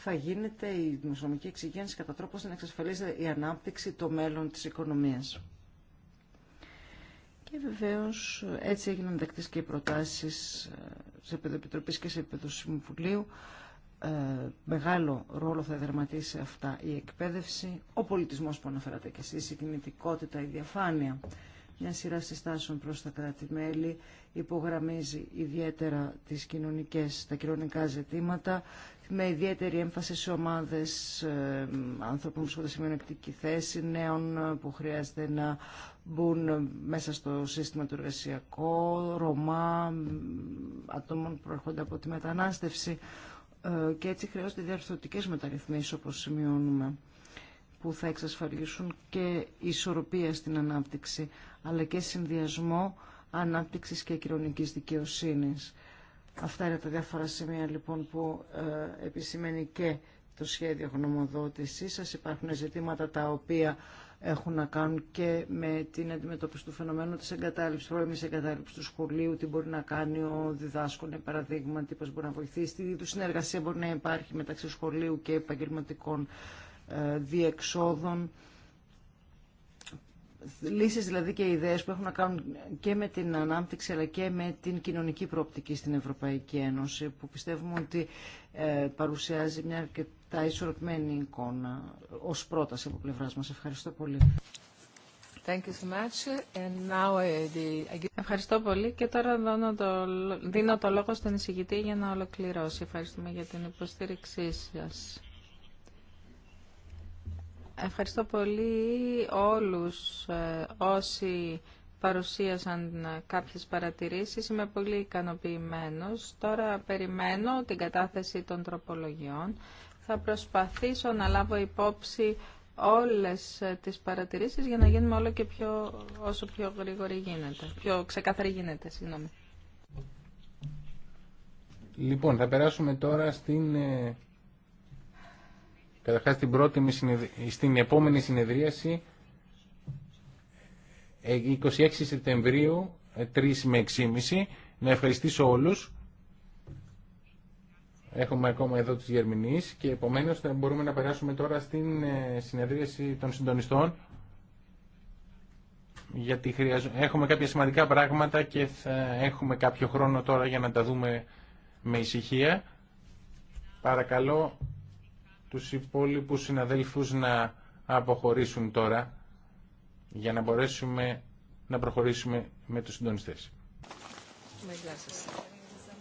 Θα γίνεται η δημοσιονομική εξυγίανση κατά τρόπο να εξασφαλίζεται η ανάπτυξη, το μέλλον της οικονομίας. Και βεβαίως έτσι έγιναν δεκτές και οι προτάσεις ε, σε επίπεδο επιτροπή και σε επίπεδο Συμβουλίου. Ε, μεγάλο ρόλο θα δερματίσει αυτά η εκπαίδευση, ο πολιτισμός που αναφέρατε και εσείς, η κινητικότητα, η διαφάνεια μια σειρά συστάσεων προς τα κράτη-μέλη, υπογραμμίζει ιδιαίτερα τις κοινωνικές, τα κοινωνικά ζητήματα, με ιδιαίτερη έμφαση σε ομάδες ε, ανθρώπων που βρίσκονται σε μειονεκτική θέση, νέων ε, που χρειάζεται να μπουν ε, μέσα στο σύστημα του εργασιακό, Ρωμά, ατόμων που προέρχονται από τη μετανάστευση. και έτσι χρειάζονται διαρθρωτικές μεταρρυθμίσεις, όπως σημειώνουμε που θα εξασφαλίσουν και ισορροπία στην ανάπτυξη, αλλά και συνδυασμό ανάπτυξης και κοινωνικής δικαιοσύνης. Αυτά είναι τα διάφορα σημεία λοιπόν που ε, επισημαίνει και το σχέδιο γνωμοδότησής σας. Υπάρχουν ζητήματα τα οποία έχουν να κάνουν και με την αντιμετώπιση του φαινομένου της εγκατάλειψης, πρώιμης εγκατάλειψης του σχολείου, τι μπορεί να κάνει ο διδάσκον, παραδείγμα, τι πώς μπορεί να βοηθήσει, τι συνεργασία μπορεί να υπάρχει μεταξύ σχολείου και επαγγελματικών ε, διεξόδων, λύσεις δηλαδή και ιδέες που έχουν να κάνουν και με την ανάπτυξη αλλά και με την κοινωνική προοπτική στην Ευρωπαϊκή Ένωση που πιστεύουμε ότι ε, παρουσιάζει μια αρκετά ισορροπημένη εικόνα ως πρόταση από πλευράς μας. Ευχαριστώ πολύ. Thank you so much. And now uh, the... Ευχαριστώ πολύ και τώρα δίνω το, δίνω το λόγο στον εισηγητή για να ολοκληρώσει. Ευχαριστούμε για την υποστήριξή σας. Ευχαριστώ πολύ όλους ε, όσοι παρουσίασαν ε, κάποιες παρατηρήσεις. Είμαι πολύ ικανοποιημένος. Τώρα περιμένω την κατάθεση των τροπολογιών. Θα προσπαθήσω να λάβω υπόψη όλες ε, τις παρατηρήσεις για να γίνουμε όλο και πιο, όσο πιο γρήγορη γίνεται, πιο ξεκάθαρη γίνεται, συγγνώμη. Λοιπόν, θα περάσουμε τώρα στην Καταρχά την πρώτη, στην επόμενη συνεδρίαση 26 ε, Σεπτεμβρίου 3 ε, με 6.30 να ευχαριστήσω όλους έχουμε ακόμα εδώ τους Γερμινείς και επομένως θα μπορούμε να περάσουμε τώρα στην ε, συνεδρίαση των συντονιστών γιατί χρειαζο... έχουμε κάποια σημαντικά πράγματα και θα έχουμε κάποιο χρόνο τώρα για να τα δούμε με ησυχία. Παρακαλώ τους υπόλοιπους συναδέλφους να αποχωρήσουν τώρα για να μπορέσουμε να προχωρήσουμε με τους συντονιστές.